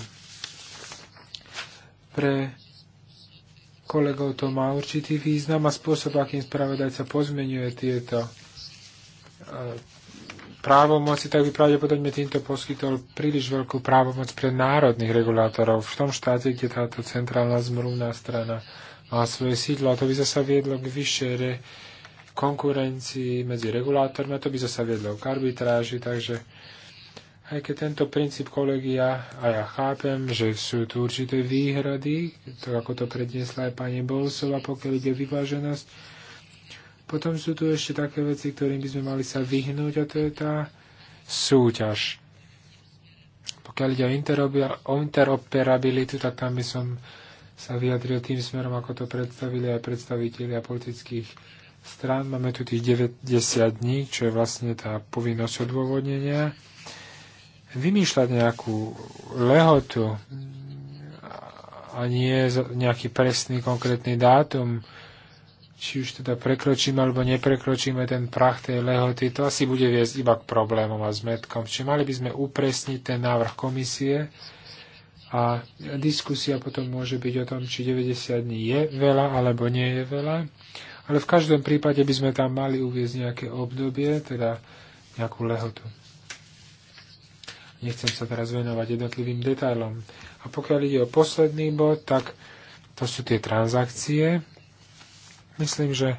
Pre kolegov to má určitý význam a spôsob, akým spravodajca pozmenuje tieto e, právomoci, tak by pravdepodobne týmto poskytol príliš veľkú právomoc pre národných regulátorov v tom štáte, kde táto centrálna zmluvná strana má svoje sídlo. A to by zasa viedlo k vyššej konkurencii medzi regulátormi a to by zasa viedlo k arbitráži, takže aj keď tento princíp kolegia, a ja chápem, že sú tu určité výhrady, to ako to predniesla aj pani Bolsova, pokiaľ ide vyváženosť, potom sú tu ešte také veci, ktorým by sme mali sa vyhnúť, a to je tá súťaž. Pokiaľ ide o interoperabilitu, tak tam by som sa vyjadril tým smerom, ako to predstavili aj predstavitelia politických strán. Máme tu tých 90 dní, čo je vlastne tá povinnosť odôvodnenia vymýšľať nejakú lehotu a nie nejaký presný konkrétny dátum, či už teda prekročíme alebo neprekročíme ten prach tej lehoty, to asi bude viesť iba k problémom a zmetkom. Čiže mali by sme upresniť ten návrh komisie a diskusia potom môže byť o tom, či 90 dní je veľa alebo nie je veľa. Ale v každom prípade by sme tam mali uviezť nejaké obdobie, teda nejakú lehotu. Nechcem sa teraz venovať jednotlivým detailom. A pokiaľ ide o posledný bod, tak to sú tie transakcie. Myslím, že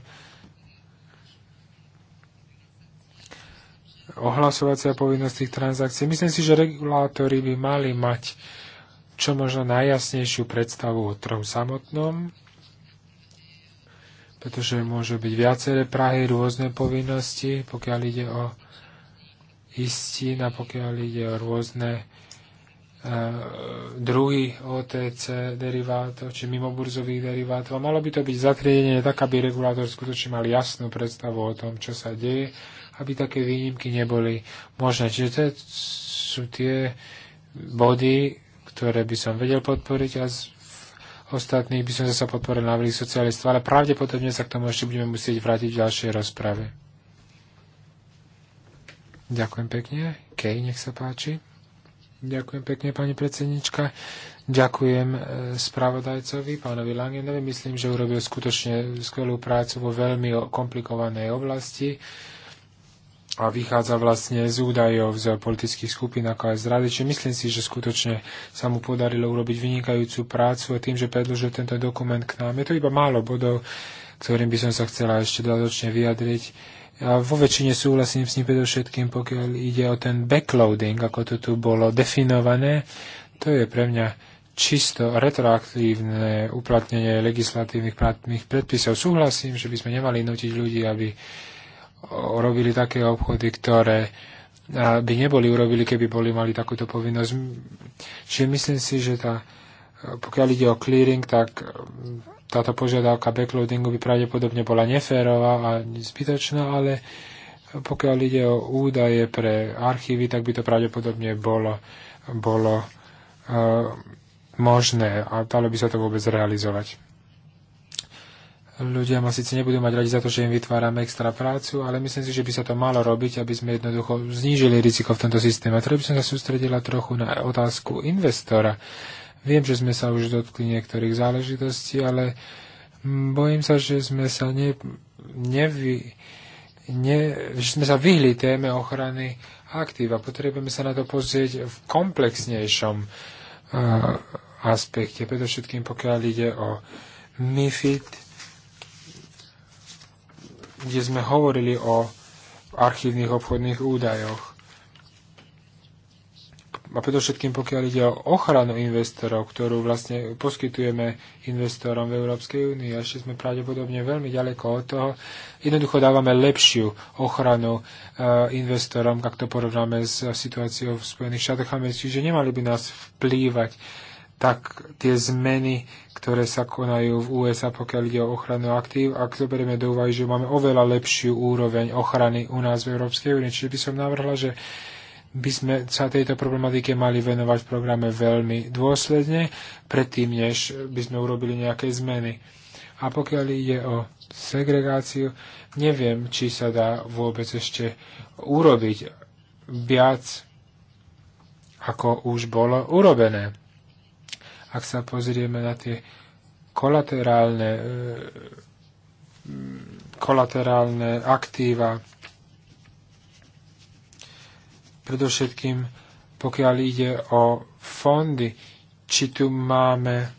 ohlasovacia povinnosť tých transakcií. Myslím si, že regulátori by mali mať čo možno najjasnejšiu predstavu o trhu samotnom, pretože môže byť viaceré prahy, rôzne povinnosti, pokiaľ ide o istín a pokiaľ ide o rôzne e, druhy OTC derivátov či mimoburzových derivátov. A malo by to byť zatriedenie tak, aby regulátor skutočne mal jasnú predstavu o tom, čo sa deje, aby také výnimky neboli možné. Čiže to sú tie body, ktoré by som vedel podporiť a z ostatných by som zase podporil návrhy socialistov, ale pravdepodobne sa k tomu ešte budeme musieť vrátiť v ďalšej rozprave. Ďakujem pekne. Kej, nech sa páči. Ďakujem pekne, pani predsednička. Ďakujem e, spravodajcovi, pánovi Langenovi. Myslím, že urobil skutočne skvelú prácu vo veľmi komplikovanej oblasti a vychádza vlastne z údajov z politických skupín ako aj z rady. Čiže myslím si, že skutočne sa mu podarilo urobiť vynikajúcu prácu a tým, že predložil tento dokument k nám. Je to iba málo bodov, ktorým by som sa chcela ešte dodatočne vyjadriť. Ja vo väčšine súhlasím s ním predovšetkým, pokiaľ ide o ten backloading, ako to tu bolo definované. To je pre mňa čisto retroaktívne uplatnenie legislatívnych predpisov. Súhlasím, že by sme nemali nutiť ľudí, aby robili také obchody, ktoré eh, by neboli urobili, keby boli mali takúto povinnosť. Čiže myslím si, že tá, eh, pokiaľ ide o clearing, tak eh, táto požiadavka backloadingu by pravdepodobne bola neférová a zbytočná, ale pokiaľ ide o údaje pre archívy, tak by to pravdepodobne bolo, bolo uh, možné a dalo by sa to vôbec realizovať. Ľudia ma síce nebudú mať radi za to, že im vytvárame extra prácu, ale myslím si, že by sa to malo robiť, aby sme jednoducho znížili riziko v tomto systéme. A teda by som sa sústredila trochu na otázku investora. Viem, že sme sa už dotkli niektorých záležitostí, ale bojím sa, že sme sa ne, nevy, ne, že sme sa vyhli téme ochrany aktíva. Potrebujeme sa na to pozrieť v komplexnejšom uh, aspekte, predovšetkým pokiaľ ide o MIFID, kde sme hovorili o archívnych obchodných údajoch. A predovšetkým pokiaľ ide o ochranu investorov, ktorú vlastne poskytujeme investorom v Európskej únii, ešte sme pravdepodobne veľmi ďaleko od toho. Jednoducho dávame lepšiu ochranu uh, investorom, ak to porovnáme s situáciou v Spojených štátoch amerických, že nemali by nás vplývať uh, tak tie zmeny, ktoré sa konajú v USA, pokiaľ ide o ochranu aktív, ak zoberieme do úvahy, že máme oveľa lepšiu úroveň ochrany u nás v Európskej únii. Čiže by som navrhla, že by sme sa tejto problematike mali venovať v programe veľmi dôsledne, predtým, než by sme urobili nejaké zmeny. A pokiaľ ide o segregáciu, neviem, či sa dá vôbec ešte urobiť viac, ako už bolo urobené. Ak sa pozrieme na tie kolaterálne, e, kolaterálne aktíva, predovšetkým pokiaľ ide o fondy, či tu máme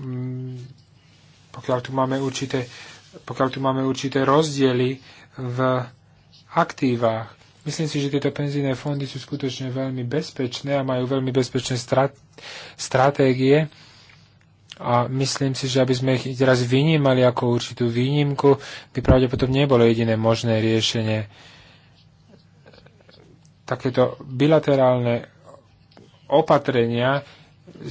mm, pokiaľ tu máme určité, pokiaľ tu máme určité rozdiely v aktívach. Myslím si, že tieto penzíne fondy sú skutočne veľmi bezpečné a majú veľmi bezpečné strat- stratégie. A myslím si, že aby sme ich teraz vynímali ako určitú výnimku, by pravdepodobne nebolo jediné možné riešenie. Takéto bilaterálne opatrenia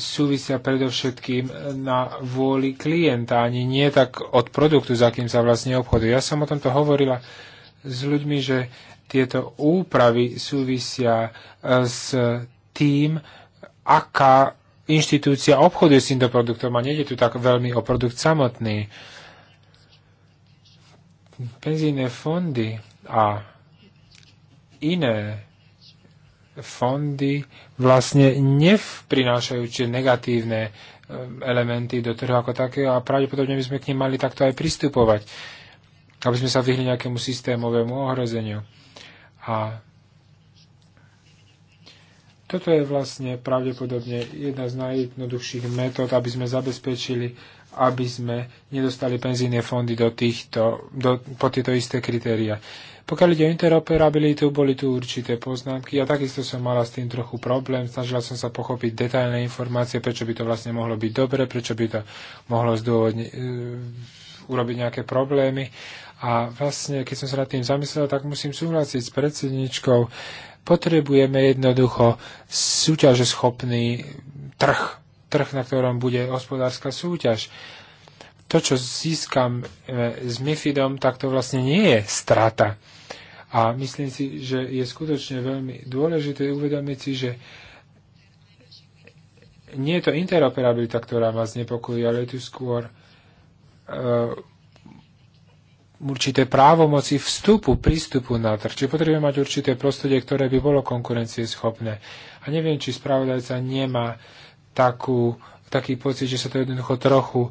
súvisia predovšetkým na vôli klienta, ani nie tak od produktu, za kým sa vlastne obchoduje. Ja som o tomto hovorila s ľuďmi, že tieto úpravy súvisia e, s tým, aká inštitúcia obchoduje s týmto produktom a nie je tu tak veľmi o produkt samotný. Penzíne fondy a iné fondy vlastne nevprinášajú či negatívne e, elementy do trhu ako také a pravdepodobne by sme k nim mali takto aj pristupovať, aby sme sa vyhli nejakému systémovému ohrozeniu. A toto je vlastne pravdepodobne jedna z najjednoduchších metód, aby sme zabezpečili, aby sme nedostali penzíne fondy do týchto, do, po tieto isté kritéria. Pokiaľ ide o interoperabilitu, boli tu určité poznámky. Ja takisto som mala s tým trochu problém. Snažila som sa pochopiť detailné informácie, prečo by to vlastne mohlo byť dobre, prečo by to mohlo zdôvodni- e, urobiť nejaké problémy. A vlastne, keď som sa nad tým zamyslel, tak musím súhlasiť s predsedničkou. Potrebujeme jednoducho súťažeschopný trh, trh, na ktorom bude hospodárska súťaž. To, čo získam e, s MIFIDom, tak to vlastne nie je strata. A myslím si, že je skutočne veľmi dôležité uvedomiť si, že nie je to interoperabilita, ktorá vás znepokojí, ale je tu skôr uh, určité právomoci vstupu, prístupu na trh. Čiže potrebujeme mať určité prostredie, ktoré by bolo konkurencieschopné. A neviem, či spravodajca nemá takú, taký pocit, že sa to jednoducho trochu,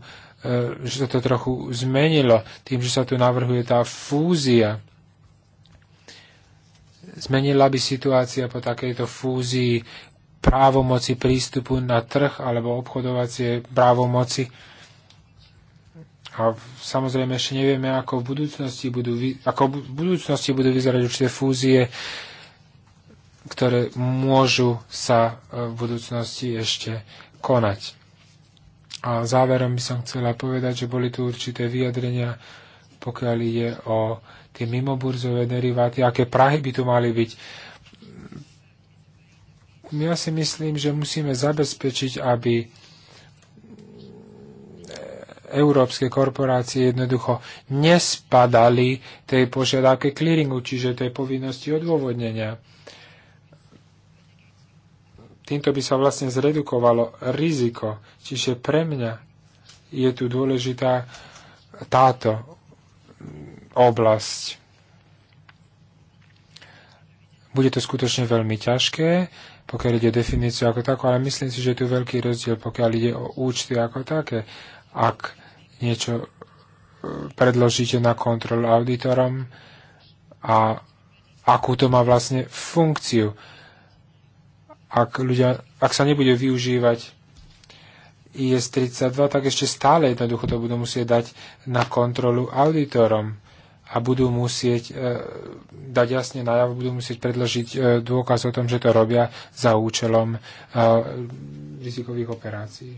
e, že sa to trochu zmenilo tým, že sa tu navrhuje tá fúzia. Zmenila by situácia po takejto fúzii právomoci prístupu na trh alebo obchodovacie právomoci. A samozrejme ešte nevieme, ako v budúcnosti budú, ako v budúcnosti budú vyzerať určité fúzie, ktoré môžu sa e, v budúcnosti ešte konať. A záverom by som chcela povedať, že boli tu určité vyjadrenia, pokiaľ ide o tie mimoburzové deriváty, aké prahy by tu mali byť. Ja si myslím, že musíme zabezpečiť, aby európske korporácie jednoducho nespadali tej požiadavke clearingu, čiže tej povinnosti odôvodnenia. Týmto by sa vlastne zredukovalo riziko, čiže pre mňa je tu dôležitá táto oblasť. Bude to skutočne veľmi ťažké, pokiaľ ide o definíciu ako takú, ale myslím si, že je tu veľký rozdiel, pokiaľ ide o účty ako také. Ak niečo e, predložíte na kontrolu auditorom a akú to má vlastne funkciu. Ak, ľudia, ak sa nebude využívať IS-32, tak ešte stále jednoducho to budú musieť dať na kontrolu auditorom a budú musieť e, dať jasne najavo, budú musieť predložiť e, dôkaz o tom, že to robia za účelom e, rizikových operácií.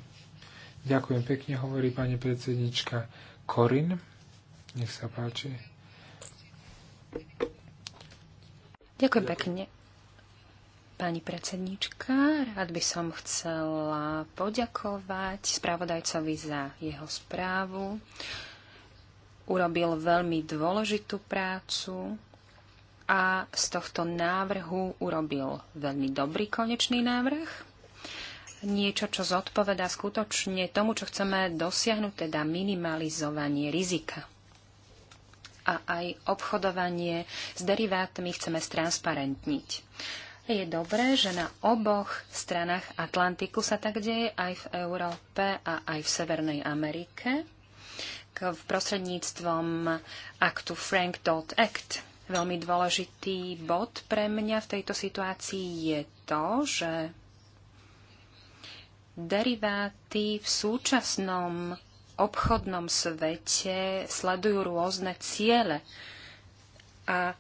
Ďakujem pekne, hovorí pani predsednička Korin. Nech sa páči. Ďakujem pekne. Pani predsednička, rád by som chcela poďakovať spravodajcovi za jeho správu. Urobil veľmi dôležitú prácu a z tohto návrhu urobil veľmi dobrý konečný návrh niečo, čo zodpoveda skutočne tomu, čo chceme dosiahnuť, teda minimalizovanie rizika. A aj obchodovanie s derivátmi chceme stransparentniť. Je dobré, že na oboch stranách Atlantiku sa tak deje aj v Európe a aj v Severnej Amerike k prostredníctvom aktu Frank Act. Veľmi dôležitý bod pre mňa v tejto situácii je to, že deriváty v súčasnom obchodnom svete sledujú rôzne ciele a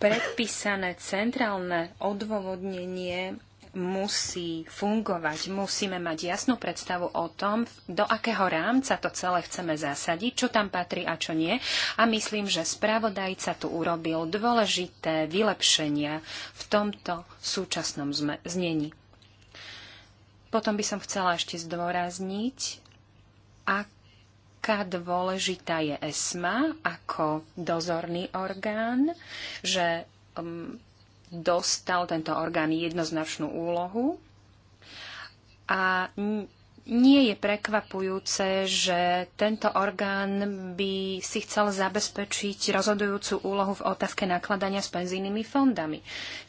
predpísané centrálne odôvodnenie musí fungovať. Musíme mať jasnú predstavu o tom, do akého rámca to celé chceme zasadiť, čo tam patrí a čo nie. A myslím, že spravodajca tu urobil dôležité vylepšenia v tomto súčasnom znení. Potom by som chcela ešte zdôrazniť, aká dôležitá je ESMA ako dozorný orgán, že um, dostal tento orgán jednoznačnú úlohu a nie je prekvapujúce, že tento orgán by si chcel zabezpečiť rozhodujúcu úlohu v otázke nakladania s penzijnými fondami.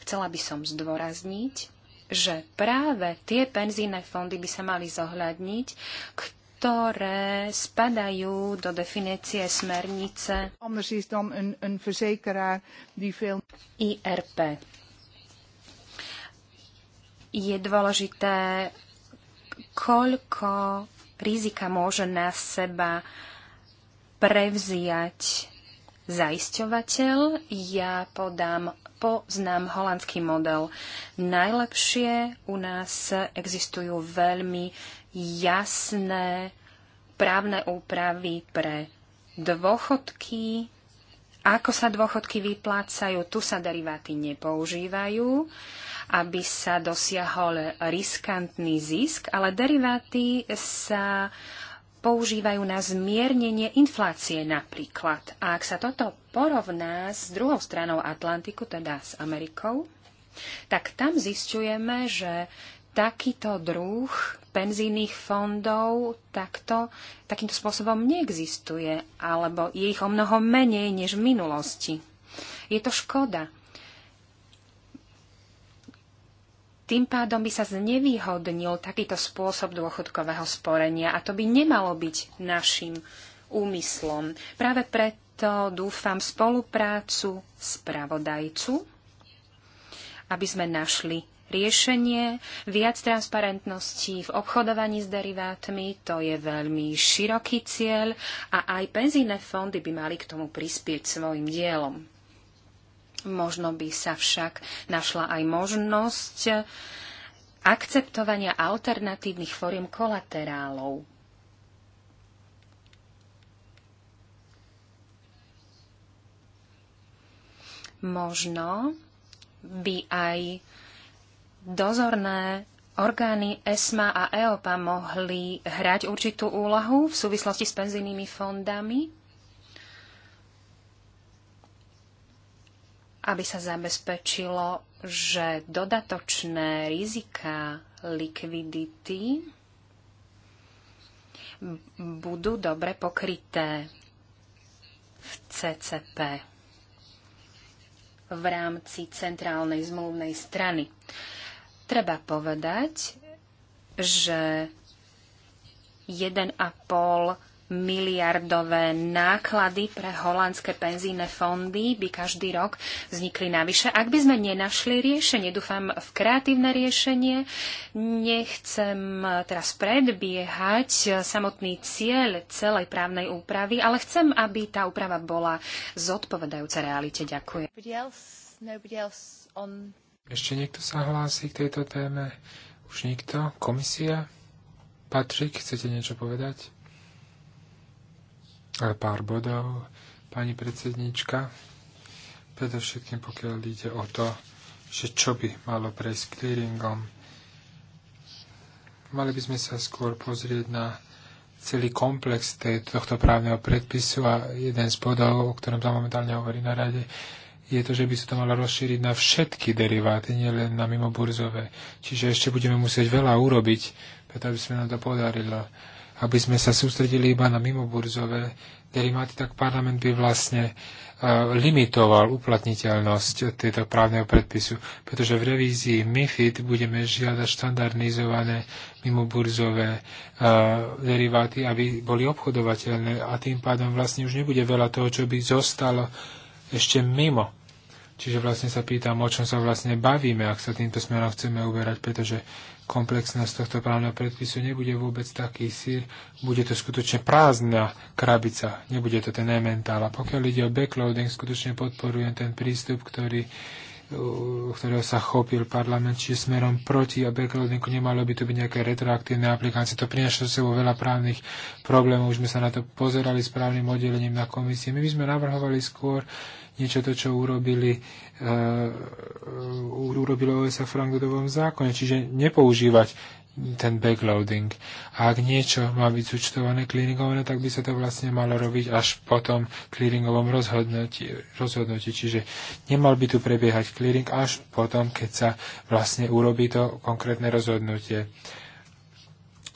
Chcela by som zdôrazniť, že práve tie penzíne fondy by sa mali zohľadniť, ktoré spadajú do definície smernice IRP. Je dôležité, koľko rizika môže na seba prevziať zaisťovateľ. Ja podám poznám holandský model. Najlepšie u nás existujú veľmi jasné právne úpravy pre dôchodky, ako sa dôchodky vyplácajú, tu sa deriváty nepoužívajú, aby sa dosiahol riskantný zisk, ale deriváty sa uh, používajú na zmiernenie inflácie napríklad. A ak sa toto porovná s druhou stranou Atlantiku, teda s Amerikou, tak tam zistujeme, že takýto druh penzijných fondov takto, takýmto spôsobom neexistuje, alebo je ich o mnoho menej než v minulosti. Je to škoda, Tým pádom by sa znevýhodnil takýto spôsob dôchodkového sporenia a to by nemalo byť našim úmyslom. Práve preto dúfam spoluprácu spravodajcu, aby sme našli riešenie, viac transparentnosti v obchodovaní s derivátmi, to je veľmi široký cieľ a aj penzíne fondy by mali k tomu prispieť svojim dielom. Možno by sa však našla aj možnosť akceptovania alternatívnych foriem kolaterálov. Možno by aj dozorné orgány ESMA a EOPA mohli hrať určitú úlohu v súvislosti s penzijnými fondami aby sa zabezpečilo, že dodatočné rizika likvidity budú dobre pokryté v CCP v rámci centrálnej zmluvnej strany. Treba povedať, že 1,5 miliardové náklady pre holandské penzíne fondy by každý rok vznikli navyše. Ak by sme nenašli riešenie, dúfam v kreatívne riešenie, nechcem teraz predbiehať samotný cieľ celej právnej úpravy, ale chcem, aby tá úprava bola zodpovedajúca realite. Ďakujem. Ešte niekto sa hlási k tejto téme? Už nikto? Komisia? Patrik, chcete niečo povedať? pár bodov, pani predsednička. Predovšetkým pokiaľ ide o to, že čo by malo prejsť clearingom. Mali by sme sa skôr pozrieť na celý komplex tohto právneho predpisu a jeden z bodov, o ktorom sa momentálne hovorí na rade, je to, že by sa to malo rozšíriť na všetky deriváty, nielen na mimoburzové. Čiže ešte budeme musieť veľa urobiť, preto aby sme nám to podarilo aby sme sa sústredili iba na mimoburzové derimáty, tak parlament by vlastne e, limitoval uplatniteľnosť tejto právneho predpisu, pretože v revízii MIFID budeme žiadať štandardizované mimoburzové e, deriváty, aby boli obchodovateľné a tým pádom vlastne už nebude veľa toho, čo by zostalo ešte mimo. Čiže vlastne sa pýtam, o čom sa vlastne bavíme, ak sa týmto smerom chceme uberať, pretože komplexnosť tohto právneho predpisu nebude vôbec taký sír, bude to skutočne prázdna krabica, nebude to ten ementál. A pokiaľ ide o backloading, skutočne podporujem ten prístup, ktorý ktorého sa chopil parlament, či smerom proti a backloadingu nemalo by to byť nejaké retroaktívne aplikácie. To prináša so sebou veľa právnych problémov. Už sme sa na to pozerali s právnym oddelením na komisii. My by sme navrhovali skôr niečo to, čo urobili, uh, urobilo OSA v Frankdovom zákone, čiže nepoužívať ten backloading. A ak niečo má byť zúčtované clearingované, no tak by sa to vlastne malo robiť až po tom clearingovom rozhodnutí, rozhodnutí. Čiže nemal by tu prebiehať clearing až potom, keď sa vlastne urobí to konkrétne rozhodnutie. Uh,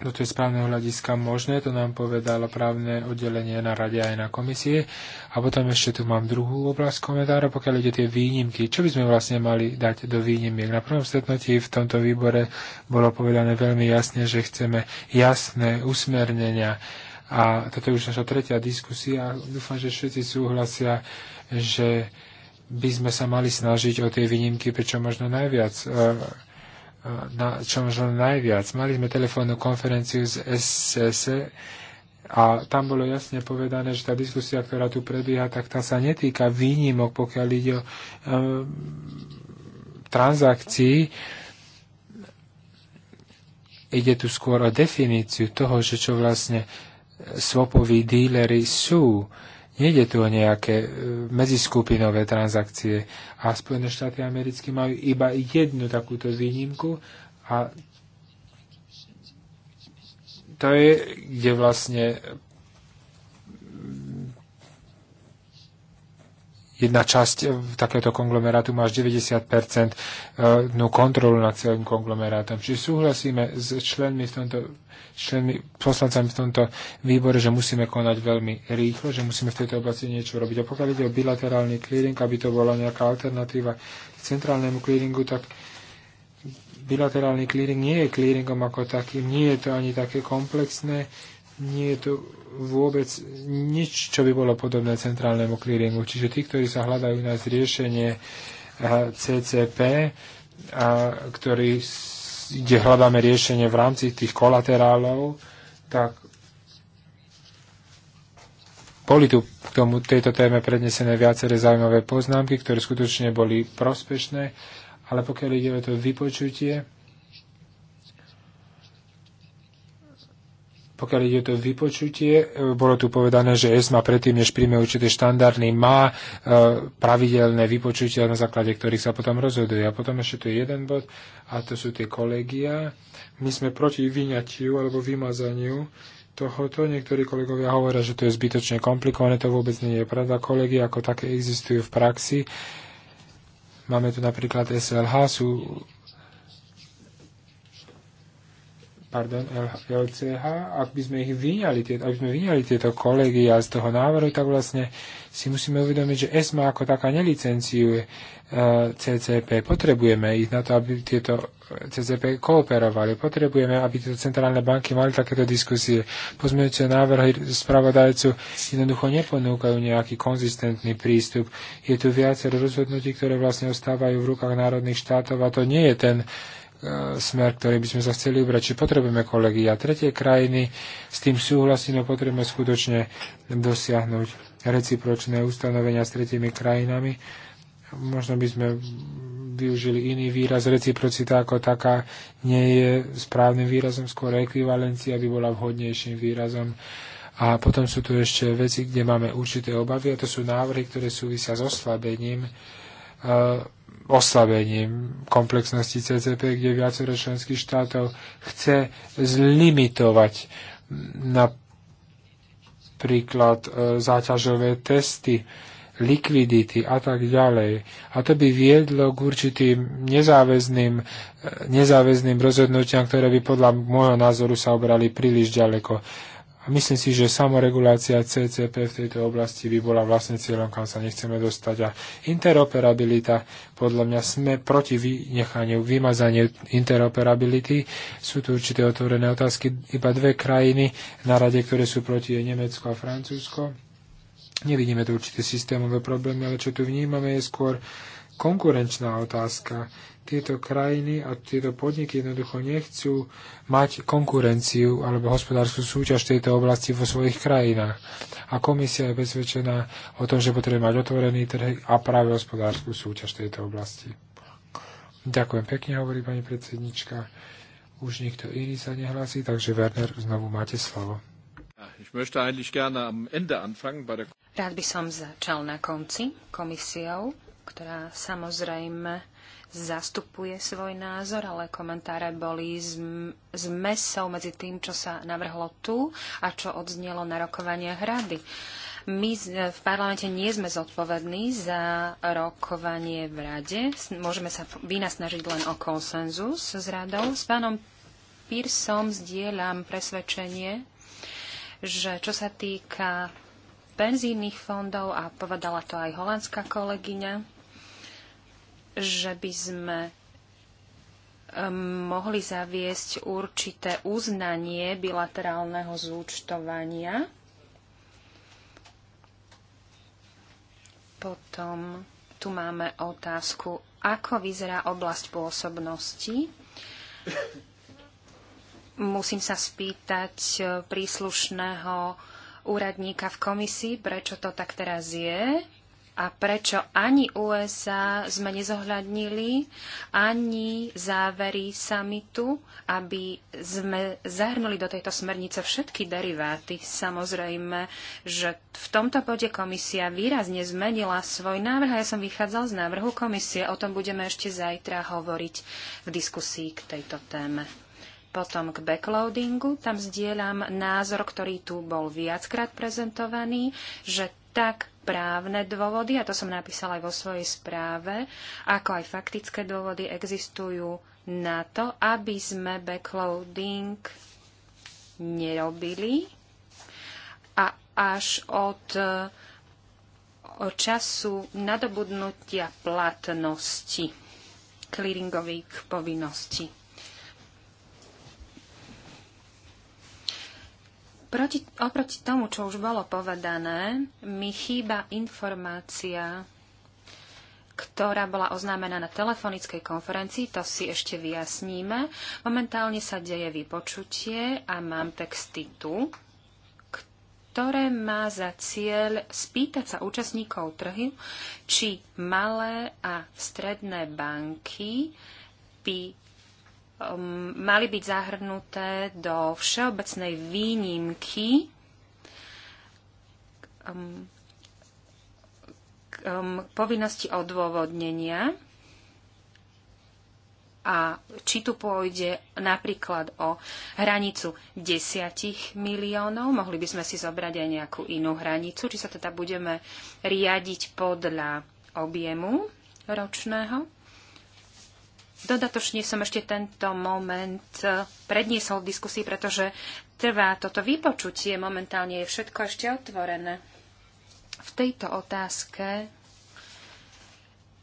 toto no, je správneho hľadiska možné, to nám povedalo právne oddelenie na rade aj na komisie. A potom ešte tu mám druhú oblasť komentára, pokiaľ ide tie výnimky. Čo by sme vlastne mali dať do výnimiek? Na prvom stretnutí v tomto výbore bolo povedané veľmi jasne, že chceme jasné usmernenia. A toto je už naša tretia diskusia. Dúfam, že všetci súhlasia, že by sme sa mali snažiť o tie výnimky, prečo možno najviac. E na čo možno najviac. Mali sme telefónnu konferenciu z SS a tam bolo jasne povedané, že tá diskusia, ktorá tu prebieha, tak tá sa netýka výnimok, pokiaľ ide o transakcii. Ide tu skôr o definíciu toho, že čo vlastne e, swapoví díleri sú. E, Nejde tu o nejaké e, medziskupinové transakcie a Spojené štáty americké majú iba jednu takúto výnimku a to je, kde vlastne jedna časť e, takéto konglomerátu má až 90% e, no kontrolu nad celým konglomerátom. Čiže súhlasíme s členmi v tomto členmi, poslancami v tomto výbore, že musíme konať veľmi rýchlo, že musíme v tejto oblasti niečo robiť. A pokiaľ ide o bilaterálny clearing, aby to bola nejaká alternatíva k centrálnemu clearingu, tak bilaterálny clearing nie je clearingom ako takým, nie je to ani také komplexné, nie je tu vôbec nič, čo by bolo podobné centrálnemu clearingu. Čiže tí, ktorí sa hľadajú na zriešenie eh, CCP, a ktorí, kde hľadáme riešenie v rámci tých kolaterálov, tak boli tu k tomu, tejto téme prednesené viaceré zaujímavé poznámky, ktoré skutočne boli prospešné, ale pokiaľ ide o to vypočutie, pokiaľ ide to vypočutie, e, bolo tu povedané, že ESMA predtým, než príjme určité štandardy, má e, pravidelné vypočutia, na základe ktorých sa potom rozhoduje. A potom ešte tu je jeden bod, a to sú tie kolegia. My sme proti vyňatiu alebo vymazaniu tohoto. Niektorí kolegovia hovoria, že to je zbytočne komplikované, to vôbec nie je pravda. Kolegy ako také existujú v praxi. Máme tu napríklad SLH, sú pardon, LCH, ak by sme ich vyňali, ak by sme vyňali tieto kolegia z toho návrhu, tak vlastne si musíme uvedomiť, že ESMA ako taká nelicenciuje e, CCP. Potrebujeme ich na to, aby tieto e, CCP kooperovali. Potrebujeme, aby tieto centrálne banky mali takéto diskusie. Pozmeňujúce návrhy spravodajcu jednoducho neponúkajú nejaký konzistentný prístup. Je tu viacero rozhodnutí, ktoré vlastne ostávajú v rukách národných štátov a to nie je ten E, smer, ktorý by sme sa chceli ubrať. Či potrebujeme kolegy a tretie krajiny, s tým súhlasím, no potrebujeme skutočne dosiahnuť recipročné ustanovenia s tretími krajinami. Možno by sme využili iný výraz, reciprocita ako taká nie je správnym výrazom, skôr ekvivalencia by bola vhodnejším výrazom. A potom sú tu ešte veci, kde máme určité obavy, a to sú návrhy, ktoré súvisia s oslabením uh, oslabením komplexnosti CCP, kde viacero členských štátov chce zlimitovať napríklad e, záťažové testy, likvidity a tak ďalej. A to by viedlo k určitým nezáväzným, e, nezáväzným rozhodnutiam, ktoré by podľa môjho názoru sa obrali príliš ďaleko. A myslím si, že samoregulácia CCP v tejto oblasti by bola vlastne cieľom, kam sa nechceme dostať. A interoperabilita, podľa mňa sme proti vynechaniu, vymazaniu interoperability. Sú tu určité otvorené otázky. Iba dve krajiny na rade, ktoré sú proti, je Nemecko a Francúzsko. Nevidíme tu určité systémové problémy, ale čo tu vnímame je skôr konkurenčná otázka tieto krajiny a tieto podniky jednoducho nechcú mať konkurenciu alebo hospodárskú súťaž v tejto oblasti vo svojich krajinách. A komisia je bezvedčená o tom, že potrebuje mať otvorený trh a práve hospodárskú súťaž v tejto oblasti. Ďakujem pekne, hovorí pani predsednička. Už nikto iný sa nehlási, takže Werner, znovu máte slovo. Rád by som začal na konci komisiou, ktorá samozrejme zastupuje svoj názor, ale komentáre boli zmesou medzi tým, čo sa navrhlo tu a čo odznelo na rokovanie hrady. My v parlamente nie sme zodpovední za rokovanie v rade. Môžeme sa vynasnažiť len o konsenzus s radou. S pánom Pírsom zdieľam presvedčenie, že čo sa týka penzínnych fondov, a povedala to aj holandská kolegyňa, že by sme ehm, mohli zaviesť určité uznanie bilaterálneho zúčtovania. Potom tu máme otázku, ako vyzerá oblasť pôsobnosti. Musím sa spýtať eh, príslušného úradníka v komisii, prečo to tak teraz je, a prečo ani USA sme nezohľadnili, ani závery samitu, aby sme zahrnuli do tejto smernice všetky deriváty. Samozrejme, že v tomto bode komisia výrazne zmenila svoj návrh a ja som vychádzal z návrhu komisie. O tom budeme ešte zajtra hovoriť v diskusii k tejto téme. Potom k backloadingu. Tam zdieľam názor, ktorý tu bol viackrát prezentovaný, že tak právne dôvody, a to som napísala aj vo svojej správe, ako aj faktické dôvody existujú na to, aby sme backloading nerobili a až od eh, času nadobudnutia platnosti clearingových povinností. Proti, oproti tomu, čo už bolo povedané, mi chýba informácia, ktorá bola oznámená na telefonickej konferencii, to si ešte vyjasníme. Momentálne sa deje vypočutie a mám texty tu, ktoré má za cieľ spýtať sa účastníkov trhy, či malé a stredné banky by Um, mali byť zahrnuté do všeobecnej výnimky um, um, povinnosti odôvodnenia a či tu pôjde napríklad o hranicu 10 miliónov, mohli by sme si zobrať aj nejakú inú hranicu, či sa teda budeme riadiť podľa objemu ročného Dodatočne som ešte tento moment e, predniesol v diskusii, pretože trvá toto vypočutie, momentálne je všetko ešte otvorené. V tejto otázke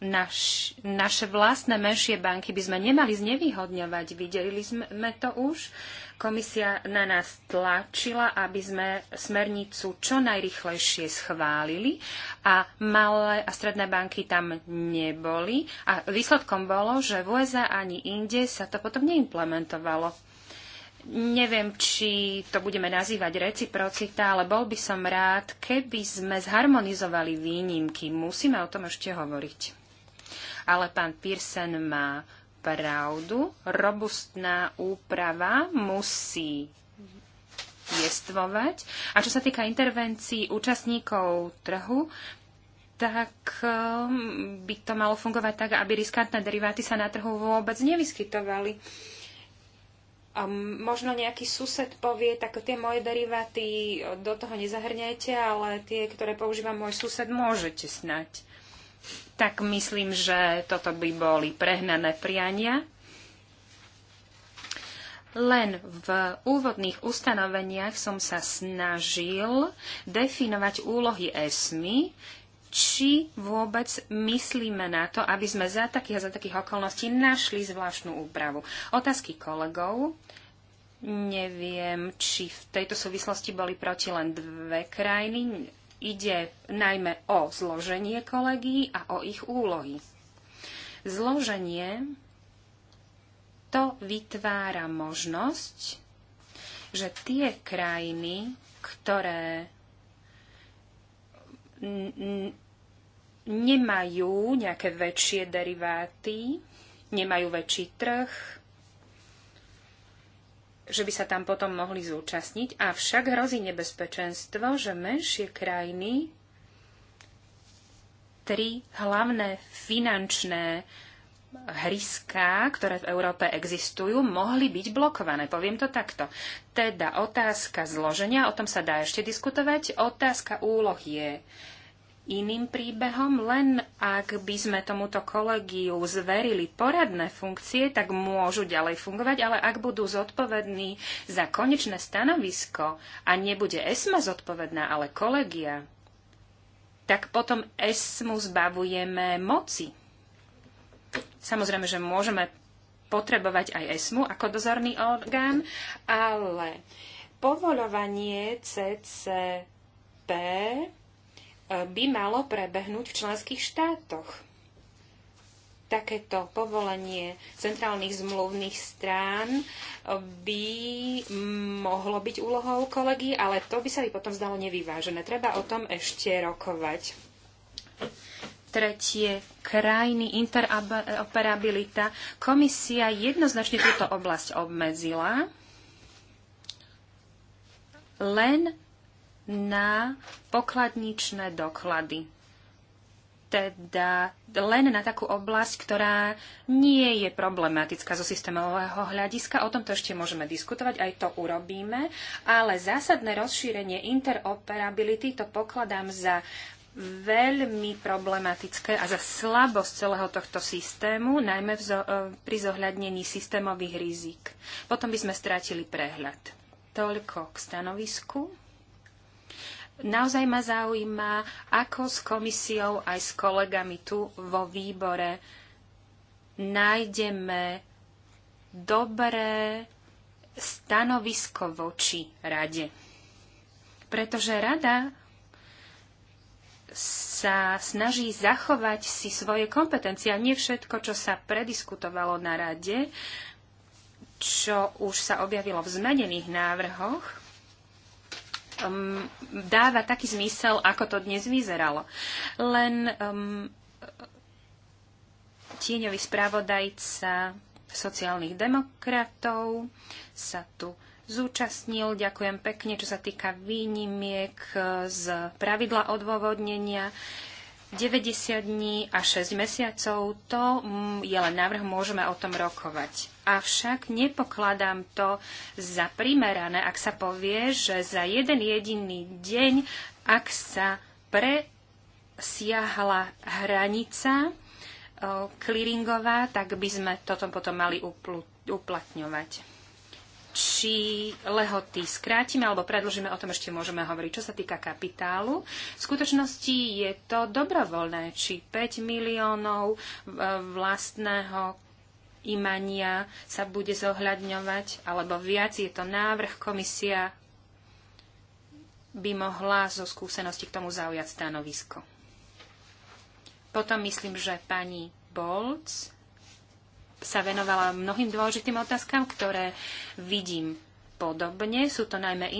naš, naše vlastné menšie banky by sme nemali znevýhodňovať. Videli sme to už. Komisia na nás tlačila, aby sme smernicu čo najrychlejšie schválili a malé a stredné banky tam neboli. A výsledkom bolo, že v USA ani inde sa to potom neimplementovalo. Neviem, či to budeme nazývať reciprocita, ale bol by som rád, keby sme zharmonizovali výnimky. Musíme o tom ešte hovoriť. Ale pán Pearson má pravdu, robustná úprava musí jestvovať. A čo sa týka intervencií účastníkov trhu, tak um, by to malo fungovať tak, aby riskantné deriváty sa na trhu vôbec nevyskytovali. A um, možno nejaký sused povie, tak tie moje deriváty do toho nezahrňajte, ale tie, ktoré používa môj sused, môžete snať tak myslím, že toto by boli prehnané priania. Len v úvodných ustanoveniach som sa snažil definovať úlohy ESMI, či vôbec myslíme na to, aby sme za takých a za takých okolností našli zvláštnu úpravu. Otázky kolegov. Neviem, či v tejto súvislosti boli proti len dve krajiny. Ide najmä o zloženie kolegií a o ich úlohy. Zloženie to vytvára možnosť, že tie krajiny, ktoré nemajú nejaké väčšie deriváty, nemajú väčší trh, že by sa tam potom mohli zúčastniť, avšak hrozí nebezpečenstvo, že menšie krajiny tri hlavné finančné hryská, ktoré v Európe existujú, mohli byť blokované. Poviem to takto. Teda otázka zloženia, o tom sa dá ešte diskutovať. Otázka úloh je iným príbehom, len ak by sme tomuto kolegiu zverili poradné funkcie, tak môžu ďalej fungovať, ale ak budú zodpovední za konečné stanovisko a nebude ESMA zodpovedná, ale kolegia, tak potom ESMu zbavujeme moci. Samozrejme, že môžeme potrebovať aj ESMu ako dozorný orgán, ale povolovanie CCP by malo prebehnúť v členských štátoch. Takéto povolenie centrálnych zmluvných strán by mohlo byť úlohou kolegy, ale to by sa by potom zdalo nevyvážené. Treba o tom ešte rokovať tretie krajiny, interoperabilita. Komisia jednoznačne túto oblasť obmedzila len na pokladničné doklady. Teda len na takú oblasť, ktorá nie je problematická zo systémového hľadiska. O tomto ešte môžeme diskutovať, aj to urobíme. Ale zásadné rozšírenie interoperability to pokladám za veľmi problematické a za slabosť celého tohto systému, najmä zo, eh, pri zohľadnení systémových rizik. Potom by sme strátili prehľad. Toľko k stanovisku naozaj ma zaujíma, ako s komisiou aj s kolegami tu vo výbore nájdeme dobré stanovisko voči rade. Pretože rada sa snaží zachovať si svoje kompetencie a nie všetko, čo sa prediskutovalo na rade, čo už sa objavilo v zmenených návrhoch, um, dáva taký zmysel, ako to dnes vyzeralo. Len um, tieňový spravodajca sociálnych demokratov sa tu zúčastnil. Ďakujem pekne, čo sa týka výnimiek e, z pravidla odôvodnenia. 90 dní a 6 mesiacov, to mm, je len návrh, môžeme o tom rokovať avšak nepokladám to za primerané, ak sa povie, že za jeden jediný deň, ak sa presiahla hranica e, clearingová, tak by sme toto potom mali uplatňovať. Či lehoty skrátime alebo predlžíme, o tom ešte môžeme hovoriť. Čo sa týka kapitálu, v skutočnosti je to dobrovoľné, či 5 miliónov e, vlastného imania sa bude zohľadňovať, alebo viac je to návrh, komisia by mohla zo skúsenosti k tomu zaujať stanovisko. Potom myslím, že pani Bolc sa venovala mnohým dôležitým otázkam, ktoré vidím podobne. Sú to najmä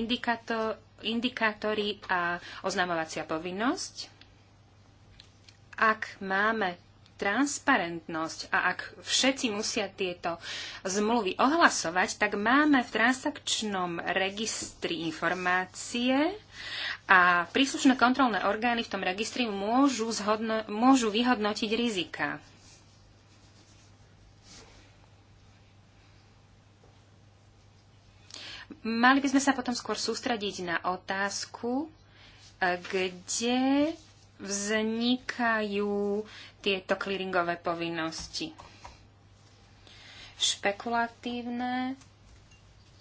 indikátory a oznamovacia povinnosť. Ak máme transparentnosť a ak všetci musia tieto zmluvy ohlasovať, tak máme v transakčnom registri informácie a príslušné kontrolné orgány v tom registri môžu, zhodno- môžu vyhodnotiť rizika. Mali by sme sa potom skôr sústrediť na otázku, e, kde vznikajú tieto clearingové povinnosti. Špekulatívne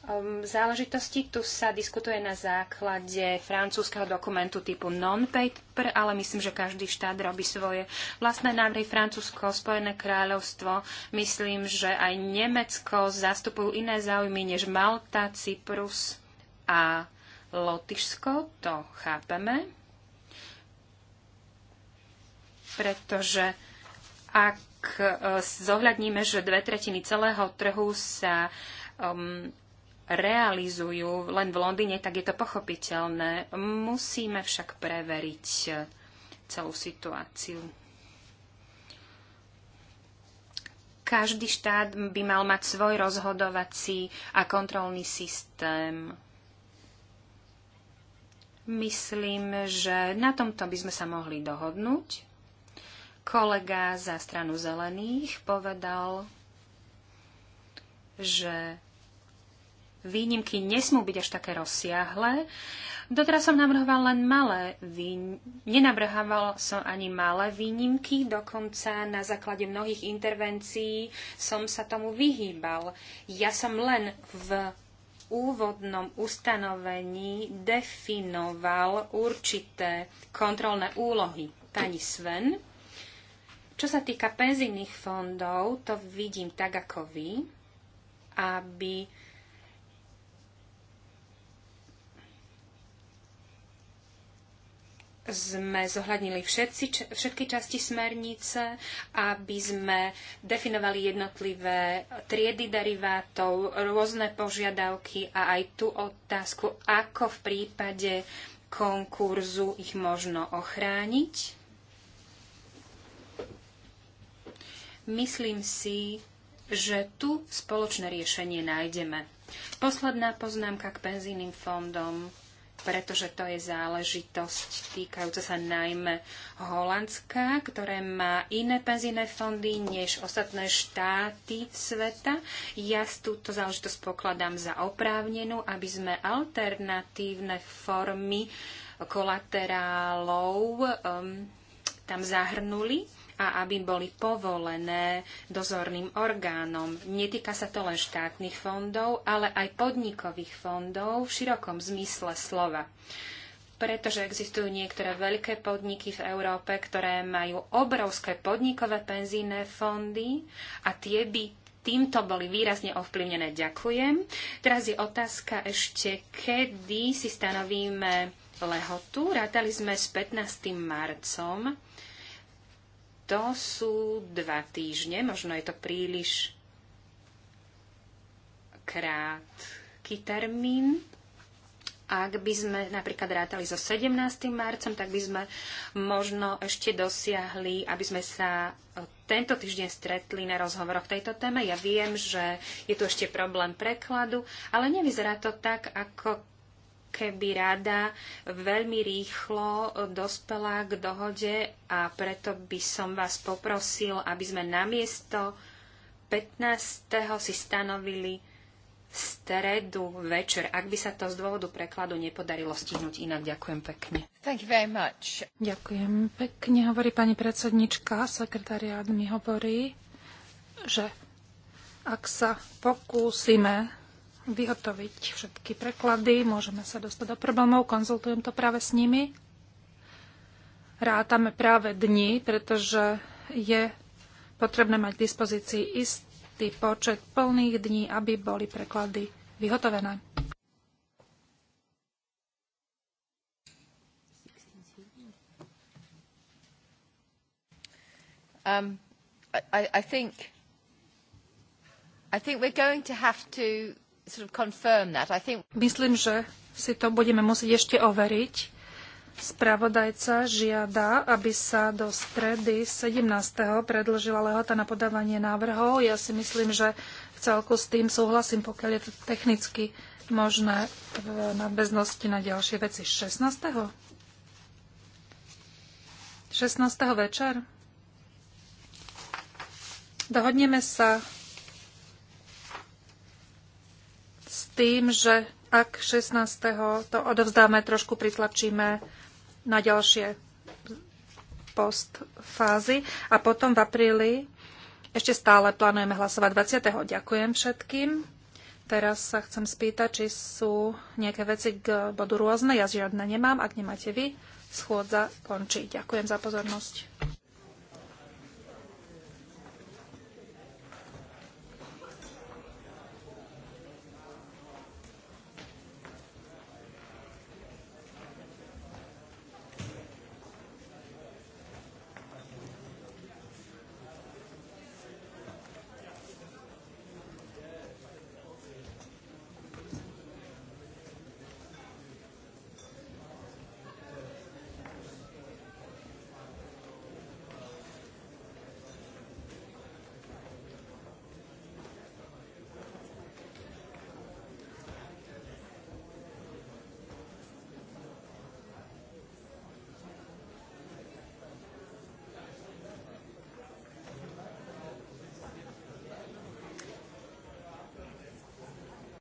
um, záležitosti tu sa diskutuje na základe francúzského dokumentu typu non-paper, ale myslím, že každý štát robí svoje vlastné návrhy. Francúzsko, Spojené kráľovstvo, myslím, že aj Nemecko zastupujú iné záujmy než Malta, Cyprus a Lotyšsko, to chápeme pretože ak e, zohľadníme, že dve tretiny celého trhu sa um, realizujú len v Londýne, tak je to pochopiteľné. Musíme však preveriť e, celú situáciu. Každý štát by mal mať svoj rozhodovací a kontrolný systém. Myslím, že na tomto by sme sa mohli dohodnúť kolega za stranu zelených povedal, že výnimky nesmú byť až také rozsiahle. Doteraz som navrhoval len malé výnimky. Nenabrhával som ani malé výnimky, dokonca na základe mnohých intervencií som sa tomu vyhýbal. Ja som len v úvodnom ustanovení definoval určité kontrolné úlohy. Pani Sven čo sa týka penzijných fondov, to vidím tak ako vy, aby sme zohľadnili všetci, všetky časti smernice, aby sme definovali jednotlivé triedy derivátov, rôzne požiadavky a aj tú otázku, ako v prípade konkurzu ich možno ochrániť. Myslím si, že tu spoločné riešenie nájdeme. Posledná poznámka k penzijným fondom, pretože to je záležitosť týkajúca sa najmä Holandska, ktoré má iné penzijné fondy než ostatné štáty sveta. Ja túto záležitosť pokladám za oprávnenú, aby sme alternatívne formy kolaterálov um, tam zahrnuli a aby boli povolené dozorným orgánom. Netýka sa to len štátnych fondov, ale aj podnikových fondov v širokom zmysle slova pretože existujú niektoré veľké podniky v Európe, ktoré majú obrovské podnikové penzíne fondy a tie by týmto boli výrazne ovplyvnené. Ďakujem. Teraz je otázka ešte, kedy si stanovíme lehotu. Rátali sme s 15. marcom. To sú dva týždne, možno je to príliš krátky termín. Ak by sme napríklad rátali so 17. marcom, tak by sme možno ešte dosiahli, aby sme sa tento týždeň stretli na rozhovoroch tejto téme. Ja viem, že je tu ešte problém prekladu, ale nevyzerá to tak, ako keby rada veľmi rýchlo dospela k dohode a preto by som vás poprosil, aby sme namiesto 15. si stanovili stredu večer, ak by sa to z dôvodu prekladu nepodarilo stihnúť inak. Ďakujem pekne. Thank you very much. Ďakujem pekne, hovorí pani predsednička. Sekretariát mi hovorí, že ak sa pokúsime vyhotoviť všetky preklady, môžeme sa dostať do problémov, konzultujem to práve s nimi. Rátame práve dni, pretože je potrebné mať k dispozícii istý počet plných dní, aby boli preklady vyhotovené. Um, I, I think I think we're going to have to Myslím, že si to budeme musieť ešte overiť. Spravodajca žiada, aby sa do stredy 17. predlžila lehota na podávanie návrhov. Ja si myslím, že v celku s tým súhlasím, pokiaľ je to technicky možné v nadbeznosti na ďalšie veci. 16. 16. večer? Dohodneme sa tým, že ak 16. to odovzdáme, trošku pritlačíme na ďalšie postfázy a potom v apríli ešte stále plánujeme hlasovať 20. Ďakujem všetkým. Teraz sa chcem spýtať, či sú nejaké veci k bodu rôzne. Ja žiadne nemám. Ak nemáte vy, schôdza končí. Ďakujem za pozornosť.